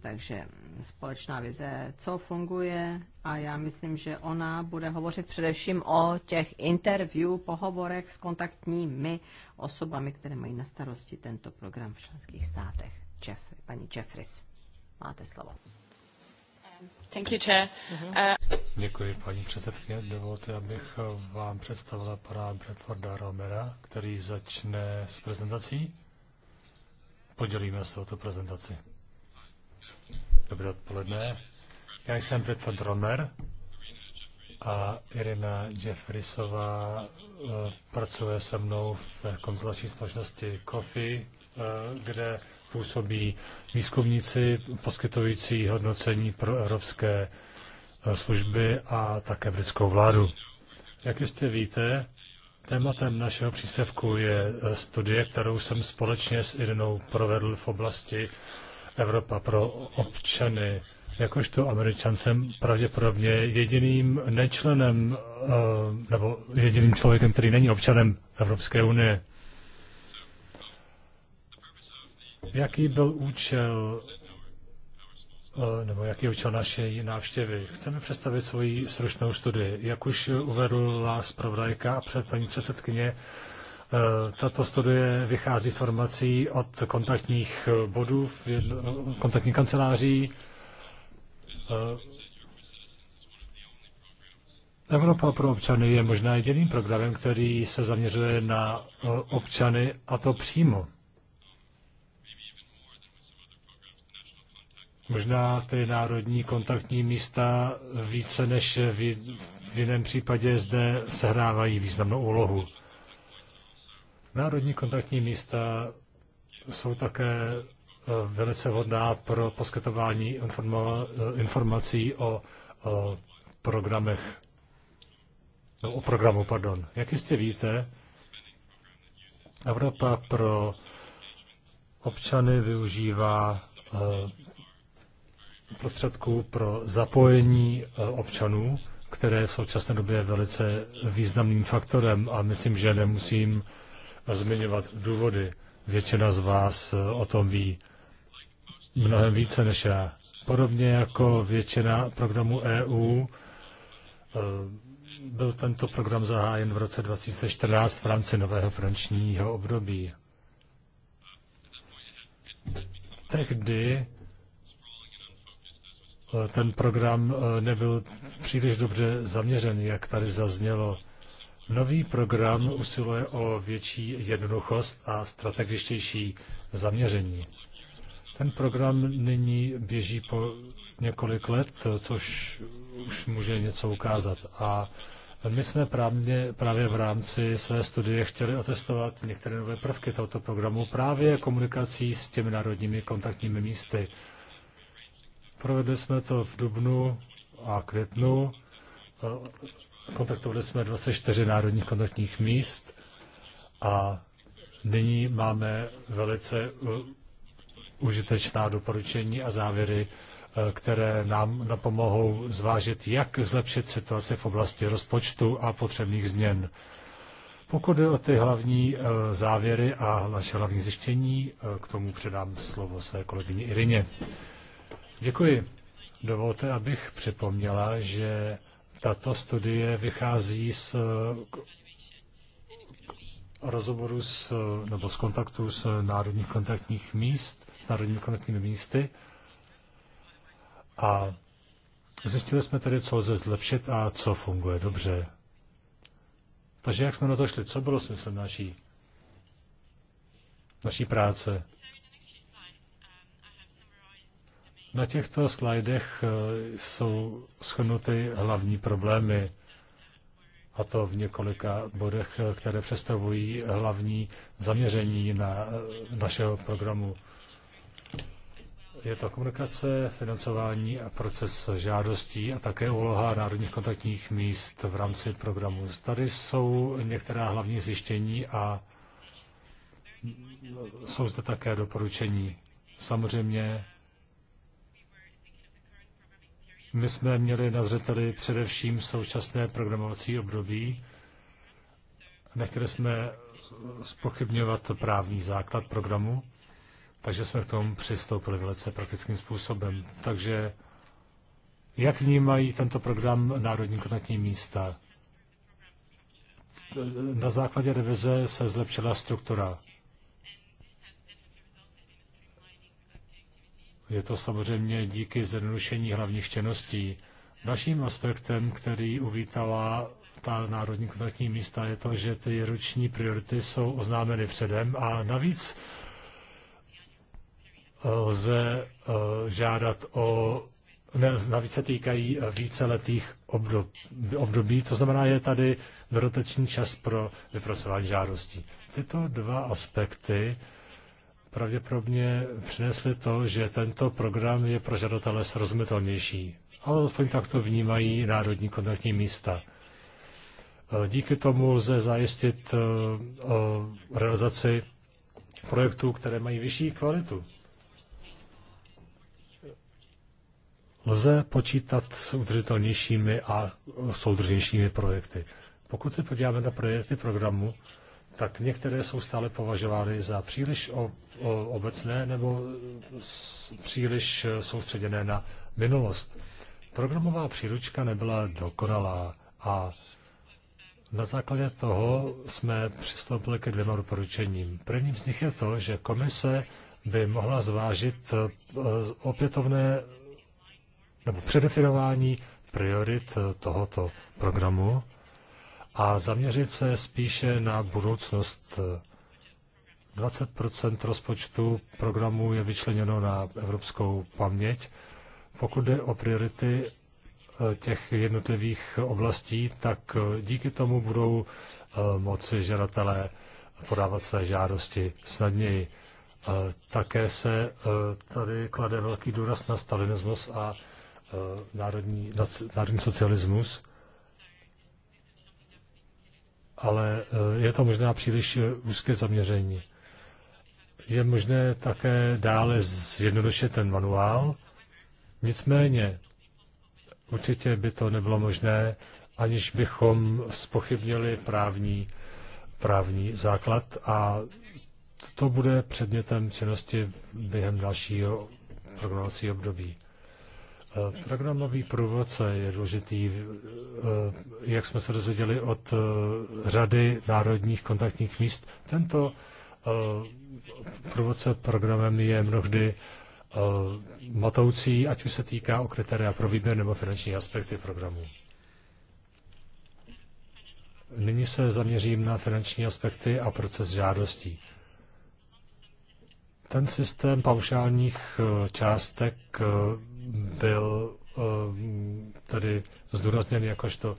Takže společná vize, co funguje a já myslím, že ona bude hovořit především o těch interview, pohovorech s kontaktními osobami, které mají na starosti tento program v členských státech. Jeff, paní Jeffries, máte slovo. Mhm. Uh, Děkuji, paní předsedkyně. Dovolte, abych vám představila pana Bradforda Romera, který začne s prezentací. Podělíme se o tu prezentaci. Dobré odpoledne. Já jsem Bradford Romer a Irina Jeffrisová eh, pracuje se mnou v konzulační společnosti Coffee, eh, kde působí výzkumníci poskytující hodnocení pro evropské eh, služby a také britskou vládu. Jak jistě víte, tématem našeho příspěvku je eh, studie, kterou jsem společně s Irinou provedl v oblasti Evropa pro občany. Jakožto američan jsem pravděpodobně jediným nečlenem eh, nebo jediným člověkem, který není občanem Evropské unie. Jaký byl účel eh, nebo jaký účel naší návštěvy. Chceme představit svoji stručnou studii. Jak už uvedla zpravodajka a před paní předsedkyně, eh, tato studie vychází z formací od kontaktních bodů, v kontaktní kanceláří. Eh, Evropa pro občany je možná jediným programem, který se zaměřuje na občany a to přímo. možná ty národní kontaktní místa více než v, v jiném případě zde sehrávají významnou úlohu. Národní kontaktní místa jsou také eh, velice vhodná pro poskytování eh, informací o, o programech, no, o programu, pardon. Jak jistě víte, Evropa pro občany využívá eh, prostředků pro zapojení eh, občanů, které v současné době je velice významným faktorem a myslím, že nemusím eh, zmiňovat důvody. Většina z vás eh, o tom ví mnohem více než já. Podobně jako většina programů EU, byl tento program zahájen v roce 2014 v rámci nového finančního období. Tehdy Eh, ten program eh, nebyl příliš dobře zaměřen, jak tady zaznělo. Nový program usiluje o větší jednoduchost a strategičtější zaměření. Ten program nyní běží po několik let, což už může něco ukázat. A my jsme právě, právě v rámci své studie chtěli otestovat některé nové prvky tohoto programu právě komunikací s těmi národními kontaktními místy. Provedli jsme to v dubnu a květnu. Kontaktovali jsme 24 národních kontaktních míst a nyní máme velice eh, užitečná doporučení a závěry, eh, které nám napomohou zvážit, jak zlepšit situaci v oblasti rozpočtu a potřebných změn. Pokud jde o ty hlavní eh, závěry a naše hlavní zjištění, k tomu předám slovo své kolegyni Irině. Děkuji. Dovolte, abych připomněla, že tato studie vychází z rozhovoru s, nebo z kontaktu s národních kontaktních míst, s národními kontaktními místy a zjistili jsme tedy, co lze zlepšit a co funguje dobře. Takže jak jsme na to šli, co bylo smyslem naší, naší práce? Na těchto slajdech eh, jsou schnuty hlavní problémy, a to v několika bodech, eh, které představují hlavní zaměření na eh, našeho programu. Je to komunikace, financování a proces žádostí a také úloha národních kontaktních míst v rámci programu. Tady jsou některá hlavní zjištění a jsou zde také doporučení. Samozřejmě my jsme měli na zřeteli především současné programovací období. Nechtěli jsme spochybňovat právní základ programu, takže jsme k tomu přistoupili velice praktickým způsobem. Takže jak vnímají tento program Národní kontaktní místa? Na základě revize se zlepšila struktura. Je to samozřejmě díky zjednodušení hlavních čeností. Dalším aspektem, který uvítala ta národní kontaktní místa, je to, že ty roční priority jsou oznámeny předem a navíc eh, lze eh, žádat o ne, navíc se týkají víceletých obdob, období, to znamená, je tady dodatečný čas pro vypracování žádostí. Tyto dva aspekty pravděpodobně přinesly to, že tento program je pro žadatele srozumitelnější. Ale aspoň tak to vnímají národní kontaktní místa. E, díky tomu lze zajistit e, realizaci projektů, které mají vyšší kvalitu. Lze počítat s udržitelnějšími a soudržnějšími projekty. Pokud se podíváme na projekty programu, tak některé jsou stále považovány za příliš obecné nebo příliš soustředěné na minulost. Programová příručka nebyla dokonalá a na základě toho jsme přistoupili ke dvěma doporučením. Prvním z nich je to, že komise by mohla zvážit e, opětovné nebo předefinování priorit e, tohoto programu a zaměřit se spíše na budoucnost. 20 rozpočtu programu je vyčleněno na evropskou paměť. Pokud jde o priority eh, těch jednotlivých oblastí, tak eh, díky tomu budou eh, moci žadatelé podávat své žádosti snadněji. Také se tady klade velký důraz na stalinismus a národní, národní socialismus ale eh, je to možná příliš eh, úzké zaměření. Je možné také dále zjednodušit ten manuál, nicméně určitě by to nebylo možné, aniž bychom spochybnili právní, právní základ a to bude předmětem činnosti během dalšího programovacího období. Programový průvodce je důležitý, eh, jak jsme se dozvěděli od eh, řady národních kontaktních míst. Tento eh, průvodce programem je mnohdy matoucí, ať už se týká o kritéria pro výběr nebo finanční aspekty programu. Nyní se zaměřím na finanční aspekty a proces žádostí. Ten systém paušálních eh, částek eh, byl eh, tedy zdůrazněn jakožto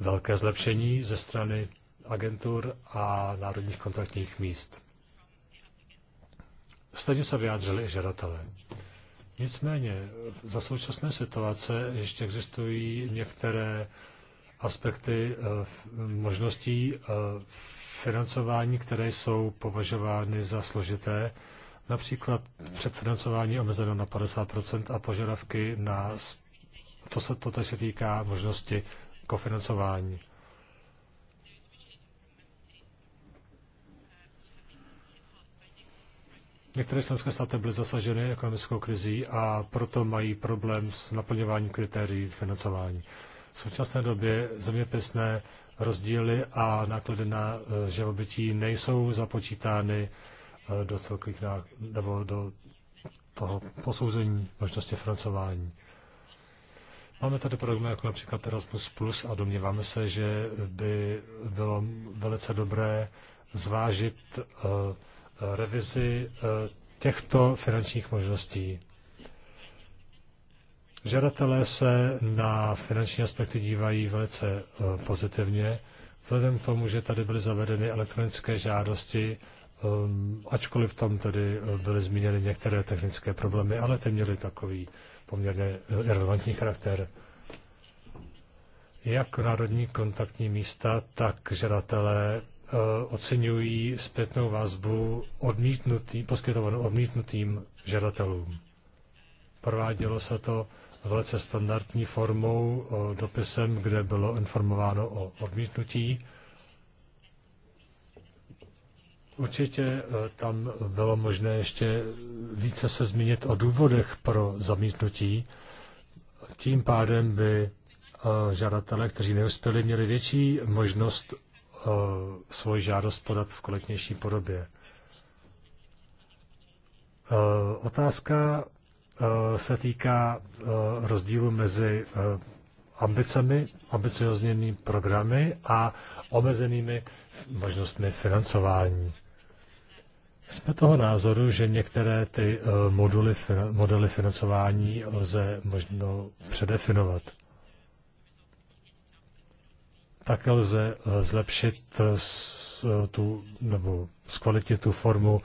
velké zlepšení ze strany agentur a národních kontaktních míst. Stejně se vyjádřili i žadatelé. Nicméně za současné situace ještě existují některé aspekty možností financování, které jsou považovány za složité, například předfinancování omezeno na 50 a požadavky na to se, to se týká možnosti kofinancování. Některé členské státy byly zasaženy ekonomickou krizí a proto mají problém s naplňováním kritérií financování. V současné době zeměpisné rozdíly a náklady na eh, živobytí nejsou započítány eh, do celkových nebo do toho posouzení možnosti financování. Máme tady programy jako například Erasmus Plus a domníváme se, že by bylo velice dobré zvážit eh, revizi těchto finančních možností. Žadatelé se na finanční aspekty dívají velice eh, pozitivně, vzhledem k tomu, že tady byly zavedeny elektronické žádosti, eh, ačkoliv tam tedy eh, byly zmíněny některé technické problémy, ale ty měly takový poměrně relevantní charakter. Jak národní kontaktní místa, tak žadatelé oceňují zpětnou vazbu odmítnutý, poskytovanou odmítnutým žadatelům. Provádělo se to velice standardní formou eh, dopisem, kde bylo informováno o odmítnutí. Určitě eh, tam bylo možné ještě více se zmínit o důvodech pro zamítnutí. Tím pádem by eh, žadatelé, kteří neuspěli, měli větší možnost svoji žádost podat v kvalitnější podobě. Otázka Eh, se týká eh, rozdílu mezi eh, ambicemi, ambiciozními programy a omezenými možnostmi financování. Jsme toho názoru, že některé ty moduly, modely financování lze možno předefinovat. Také lze zlepšit tu, nebo zkvalitit tu formu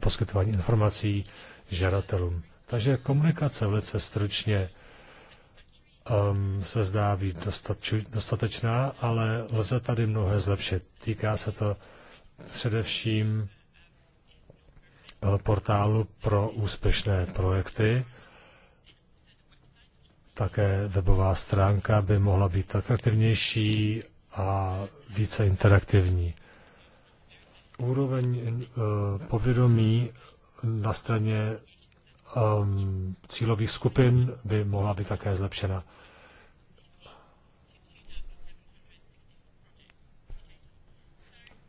poskytování informací žadatelům. Takže komunikace velice stručně um, se zdá být dostatečná, ale lze tady mnohé zlepšit. Týká se to především eh, portálu pro úspěšné projekty. Také webová stránka by mohla být atraktivnější a více interaktivní. Úroveň eh, povědomí na straně um, cílových skupin by mohla být také zlepšena.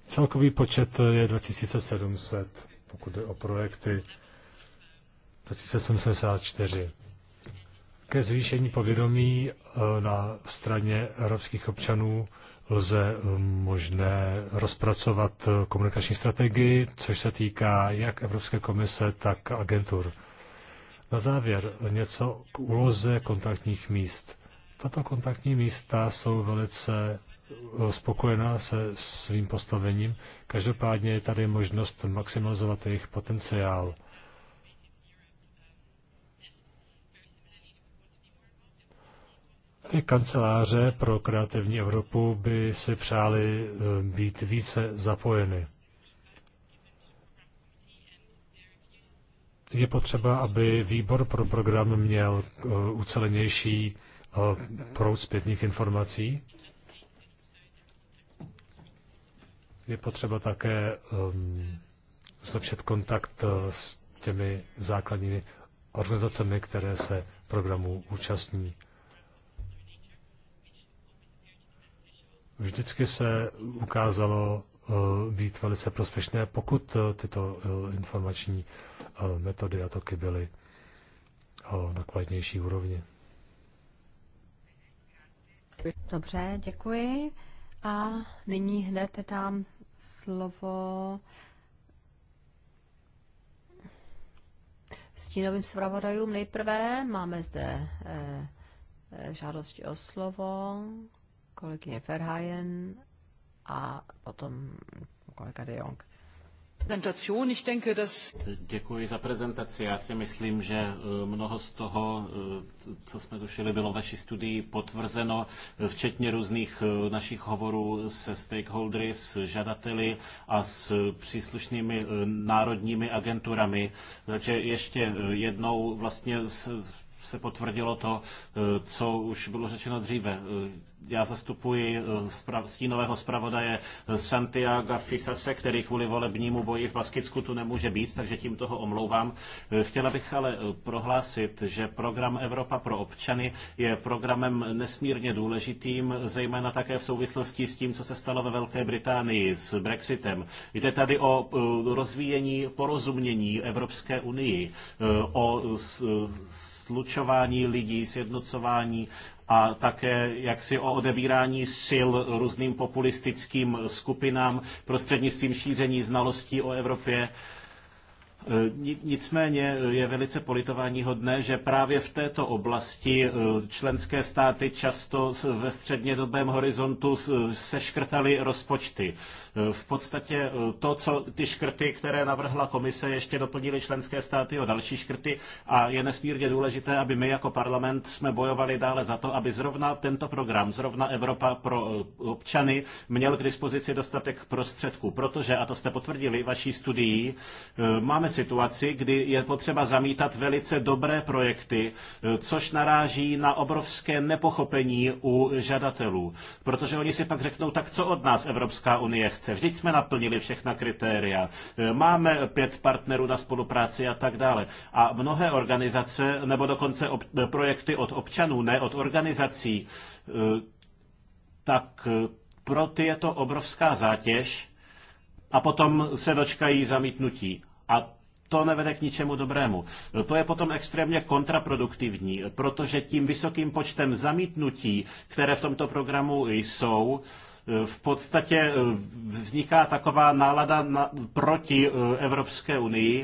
Celkový počet je 2700, pokud jde o projekty 2774. Ke zvýšení povědomí eh, na straně evropských občanů lze eh, možné rozpracovat eh, komunikační strategii, což se týká jak Evropské komise, tak agentur. Na závěr něco k úloze kontaktních míst. Tato kontaktní místa jsou velice eh, spokojená se svým postavením. Každopádně je tady možnost maximalizovat jejich potenciál. Ty kanceláře pro kreativní Evropu by si přáli eh, být více zapojeny. je potřeba, aby výbor pro program měl eh, ucelenější eh, proud zpětných informací. Je potřeba také eh, zlepšit kontakt s těmi základními organizacemi, které se programu účastní. Vždycky se ukázalo být velice prospěšné, pokud tyto informační metody a toky byly na kvalitnější úrovni. Dobře, děkuji. A nyní hned dám slovo stínovým zpravodajům. Nejprve máme zde eh, eh žádosti o slovo kolegyně Ferhajen a potom kolega De Jong. Děkuji za prezentaci. Já si myslím, že eh, mnoho z toho, eh, co jsme tušili, bylo vaší studii potvrzeno, eh, včetně různých našich hovorů se stakeholdery, s žadateli a s příslušnými národními agenturami. Takže ještě jednou vlastně se potvrdilo to, eh, co už bylo řečeno dříve. Eh, já zastupuji eh, stínového zpravodaje Santiago Fisase, který kvůli volebnímu boji v Baskicku tu nemůže být, takže tím toho omlouvám. Chtěla bych ale prohlásit, že program Evropa pro občany je programem nesmírně důležitým, zejména také v souvislosti s tím, co se stalo ve Velké Británii s Brexitem. Jde tady o rozvíjení porozumění Evropské unii, o sluč slučování lidí, sjednocování a také jaksi o odebírání sil různým populistickým skupinám prostřednictvím šíření znalostí o Evropě. E, nicméně je velice politováníhodné, že právě v této oblasti e, členské státy často ve střednědobém horizontu seškrtaly rozpočty. V podstatě eh, to, co ty škrty, které navrhla komise, ještě doplnili členské státy o další škrty a je nesmírně důležité, aby my jako parlament jsme bojovali dále za to, aby zrovna tento program, zrovna Evropa pro eh, občany měl k dispozici dostatek prostředků, protože, a to jste potvrdili vaší studií, eh, máme situaci, kdy je potřeba zamítat velice dobré projekty, což naráží na obrovské nepochopení u žadatelů, protože oni si pak řeknou, tak co od nás Evropská unie chce? sekce. Vždyť jsme naplnili všechna kritéria. E, máme pět partnerů na spolupráci a tak dále. A mnohé organizace, nebo dokonce ob- e, projekty od občanů, ne od organizací, e, tak pro ty je to obrovská zátěž a potom se dočkají zamítnutí. A to nevede k ničemu dobrému. To je potom extrémně kontraproduktivní, protože tím vysokým počtem zamítnutí, které v tomto programu jsou, v podstatě eh, vzniká taková nálada na, proti eh, Evropské unii,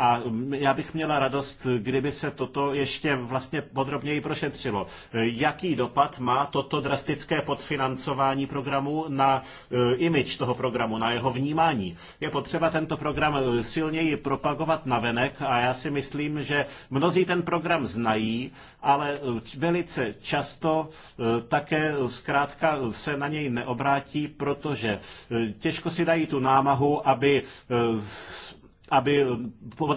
a já bych měla radost, kdyby se toto ještě vlastně podrobněji prošetřilo. Jaký dopad má toto drastické podfinancování programu na eh, image toho programu, na jeho vnímání? Je potřeba tento program eh, silněji propagovat na venek a já si myslím, že mnozí ten program znají, ale eh, velice často také zkrátka se na něj neobrátí, protože těžko si dají tu námahu, aby aby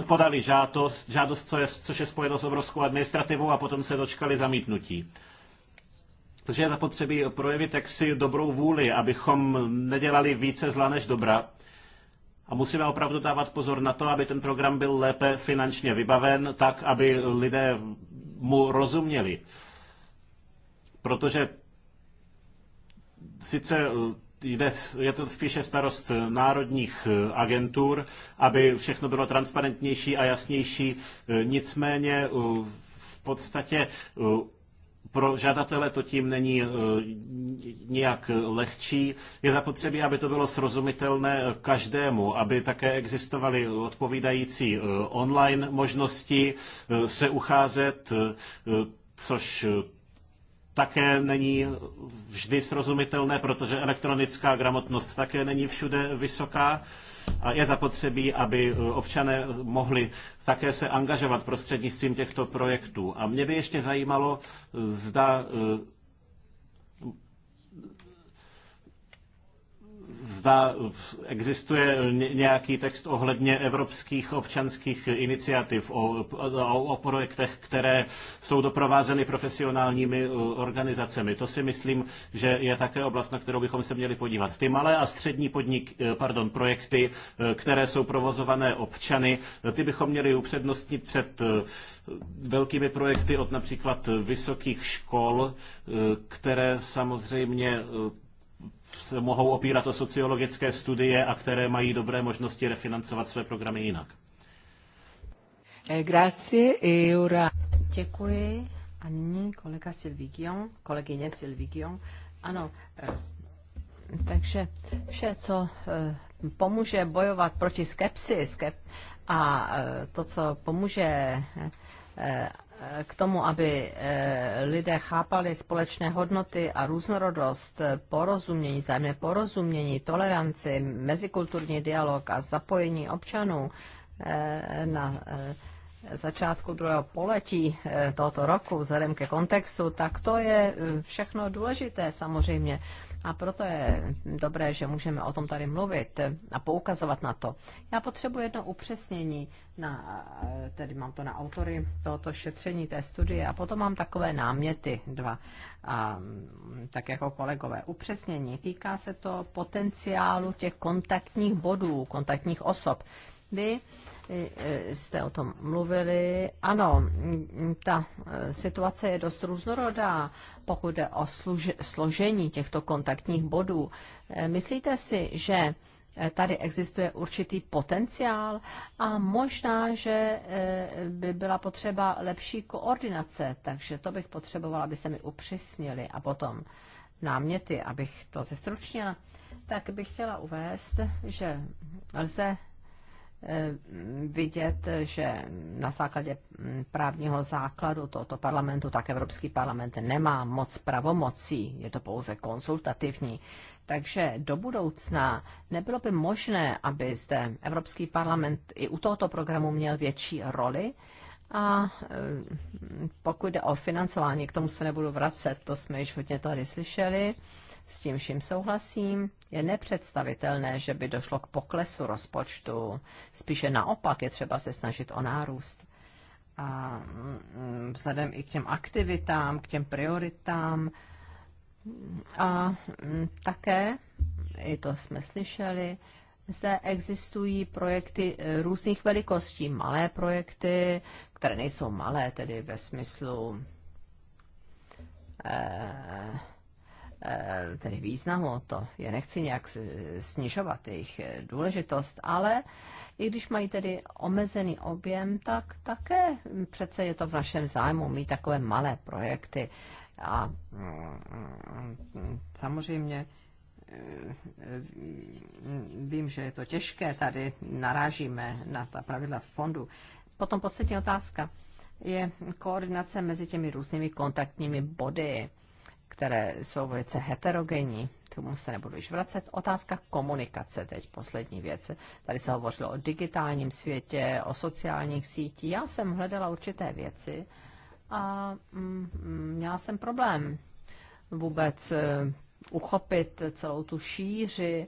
podali žádost, žádost co je, což je spojeno s obrovskou administrativou a potom se dočkali zamítnutí. Takže je zapotřebí projevit jaksi dobrou vůli, abychom nedělali více zla než dobra. A musíme opravdu dávat pozor na to, aby ten program byl lépe finančně vybaven, tak, aby lidé mu rozuměli. Protože sice jde, je to spíše starost národních eh, agentur, aby všechno bylo transparentnější a jasnější. Eh, nicméně eh, v podstatě pro žadatele to tím není nijak lehčí. Je zapotřebí, aby to bylo srozumitelné každému, aby také existovaly odpovídající online možnosti se ucházet, což také není vždy srozumitelné, protože elektronická gramotnost také není všude vysoká. A je zapotřebí, aby občané mohli také se angažovat prostřednictvím těchto projektů. A mě by ještě zajímalo, zda zda existuje nějaký text ohledně evropských občanských iniciativ o, o, o projektech, které jsou doprovázeny profesionálními e, organizacemi. To si myslím, že je také oblast, na kterou bychom se měli podívat. Ty malé a střední podnik, e, pardon, projekty, e, které jsou provozované občany, ty bychom měli upřednostnit před velkými projekty od například vysokých škol, které samozřejmě se mohou opírat o sociologické studie a které mají dobré možnosti refinancovat své programy jinak. Eh, grazie e Děkuji. A nyní kolega Silvigion, kolegyně Silvigion. Ano, eh, takže vše, co eh, pomůže bojovat proti skepsi skep, a to, co pomůže k tomu, aby eh, lidé chápali společné hodnoty a různorodost, eh, porozumění, zájemné porozumění, toleranci, mezikulturní dialog a zapojení občanů eh, na začátku druhého poletí tohoto roku vzhledem ke kontextu, tak to je všechno důležité samozřejmě. A proto je dobré, že můžeme o tom tady mluvit a poukazovat na to. Já potřebuji jedno upřesnění, na, tedy mám to na autory tohoto šetření té studie a potom mám takové náměty dva, a, tak jako kolegové. Upřesnění týká se to potenciálu těch kontaktních bodů, kontaktních osob. Vy Eh, jste o tom mluvili. Ano, mm, ta eh, situace je dost různorodá, pokud jde o složení těchto kontaktních bodů. Eh, myslíte si, že tady existuje určitý potenciál a možná, že by byla potřeba lepší koordinace, takže to bych potřebovala, abyste mi upřesnili a potom náměty, abych to zestručnila, tak bych chtěla uvést, že lze vidět, že na základě právního základu tohoto parlamentu, tak Evropský parlament nemá moc pravomocí, je to pouze konsultativní. Takže do budoucna nebylo by možné, aby zde Evropský parlament i u tohoto programu měl větší roli. A e, pokud jde o financování, k tomu se nebudu vracet, to jsme již hodně tady slyšeli. S tím vším souhlasím. Je nepředstavitelné, že by došlo k poklesu rozpočtu. Spíše naopak je třeba se snažit o nárůst. A mm, vzhledem i k těm aktivitám, k těm prioritám, a mm, také, i to jsme slyšeli, zde existují projekty e, různých velikostí, malé projekty, které nejsou malé, tedy ve smyslu eh, Eh, tedy významu, to je nechci nějak snižovat jejich eh, důležitost, ale i když mají tedy omezený objem, tak také přece je to v našem zájmu mít takové malé projekty. A mm, samozřejmě eh, vím, že je to těžké, tady narážíme na ta pravidla fondu. Potom poslední otázka je koordinace mezi těmi různými kontaktními body které jsou velice heterogenní. Tomu se nebudu již vracet. Otázka komunikace teď, poslední věc. Tady se hovořilo o digitálním světě, o sociálních sítích. Já jsem hledala určité věci a mm, mm, měla jsem problém vůbec eh, uchopit celou tu šíři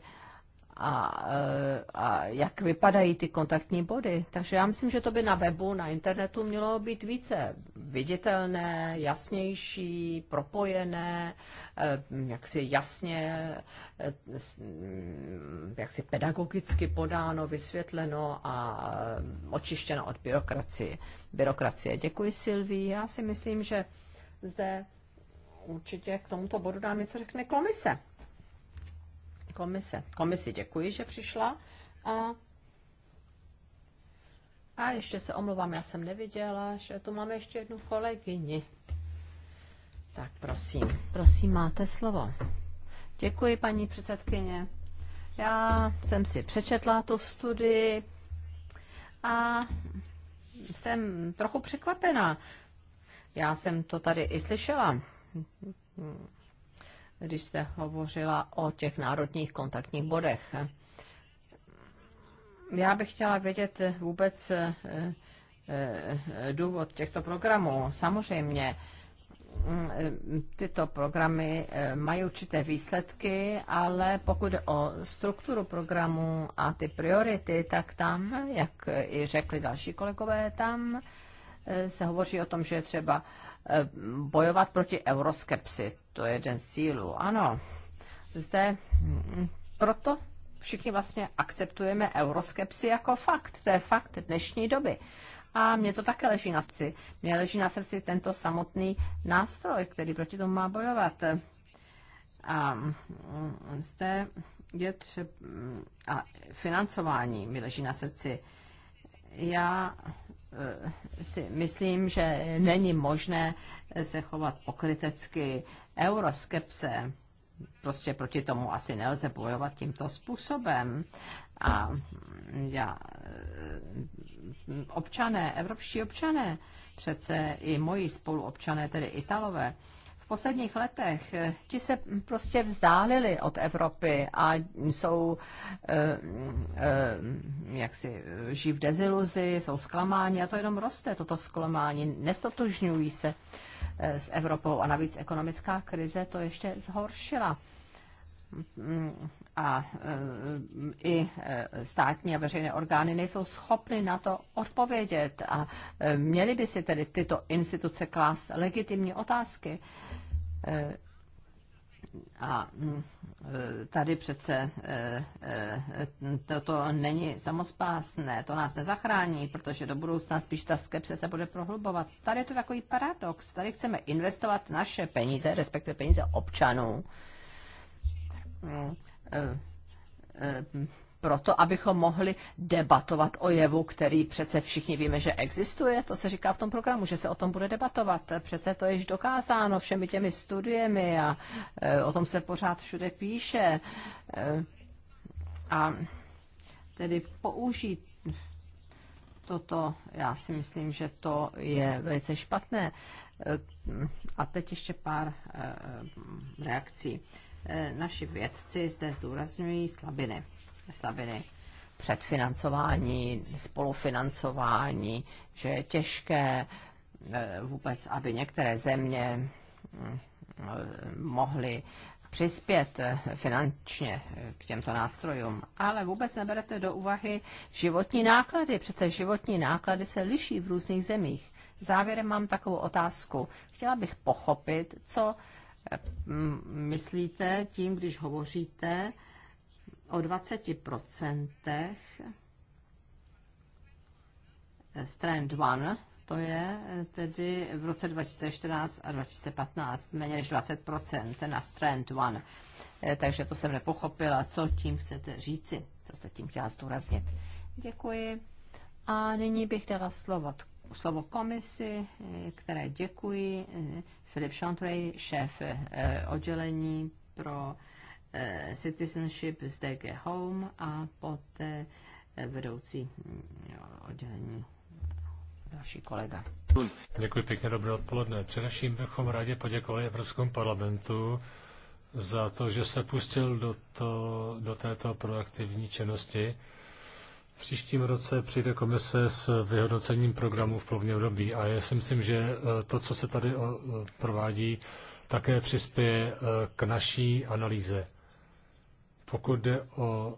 a, e, a jak vypadají ty kontaktní body. Takže já myslím, že to by na webu, na internetu mělo být více viditelné, jasnější, propojené, e, jaksi jasně, e, jaksi pedagogicky podáno, vysvětleno a očištěno od byrokracie. byrokracie. Děkuji Silví. Já si myslím, že zde určitě k tomuto bodu nám něco řekne komise komise. Komisi děkuji, že přišla. A, a ještě se omlouvám, já jsem neviděla, že tu máme ještě jednu kolegyni. Tak prosím, prosím, máte slovo. Děkuji, paní předsedkyně. Já jsem si přečetla tu studii a jsem trochu překvapená. Já jsem to tady i slyšela když jste hovořila o těch národních kontaktních bodech. Já bych chtěla vědět vůbec eh, eh, důvod těchto programů. Samozřejmě mm, eh, tyto programy mají určité výsledky, ale pokud o strukturu programu a ty priority, tak tam, jak i řekli další kolegové, tam Eh, se hovoří o tom, že je třeba eh, bojovat proti euroskepsi. To je jeden z cílů. Ano, zde hm, proto všichni vlastně akceptujeme euroskepsi jako fakt. To je fakt dnešní doby. A mě to také leží na srdci. Mně leží na srdci tento samotný nástroj, který proti tomu má bojovat. A hm, zde je třeba a financování mi leží na srdci. Já Eh, si myslím, že není možné se chovat pokrytecky euroskepse. Prostě proti tomu asi nelze bojovat tímto způsobem. A já, eh, občané, evropští občané, přece i moji spoluobčané, tedy Italové, v posledních letech eh, ti se prostě vzdálili od Evropy a jsou eh, eh, jak si živ žijí v deziluzi, jsou zklamáni a to jenom roste, toto zklamání, nestotožňují se s Evropou a navíc ekonomická krize to ještě zhoršila a e, i e, státní a veřejné orgány nejsou schopny na to odpovědět a e, měly by si tedy tyto instituce klást legitimní otázky. A tady přece toto není samozpásné, to nás nezachrání, protože do budoucna spíš ta skepse se bude prohlubovat. Tady je to takový paradox. Tady chceme investovat naše peníze, respektive peníze občanů, E, e, e, proto, abychom mohli debatovat o jevu, který přece všichni víme, že existuje. To se říká v tom programu, že se o tom bude debatovat. Přece to je již dokázáno všemi těmi studiemi a o tom se pořád všude píše. A tedy použít toto, já si myslím, že to je velice špatné. A teď ještě pár reakcí. E, naši vědci zde zdůrazňují slabiny. Slabiny předfinancování, spolufinancování, že je těžké e, vůbec, aby některé země mm, e, mohly přispět finančně k těmto nástrojům, ale vůbec neberete do úvahy životní náklady. Přece životní náklady se liší v různých zemích. Závěrem mám takovou otázku. Chtěla bych pochopit, co Mm, myslíte tím, když hovoříte o 20% Strand One, to je tedy v roce 2014 a 2015, méně než 20% na Strand One. Eh, takže to jsem nepochopila, co tím chcete říci, co jste tím chtěla zdůraznit. Děkuji. A nyní bych dala slovo, slovo komisi, eh, které děkuji eh, Filip Chantray, šéf eh, oddělení pro eh, citizenship z DG Home a poté eh, vedoucí mm, oddělení další kolega. Děkuji pěkně, dobré odpoledne. Především bychom rádi poděkovali Evropskému parlamentu za to, že se pustil do, to, do této proaktivní činnosti v příštím roce přijde komise s vyhodnocením programů v plovně období a já si myslím, že eh, to, co se tady eh, provádí, také přispěje eh, k naší analýze. Pokud jde o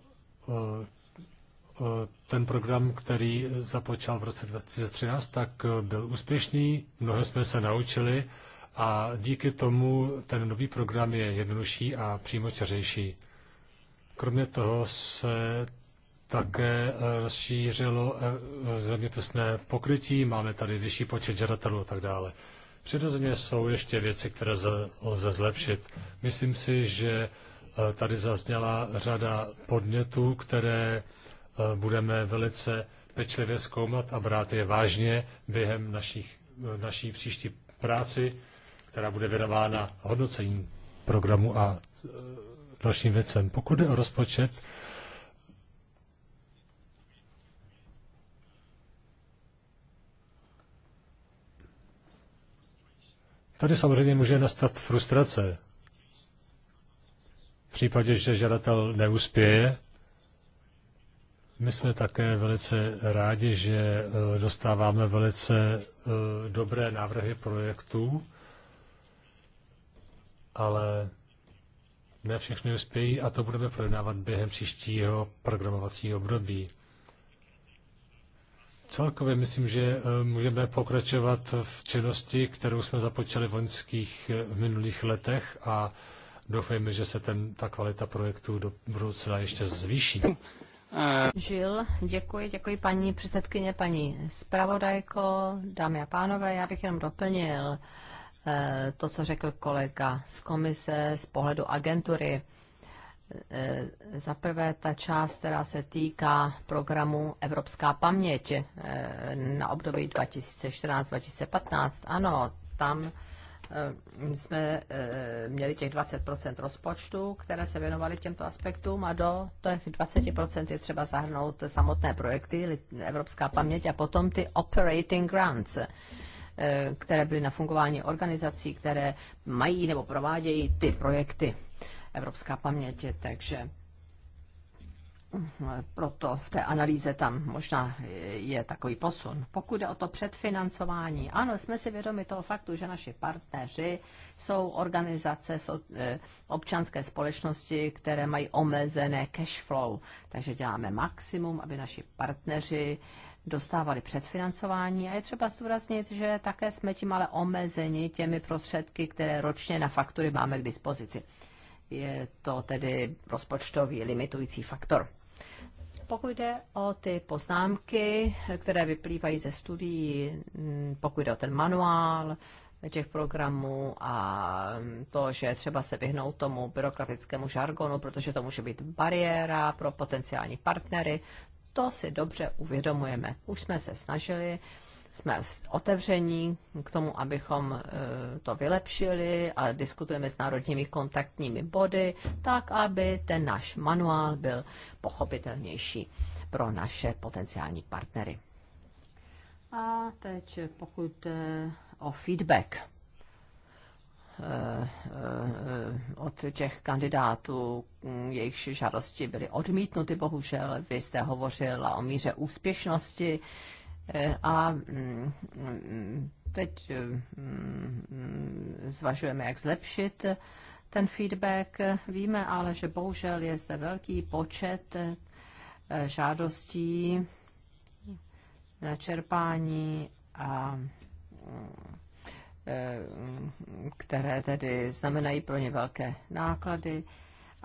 ten program, který započal v roce 2013, tak byl úspěšný, mnoho jsme se naučili a díky tomu ten nový program je jednodušší a přímočařejší. Kromě toho se také eh, rozšířilo eh, zeměpisné pokrytí, máme tady vyšší počet žadatelů a tak dále. Přirozeně jsou ještě věci, které lze zlepšit. Myslím si, že eh, tady zazněla řada podnětů, které budeme velice pečlivě zkoumat a brát je vážně během našich, naší příští práci, která bude věnována hodnocení programu a dalším věcem. Pokud je o rozpočet, Tady samozřejmě může nastat frustrace. V případě, že žadatel neuspěje, my jsme také velice rádi, že e, dostáváme velice e, dobré návrhy projektů, ale ne všechny uspějí a to budeme projednávat během příštího programovacího období. Celkově myslím, že eh, můžeme pokračovat v činnosti, kterou jsme započali v loňských eh, v minulých letech a doufejme, že se ten, ta kvalita projektů do budoucna ještě zvýší. Žil, děkuji, děkuji paní předsedkyně, paní zpravodajko, dámy a pánové, já bych jenom doplnil eh, to, co řekl kolega z komise z pohledu agentury. Eh, za prvé ta část, která se týká programu Evropská paměť eh, na období 2014-2015, ano, tam eh, jsme měli těch 20% rozpočtu, které se věnovaly těmto aspektům a do těch 20% je třeba zahrnout samotné projekty, Evropská paměť a potom ty operating grants které byly na fungování organizací, které mají nebo provádějí ty projekty evropská paměť, takže eh, proto v té analýze tam možná je takový posun. Pokud je o to předfinancování, ano, jsme si vědomi toho faktu, že naši partneři jsou organizace eh, občanské společnosti, které mají omezené cash flow. Takže děláme maximum, aby naši partneři dostávali předfinancování a je třeba zdůraznit, že také jsme tím ale omezeni těmi prostředky, které ročně na faktury máme k dispozici je to tedy rozpočtový limitující faktor. Pokud jde o ty poznámky, které vyplývají ze studií, mm, pokud jde o ten manuál těch programů a to, že třeba se vyhnout tomu byrokratickému žargonu, protože to může být bariéra pro potenciální partnery, to si dobře uvědomujeme. Už jsme se snažili jsme otevření k tomu, abychom e, to vylepšili a diskutujeme s národními kontaktními body, tak aby ten náš manuál byl pochopitelnější pro naše potenciální partnery. A teď pokud e, o feedback e, od těch kandidátů, jejichž žádosti byly odmítnuty, bohužel. Vy jste hovořila o míře úspěšnosti Eh, a mm, mm, teď mm, zvažujeme, jak zlepšit ten feedback. Víme ale, že bohužel je zde velký počet eh, žádostí na čerpání a eh, které tedy znamenají pro ně velké náklady.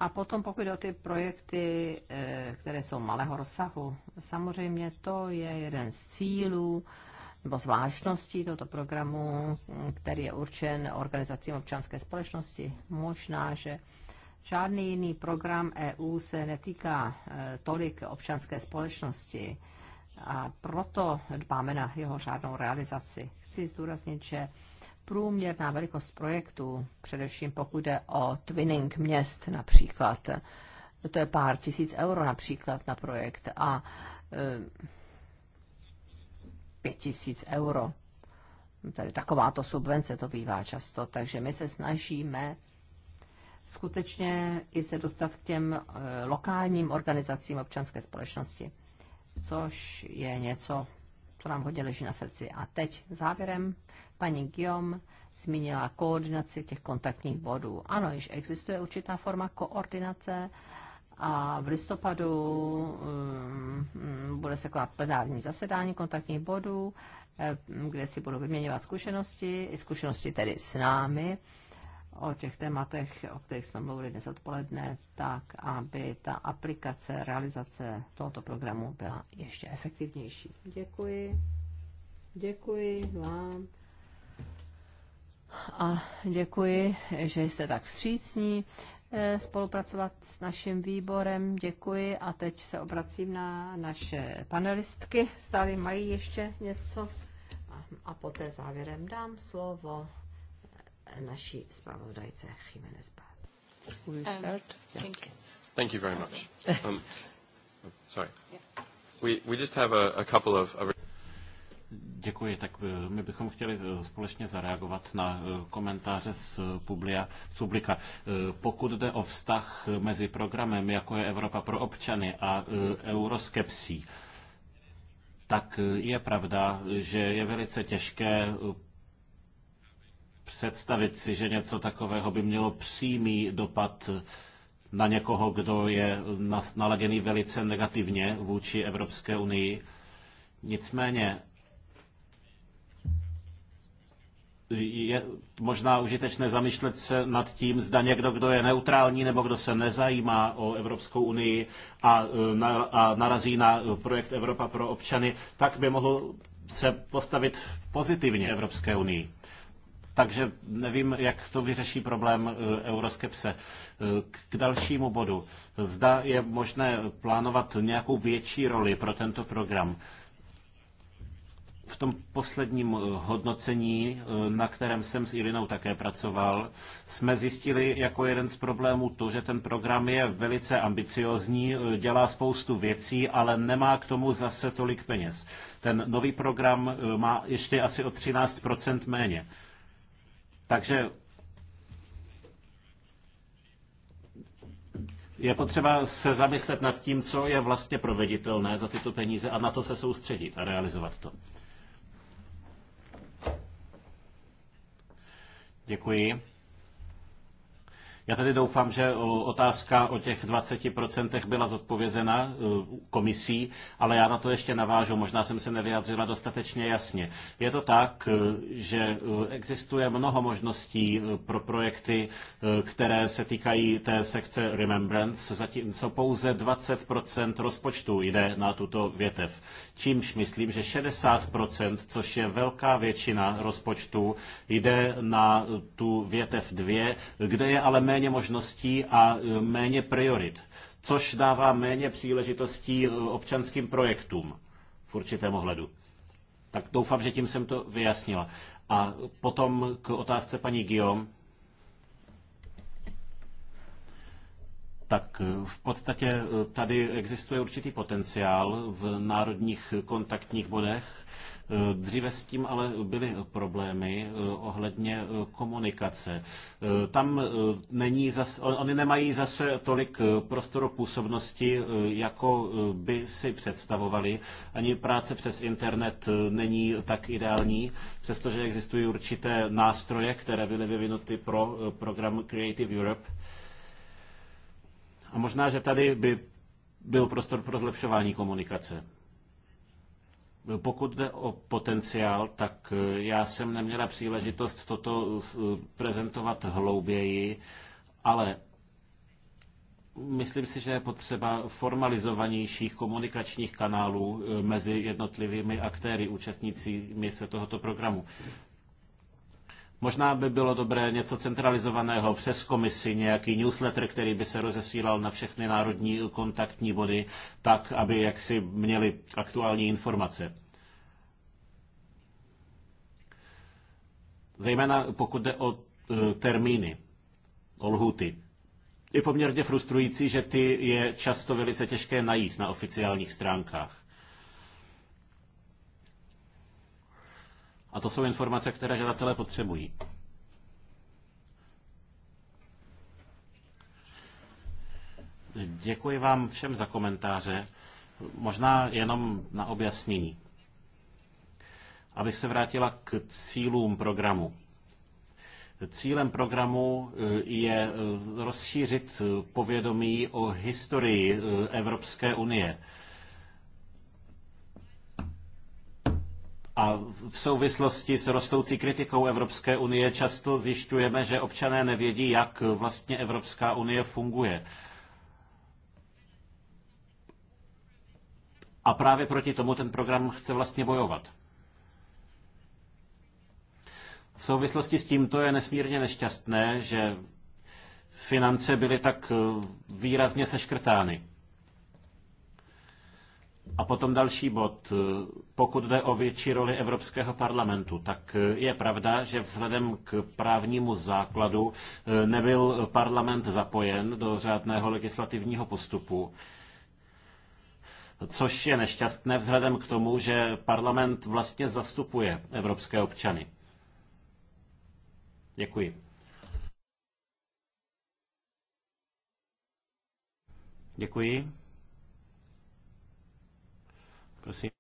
A potom pokud jde o ty projekty, eh, které jsou malého rozsahu, samozřejmě to je jeden z cílů nebo zvláštností tohoto programu, který je určen organizacím občanské společnosti. Možná, že žádný jiný program EU se netýká eh, tolik občanské společnosti a proto dbáme na jeho řádnou realizaci. Chci zdůraznit, že průměrná velikost projektů, především pokud jde o twinning měst například, to je pár tisíc euro například na projekt a e, pět tisíc euro. Tady takováto subvence to bývá často, takže my se snažíme skutečně i se dostat k těm e, lokálním organizacím občanské společnosti, což je něco, to nám hodně leží na srdci. A teď závěrem paní Giom zmínila koordinaci těch kontaktních bodů. Ano, již existuje určitá forma koordinace a v listopadu um, bude se konat plenární zasedání kontaktních bodů, eh, kde si budou vyměňovat zkušenosti, zkušenosti tedy s námi o těch tématech, o kterých jsme mluvili dnes odpoledne, tak aby ta aplikace, realizace tohoto programu byla ještě efektivnější. Děkuji. Děkuji vám. A děkuji, že jste tak vstřícní eh, spolupracovat s naším výborem. Děkuji a teď se obracím na naše panelistky. Stále mají ještě něco a poté závěrem dám slovo naší zpravodajce Jiménez Bar. start? Um, yeah. Thank you very much. (laughs) Um, sorry. We, we just have a, a couple of... A... Děkuji. Tak eh, my bychom chtěli eh, společně zareagovat na eh, komentáře z publia, publika. Pokud jde o vztah mezi programem, jako je Evropa pro občany a euroskepsí, tak je pravda, že je velice těžké představit si, že něco takového by mělo přímý dopad na někoho, kdo je naladěný velice negativně vůči Evropské unii. Nicméně je možná užitečné zamýšlet se nad tím, zda někdo, kdo je neutrální nebo kdo se nezajímá o Evropskou unii a, na, a narazí na projekt Evropa pro občany, tak by mohl se postavit pozitivně Evropské unii. Takže nevím, jak to vyřeší problém eh, euroskepse. Eh, k dalšímu bodu. Zda je možné plánovat nějakou větší roli pro tento program v tom posledním eh, hodnocení, na kterém jsem s Irinou také pracoval, jsme zjistili jako jeden z problémů to, že ten program je velice ambiciozní, dělá spoustu věcí, ale nemá k tomu zase tolik peněz. Ten nový program má ještě asi o 13% méně. Takže je potřeba se zamyslet nad tím, co je vlastně proveditelné za tyto peníze a na to se soustředit a realizovat to. Děkuji. Já tedy doufám, že otázka o těch 20% byla zodpovězena e, komisí, ale já na to ještě navážu. Možná jsem se nevyjádřila dostatečně jasně. Je to tak, e, že e, existuje mnoho možností pro projekty, které se týkají té sekce Remembrance, zatímco pouze 20% rozpočtu jde na tuto větev čímž myslím, že 60%, což je velká většina rozpočtu, jde na tu větev 2, kde je ale méně možností a e, méně priorit, což dává méně příležitostí e, občanským projektům v určitém ohledu. Tak doufám, že tím jsem to vyjasnila. A potom k otázce paní Guillaume. tak eh, v podstatě eh, tady existuje určitý potenciál v národních kontaktních bodech. Eh, dříve s tím ale byly problémy ohledně komunikace. Tam není zas, oni nemají zase tolik prostoru působnosti, jako by si představovali. Ani práce přes internet není tak ideální, přestože existují určité nástroje, které byly vyvinuty pro program Creative Europe a možná, že tady by byl prostor pro zlepšování komunikace. Pokud jde o potenciál, tak eh, já jsem neměla příležitost toto eh, prezentovat hlouběji, ale myslím si, že je potřeba formalizovanějších komunikačních kanálů eh, mezi jednotlivými aktéry účastnícími se tohoto programu. Možná by bylo dobré něco centralizovaného přes komisi, nějaký newsletter, který by se rozesílal na všechny národní kontaktní body, tak, aby jaksi měli aktuální informace. Zejména pokud jde o e, termíny, o lhuty. Je poměrně frustrující, že ty je často velice těžké najít na oficiálních stránkách. A to jsou informace, které žadatelé potřebují. Děkuji vám všem za komentáře. Možná jenom na objasnění. Abych se vrátila k cílům programu. Cílem programu eh, je eh, rozšířit eh, povědomí o historii Evropské unie A v souvislosti s rostoucí kritikou Evropské unie často zjišťujeme, že občané nevědí, jak vlastně Evropská unie funguje. A právě proti tomu ten program chce vlastně bojovat. V souvislosti s tímto je nesmírně nešťastné, že finance byly tak výrazně seškrtány. A potom další bod. Pokud jde o větší roli Evropského parlamentu, tak je pravda, že vzhledem k právnímu základu eh, nebyl parlament zapojen do řádného legislativního postupu což je nešťastné vzhledem k tomu, že parlament vlastně zastupuje evropské občany. Děkuji. Děkuji prosím.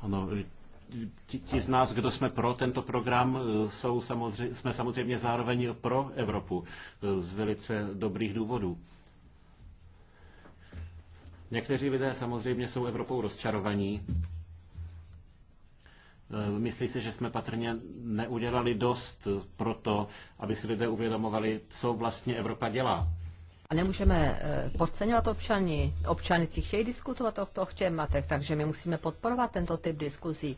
Ano, ti, ti z nás, kdo jsme pro tento program, e, jsou samozřejmě, jsme samozřejmě zároveň pro Evropu e, z velice dobrých důvodů. Někteří lidé samozřejmě jsou Evropou rozčarovaní, Eh, myslí si, že jsme patrně neudělali dost pro to, aby si lidé uvědomovali, co vlastně Evropa dělá. A nemůžeme eh, podceňovat občany. Občany ti chtějí diskutovat o těch tématech, takže my musíme podporovat tento typ diskuzí.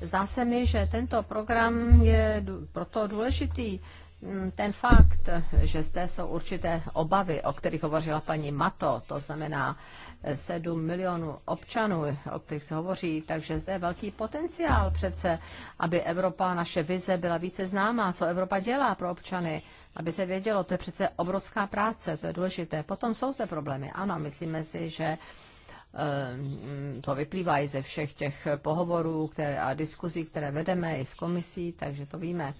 Zdá se mi, že tento program je proto důležitý, Mm, ten fakt, že zde jsou určité obavy, o kterých hovořila paní Mato, to znamená 7 eh, milionů občanů, o kterých se hovoří, takže zde je velký potenciál přece, aby Evropa, naše vize byla více známá, co Evropa dělá pro občany, aby se vědělo, to je přece obrovská práce, to je důležité. Potom jsou zde problémy, ano, myslíme si, že eh, to vyplývá i ze všech těch pohovorů které, a diskuzí, které vedeme i s komisí, takže to víme.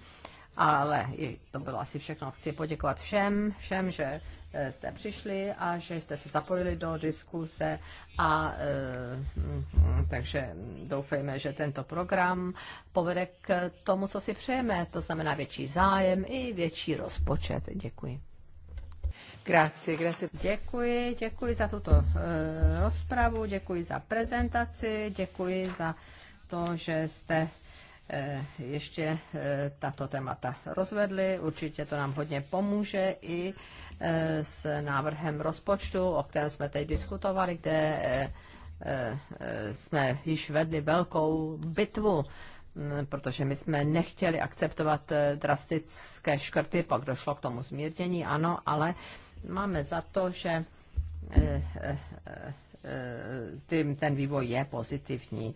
Ale to bylo asi všechno. Chci poděkovat všem, všem, že eh, jste přišli a že jste se zapojili do diskuse a eh, takže doufejme, že tento program povede k tomu, co si přejeme, to znamená větší zájem i větší rozpočet. Děkuji. Grazie, grazie. Děkuji, děkuji za tuto e, rozpravu, děkuji za prezentaci, děkuji za to, že jste Eh, ještě eh, tato témata rozvedli. Určitě to nám hodně pomůže i eh, s návrhem rozpočtu, o kterém jsme teď diskutovali, kde jsme již vedli velkou bitvu, mm, protože my jsme nechtěli akceptovat drastické škrty, pak došlo k tomu zmírnění, ano, ale máme za to, že ten vývoj je pozitivní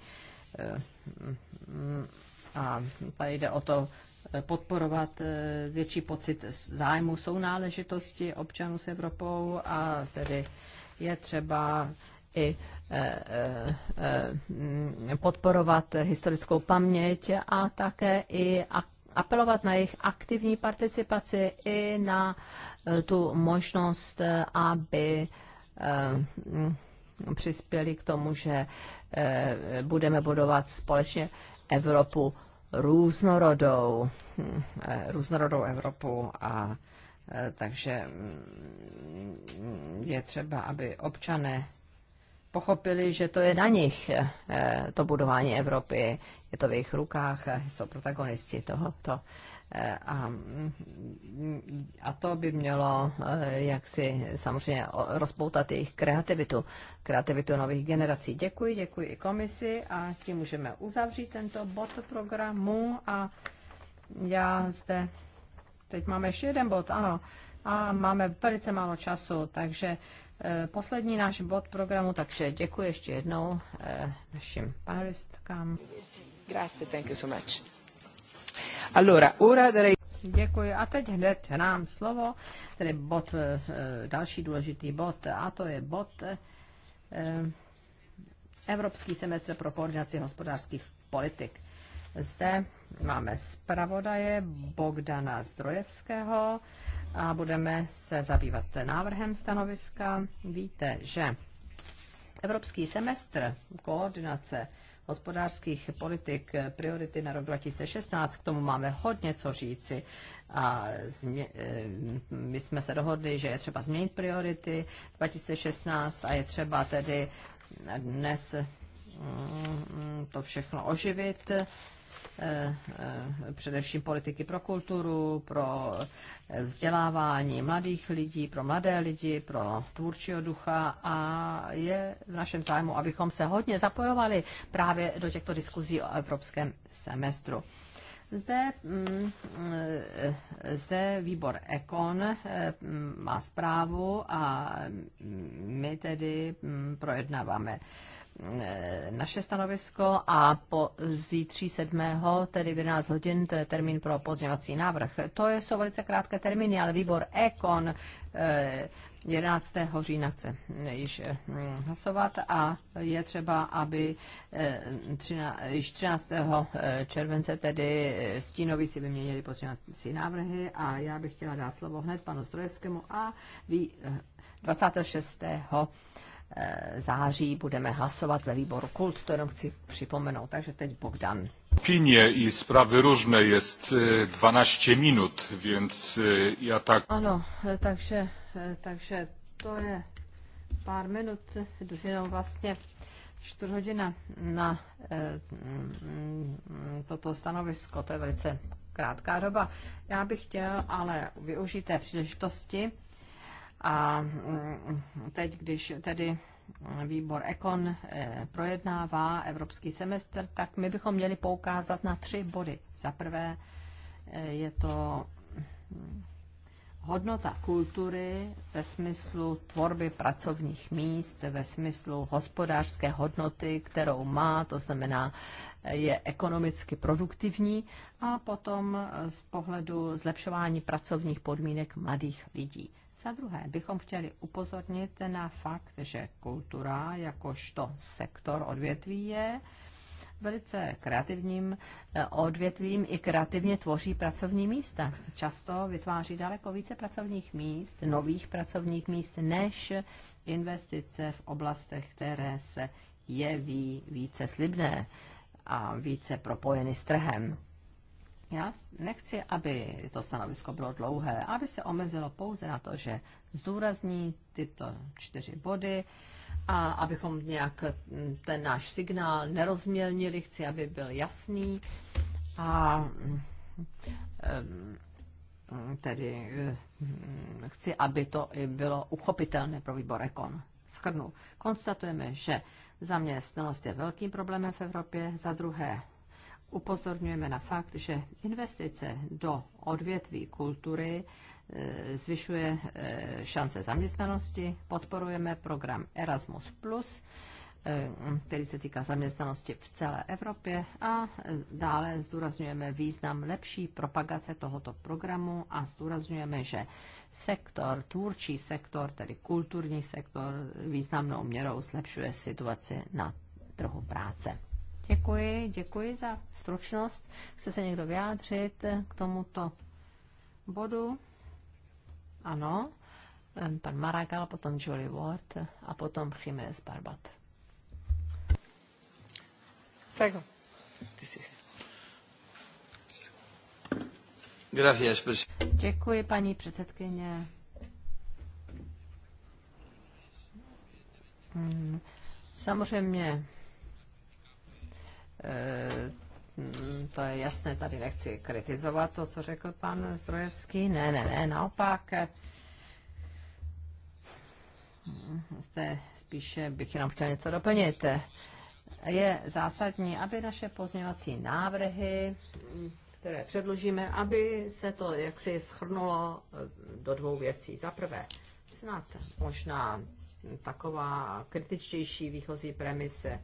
mm, mm, a tady jde o to eh, podporovat eh, větší pocit zájmu sounáležitosti občanů s Evropou a tedy je třeba i eh, mm, podporovat historickou paměť a také i apelovat na jejich aktivní participaci i na tu možnost, aby mm, přispěli k tomu, že budeme budovat společně Evropu různorodou, hm, eh, různorodou Evropu a eh, takže hm, je třeba, aby občané pochopili, že to je na nich, eh, to budování Evropy, je to v jejich rukách, jsou protagonisti tohoto. To Eh, a, a to by mělo eh, jaksi samozřejmě rozpoutat jejich kreativitu, kreativitu nových generací. Děkuji, děkuji i komisi a tím můžeme uzavřít tento bod programu a já zde, teď máme ještě jeden bod, ano, a máme velice málo času, takže eh, poslední náš bod programu, takže děkuji ještě jednou našim panelistkám. Grazie, thank you so much. Allora, ora darei... Děkuji. A teď hned nám slovo, tedy bod, eh, další důležitý bod, a to je bod eh, Evropský semestr pro koordinaci hospodářských politik. Zde máme zpravodaje Bogdana Zdrojevského a budeme se zabývat návrhem stanoviska. Víte, že Evropský semestr koordinace hospodářských politik eh, priority na rok 2016. K tomu máme hodně co říci. A eh, my jsme se dohodli, že je třeba změnit priority 2016 a je třeba tedy dnes mm, to všechno oživit Eh, eh, především politiky pro kulturu, pro eh, vzdělávání mladých lidí, pro mladé lidi, pro tvůrčího ducha a je v našem zájmu, abychom se hodně zapojovali právě do těchto diskuzí o evropském semestru. Zde, mm, zde výbor Ekon má zprávu a my tedy mm, projednáváme Eh, naše stanovisko a po zítří 7. tedy 11 hodin, to je termín pro pozměňovací návrh. To jsou velice krátké termíny, ale výbor EKON 11. Eh, října chce eh, již hlasovat a je třeba, aby již 13. července tedy stínovi si vyměnili pozměňovací návrhy a já bych chtěla dát slovo hned panu Strojevskému a 26. Eh, září budeme hlasovat ve výboru kult, to jenom chci připomenout, takže teď Bogdan. Opinie i sprawy różne jest 12 e, minut, więc e, ja tak... Ano, e, takže, takže to je pár minut, jenom vlastně čtvrt hodina na mm, toto stanovisko, to je velice krátká doba. Já bych chtěl ale využít té příležitosti, a mm, teď, když tedy výbor Ekon eh, projednává evropský semestr, tak my bychom měli poukázat na tři body. Za prvé eh, je to mm, hodnota kultury ve smyslu tvorby pracovních míst, ve smyslu hospodářské hodnoty, kterou má, to znamená, eh, je ekonomicky produktivní a potom z pohledu zlepšování pracovních podmínek mladých lidí. Za druhé bychom chtěli upozornit na fakt, že kultura jakožto sektor odvětví je velice kreativním eh, odvětvím i kreativně tvoří pracovní místa. Často vytváří daleko více pracovních míst, nových pracovních míst, než investice v oblastech, které se jeví více slibné a více propojeny s trhem. Já nechci, aby to stanovisko bylo dlouhé, aby se omezilo pouze na to, že zdůrazní tyto čtyři body a abychom nějak mm, ten náš signál nerozmělnili, chci, aby byl jasný a mm, mm, tedy chci, aby to i bylo uchopitelné pro výbor Ekon. Schrnu. Konstatujeme, že zaměstnanost je velkým problémem v Evropě, za druhé upozorňujeme na fakt, že investice do odvětví kultury e, zvyšuje e, šance zaměstnanosti, podporujeme program Erasmus+, e, který se týká zaměstnanosti v celé Evropě a dále zdůrazňujeme význam lepší propagace tohoto programu a zdůrazňujeme, že sektor, tvůrčí sektor, tedy kulturní sektor, významnou měrou zlepšuje situaci na trhu práce. Děkuji, děkuji za stručnost. Chce se někdo vyjádřit k tomuto bodu? Ano. Hm, pan Maragal, potom Julie Ward a potom Chimes Barbat. Prego. Děkuji, paní předsedkyně. Hm, samozřejmě Eh, to je jasné, tady nechci kritizovat to, co řekl pan Zdrojevský. Ne, ne, ne, naopak. Zde spíše bych jenom chtěl něco doplnit. Je zásadní, aby naše pozměňovací návrhy, které předložíme, aby se to jaksi schrnulo eh, do dvou věcí. Za prvé, snad možná taková kritičtější výchozí premise,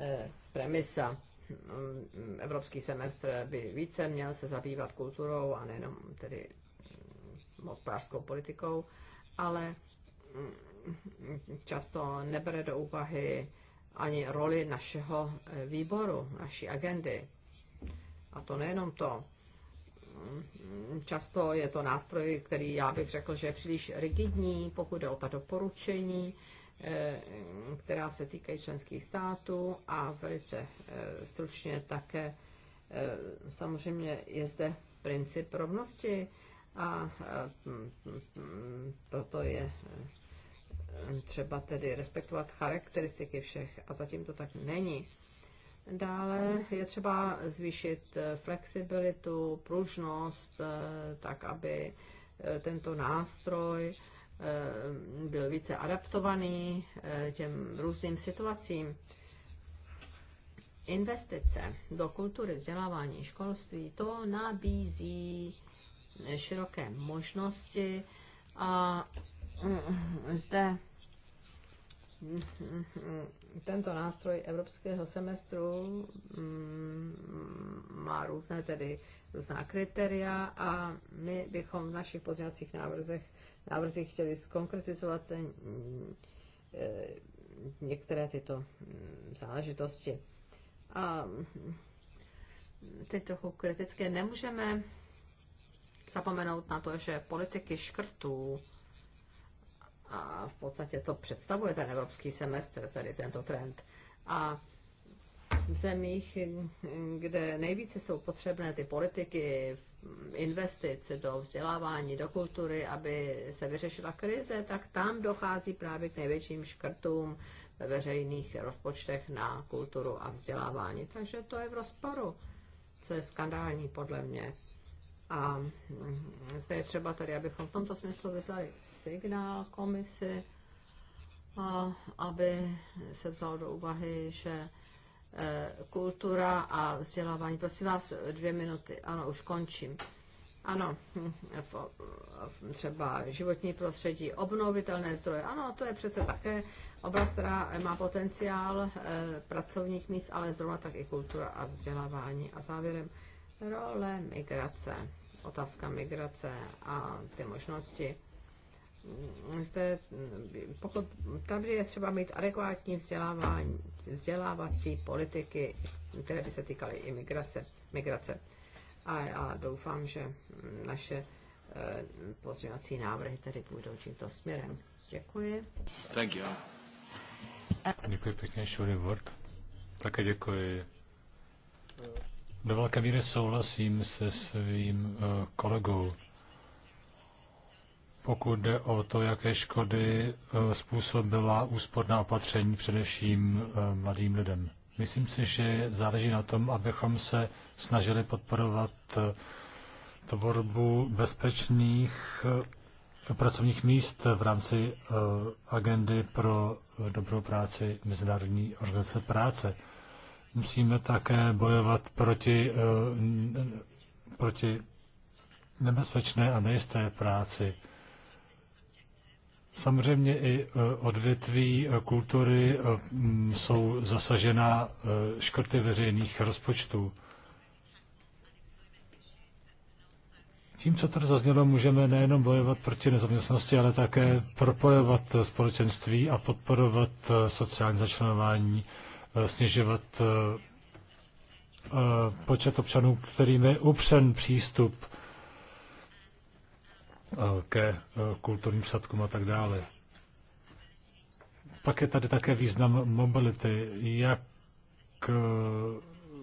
eh, premisa Eh, evropský semestr by více měl se zabývat kulturou a nejenom tedy mm, hospodářskou politikou, ale mm, často nebere do úvahy ani roli našeho eh, výboru, naší agendy. A to nejenom to. Mm, často je to nástroj, který já bych řekl, že je příliš rigidní, pokud jde o ta doporučení, Eh, která se týkají členských států a velice eh, stručně také eh, samozřejmě je zde princip rovnosti a proto je třeba tedy respektovat charakteristiky všech a zatím to tak není. Dále je třeba zvýšit flexibilitu, pružnost, tak aby tento nástroj Eh, byl více adaptovaný eh, těm různým situacím. Investice do kultury, vzdělávání, školství, to nabízí široké možnosti a eh, zde tento nástroj evropského semestru mm, má různé tedy různá kritéria a my bychom v našich pozdějacích návrzech návrzích chtěli skonkretizovat eh, některé tyto mm, záležitosti. A mm, teď trochu kritické, nemůžeme zapomenout na to, že politiky škrtů a v podstatě to představuje ten evropský semestr, tedy tento trend. A v zemích, kde nejvíce jsou potřebné ty politiky investic do vzdělávání, do kultury, aby se vyřešila krize, tak tam dochází právě k největším škrtům ve veřejných rozpočtech na kulturu a vzdělávání. Takže to je v rozporu, co je skandální podle mě. A mm, zde je třeba tady, abychom v tomto smyslu vyslali signál komisi, a aby se vzal do úvahy, že Eh, kultura a vzdělávání. Prosím vás, dvě minuty. Ano, už končím. Ano, hm, eh, eh, třeba životní prostředí, obnovitelné zdroje. Ano, to je přece také oblast, která má potenciál pracovních míst, ale zrovna tak i kultura a vzdělávání. A závěrem role migrace, otázka migrace a ty možnosti zde, pokud tady je třeba mít adekvátní vzdělávání, vzdělávací politiky, které by se týkaly i migrace. migrace. A já doufám, že naše eh, pozměňovací návrhy tedy půjdou tímto směrem. Děkuji. Thank you. Děkuji pěkně, Shuri Ward. Také děkuji. Do velké míry souhlasím se svým eh, kolegou pokud jde o to, jaké škody e, způsobila úsporná opatření především e, mladým lidem. Myslím si, že záleží na tom, abychom se snažili podporovat e, tvorbu bezpečných pracovních míst v rámci agendy pro dobrou práci Mezinárodní organizace práce. Musíme také bojovat proti, proti nebezpečné a nejisté práci. Samozřejmě i e, odvětví e, kultury e, jsou zasažena škrty veřejných rozpočtů. Tím, co tady zaznělo, můžeme nejenom bojovat proti nezaměstnanosti, ale také propojovat společenství a podporovat sociální začlenování, snižovat počet občanů, kterým je upřen přístup ke e, kulturním sadkům a tak dále. Pak je tady také význam mobility, jak e,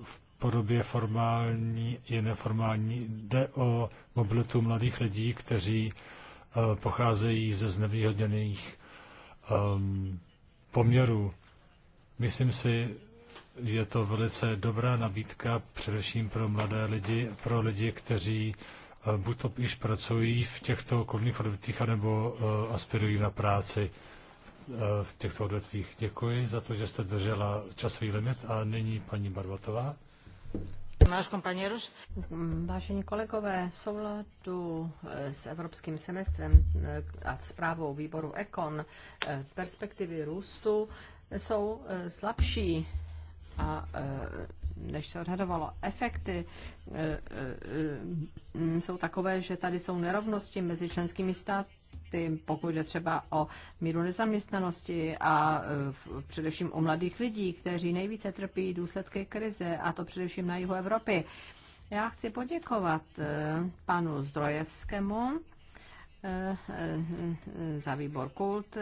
v podobě formální i neformální. Jde o mobilitu mladých lidí, kteří e, pocházejí ze znevýhodněných poměrů. Myslím si, je to velice dobrá nabídka především pro mladé lidi, pro lidi, kteří Eh, buď to již pracují v těchto okolních odvětvích, anebo eh, aspirují na práci eh, v těchto odvětvích. Děkuji za to, že jste držela časový limit a nyní paní Barbatová. Vážení kolegové, v souladu s evropským semestrem a zprávou výboru ECON perspektivy růstu jsou slabší a než se odhadovalo. Efekty e, e, mm, jsou takové, že tady jsou nerovnosti mezi členskými státy pokud jde třeba o míru nezaměstnanosti a e, především o mladých lidí, kteří nejvíce trpí důsledky krize, a to především na jihu Evropy. Já chci poděkovat panu Zdrojevskému za výbor Kult,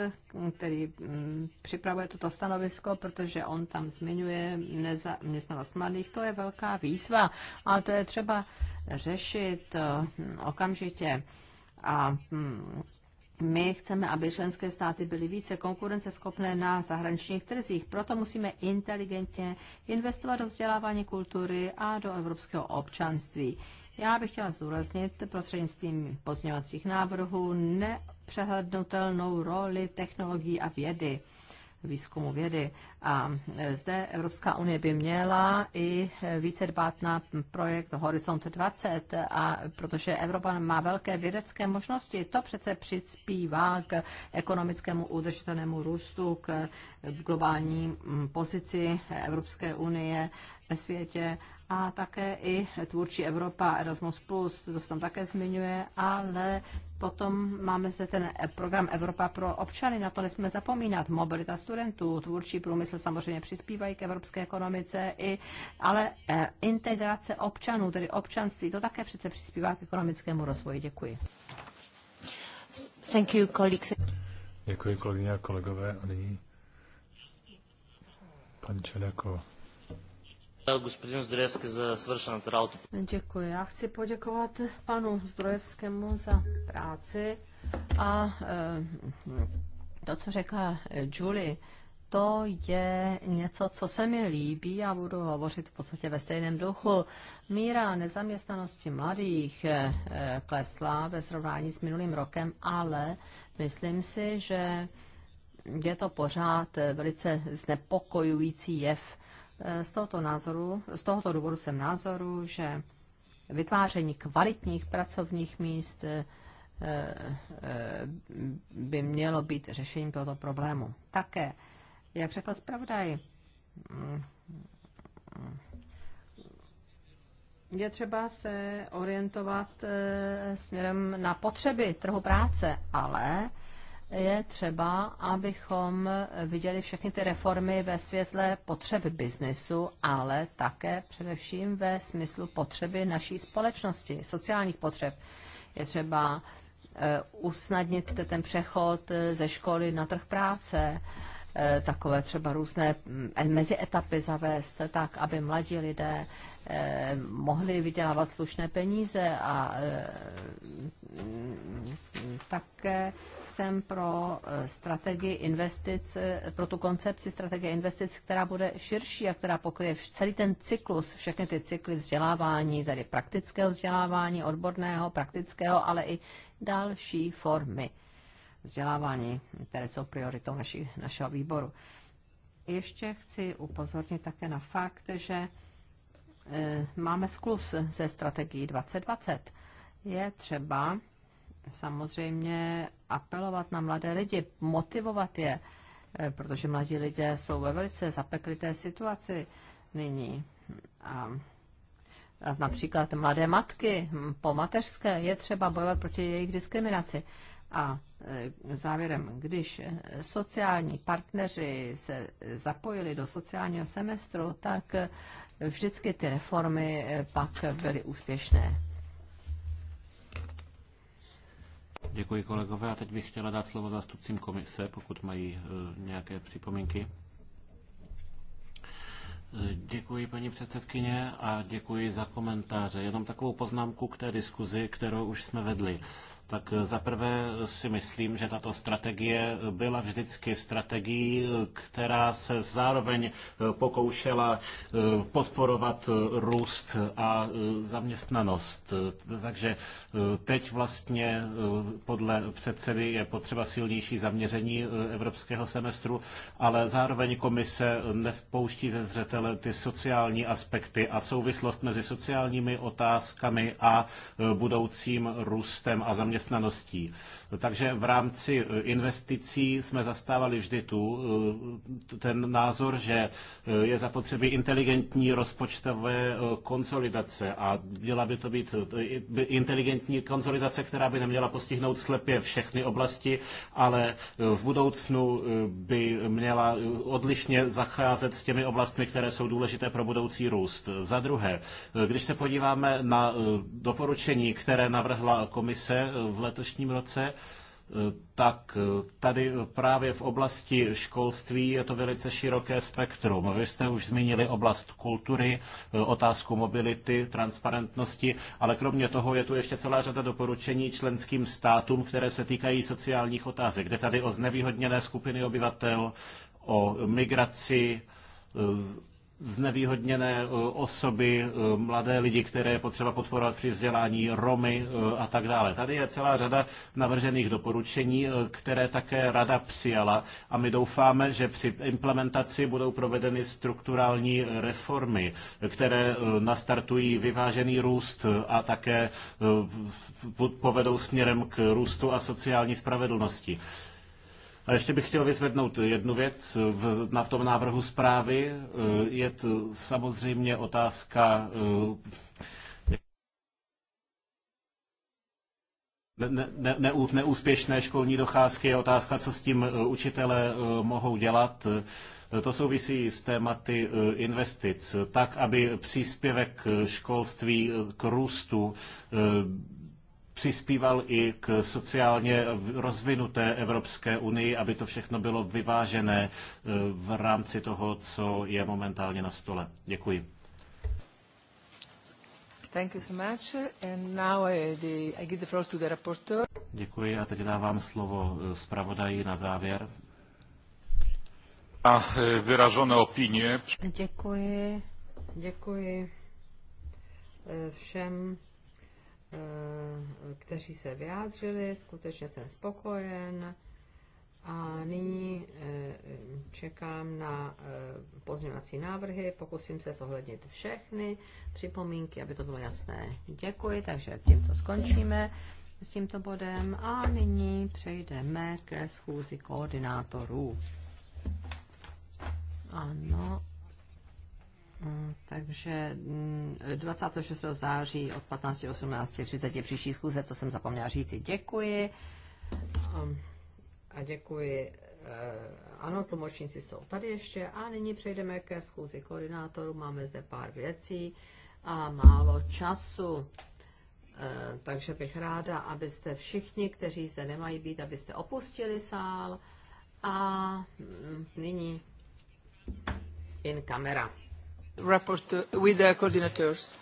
který mm, připravuje toto stanovisko, protože on tam zmiňuje nezaměstnanost mladých. To je velká výzva a to je třeba řešit eh, okamžitě. A mm, my chceme, aby členské státy byly více konkurenceschopné na zahraničních trzích, proto musíme inteligentně investovat do vzdělávání kultury a do evropského občanství. Já bych chtěla zdůraznit prostřednictvím pozměňovacích návrhů nepřehlednutelnou roli technologií a vědy výzkumu vědy. A e, zde Evropská unie by měla i více dbát na projekt Horizont 20, a protože Evropa má velké vědecké možnosti, to přece přispívá k ekonomickému udržitelnému růstu, k globální pozici Evropské unie ve světě a také i Tvůrčí Evropa Erasmus+, to se tam také zmiňuje, ale potom máme zde ten program Evropa pro občany, na to nesmíme zapomínat, mobilita studentů, tvůrčí průmysl samozřejmě přispívají k evropské ekonomice, i, ale eh, integrace občanů, tedy občanství, to také přece přispívá k ekonomickému rozvoji. Děkuji. Thank you, colleagues. Děkuji kolegyně a kolegové a nyní paní Čeliakova. Gospodinu Zdrojevský za svršenou работу. Děkuji. Já chci poděkovat panu Zdrojevskému za práci a eh, to, co řekla Julie, to je něco, co se mi líbí a budu hovořit v podstatě ve stejném duchu. Míra nezaměstnanosti mladých eh, eh, klesla ve srovnání s minulým rokem, ale myslím si, že je to pořád velice znepokojující jev Eh, z tohoto, názoru, z tohoto důvodu jsem názoru, že vytváření kvalitních pracovních míst eh, eh, by mělo být řešením tohoto problému. Také, jak řekl zpravodaj, mm, je třeba se orientovat směrem na potřeby trhu práce, ale je třeba, abychom viděli všechny ty reformy ve světle potřeb biznesu, ale také především ve smyslu potřeby naší společnosti, sociálních potřeb. Je třeba eh, usnadnit ten přechod eh, ze školy na trh práce, eh, takové třeba různé mm, mezietapy zavést, tak, aby mladí lidé mohli vydělávat slušné peníze a mm, mm, také jsem pro e, strategii investic, e, pro tu koncepci strategie investic, která bude širší a která pokryje celý ten cyklus, všechny ty cykly vzdělávání, tedy praktického vzdělávání, odborného, praktického, ale i další formy vzdělávání, které jsou prioritou naši, našeho výboru. Ještě chci upozornit také na fakt, že e, máme sklus ze strategií 2020. Je třeba samozřejmě apelovat na mladé lidi, motivovat je, eh, protože mladí lidé jsou ve velice zapeklité situaci nyní. A například mladé matky hm, po mateřské je třeba bojovat proti jejich diskriminaci. A eh, závěrem, když eh, sociální partneři se zapojili do sociálního semestru, tak vždycky ty reformy pak byly úspěšné. Děkuji kolegové a teď bych chtěla dát slovo zástupcím komise, pokud mají e, nějaké připomínky. E, děkuji, paní předsedkyně, a děkuji za komentáře. Jenom takovou poznámku k té diskuzi, kterou už jsme vedli. Tak eh, zaprvé si myslím, že tato strategie byla vždycky strategií, která se zároveň eh, pokoušela eh, podporovat růst a zaměstnanost. Takže teď vlastně podle předsedy je potřeba silnější zaměření evropského semestru, ale zároveň komise nespouští ze zřetele ty sociální aspekty a souvislost mezi sociálními otázkami a budoucím růstem a zaměstnanostem zaměstnaností. Takže v rámci eh, investicí jsme zastávali vždy tu eh, ten názor, že eh, je zapotřebí inteligentní rozpočtové konsolidace a měla by to být inteligentní konsolidace, která by neměla postihnout slepě všechny oblasti, ale v budoucnu by měla odlišně zacházet s těmi oblastmi, které jsou důležité pro budoucí růst. Za druhé, když se podíváme na doporučení, které navrhla komise v letošním roce, eh, tak eh, tady právě v oblasti školství je to velice široké spektrum. Vy jste už zmínili oblast kultury, eh, otázku mobility, transparentnosti, ale kromě toho je tu ještě celá řada doporučení členským státům, které se týkají sociálních otázek, kde tady o znevýhodněné skupiny obyvatel, o migraci, znevýhodněné eh, osoby, eh, mladé lidi, které je potřeba podporovat při vzdělání, Romy eh, a tak dále. Tady je celá řada navržených doporučení, které také rada přijala a my doufáme, že při implementaci budou provedeny strukturální reformy, které nastartují vyvážený růst a také povedou směrem k růstu a sociální spravedlnosti. A ještě bych chtěl vyzvednout jednu věc v, na tom návrhu zprávy. Eh, je to samozřejmě otázka eh, ne, ne, ne, neúspěšné školní docházky, je otázka, co s tím eh, učitele mohou dělat. To souvisí s tématy investic, tak, aby příspěvek školství k růstu přispíval i k sociálně rozvinuté Evropské unii, aby to všechno bylo vyvážené eh, v rámci toho, co je momentálně na stole. Děkuji. Thank you so much. And now eh, the, I give the floor to the rapporteur. Děkuji a teď dávám slovo eh, zpravodaji na závěr. A vyražené opinie. Děkuji, děkuji všem Eh, kteří se vyjádřili, skutečně jsem spokojen a nyní eh, čekám na eh, pozměňovací návrhy, pokusím se zohlednit všechny připomínky, aby to bylo jasné. Děkuji, takže tímto skončíme s tímto bodem a nyní přejdeme ke schůzi koordinátorů. Ano, Mm, takže 26. Mm, září od 15. je příští schůze, to jsem zapomněla říct. Děkuji. Um, a děkuji. Eh, ano, tlumočníci jsou tady ještě. A nyní přejdeme ke schůzi koordinátorů. Máme zde pár věcí a málo času. Eh, takže bych ráda, abyste všichni, kteří zde nemají být, abyste opustili sál. A mm, nyní in kamera rapporteur, with the coordinators.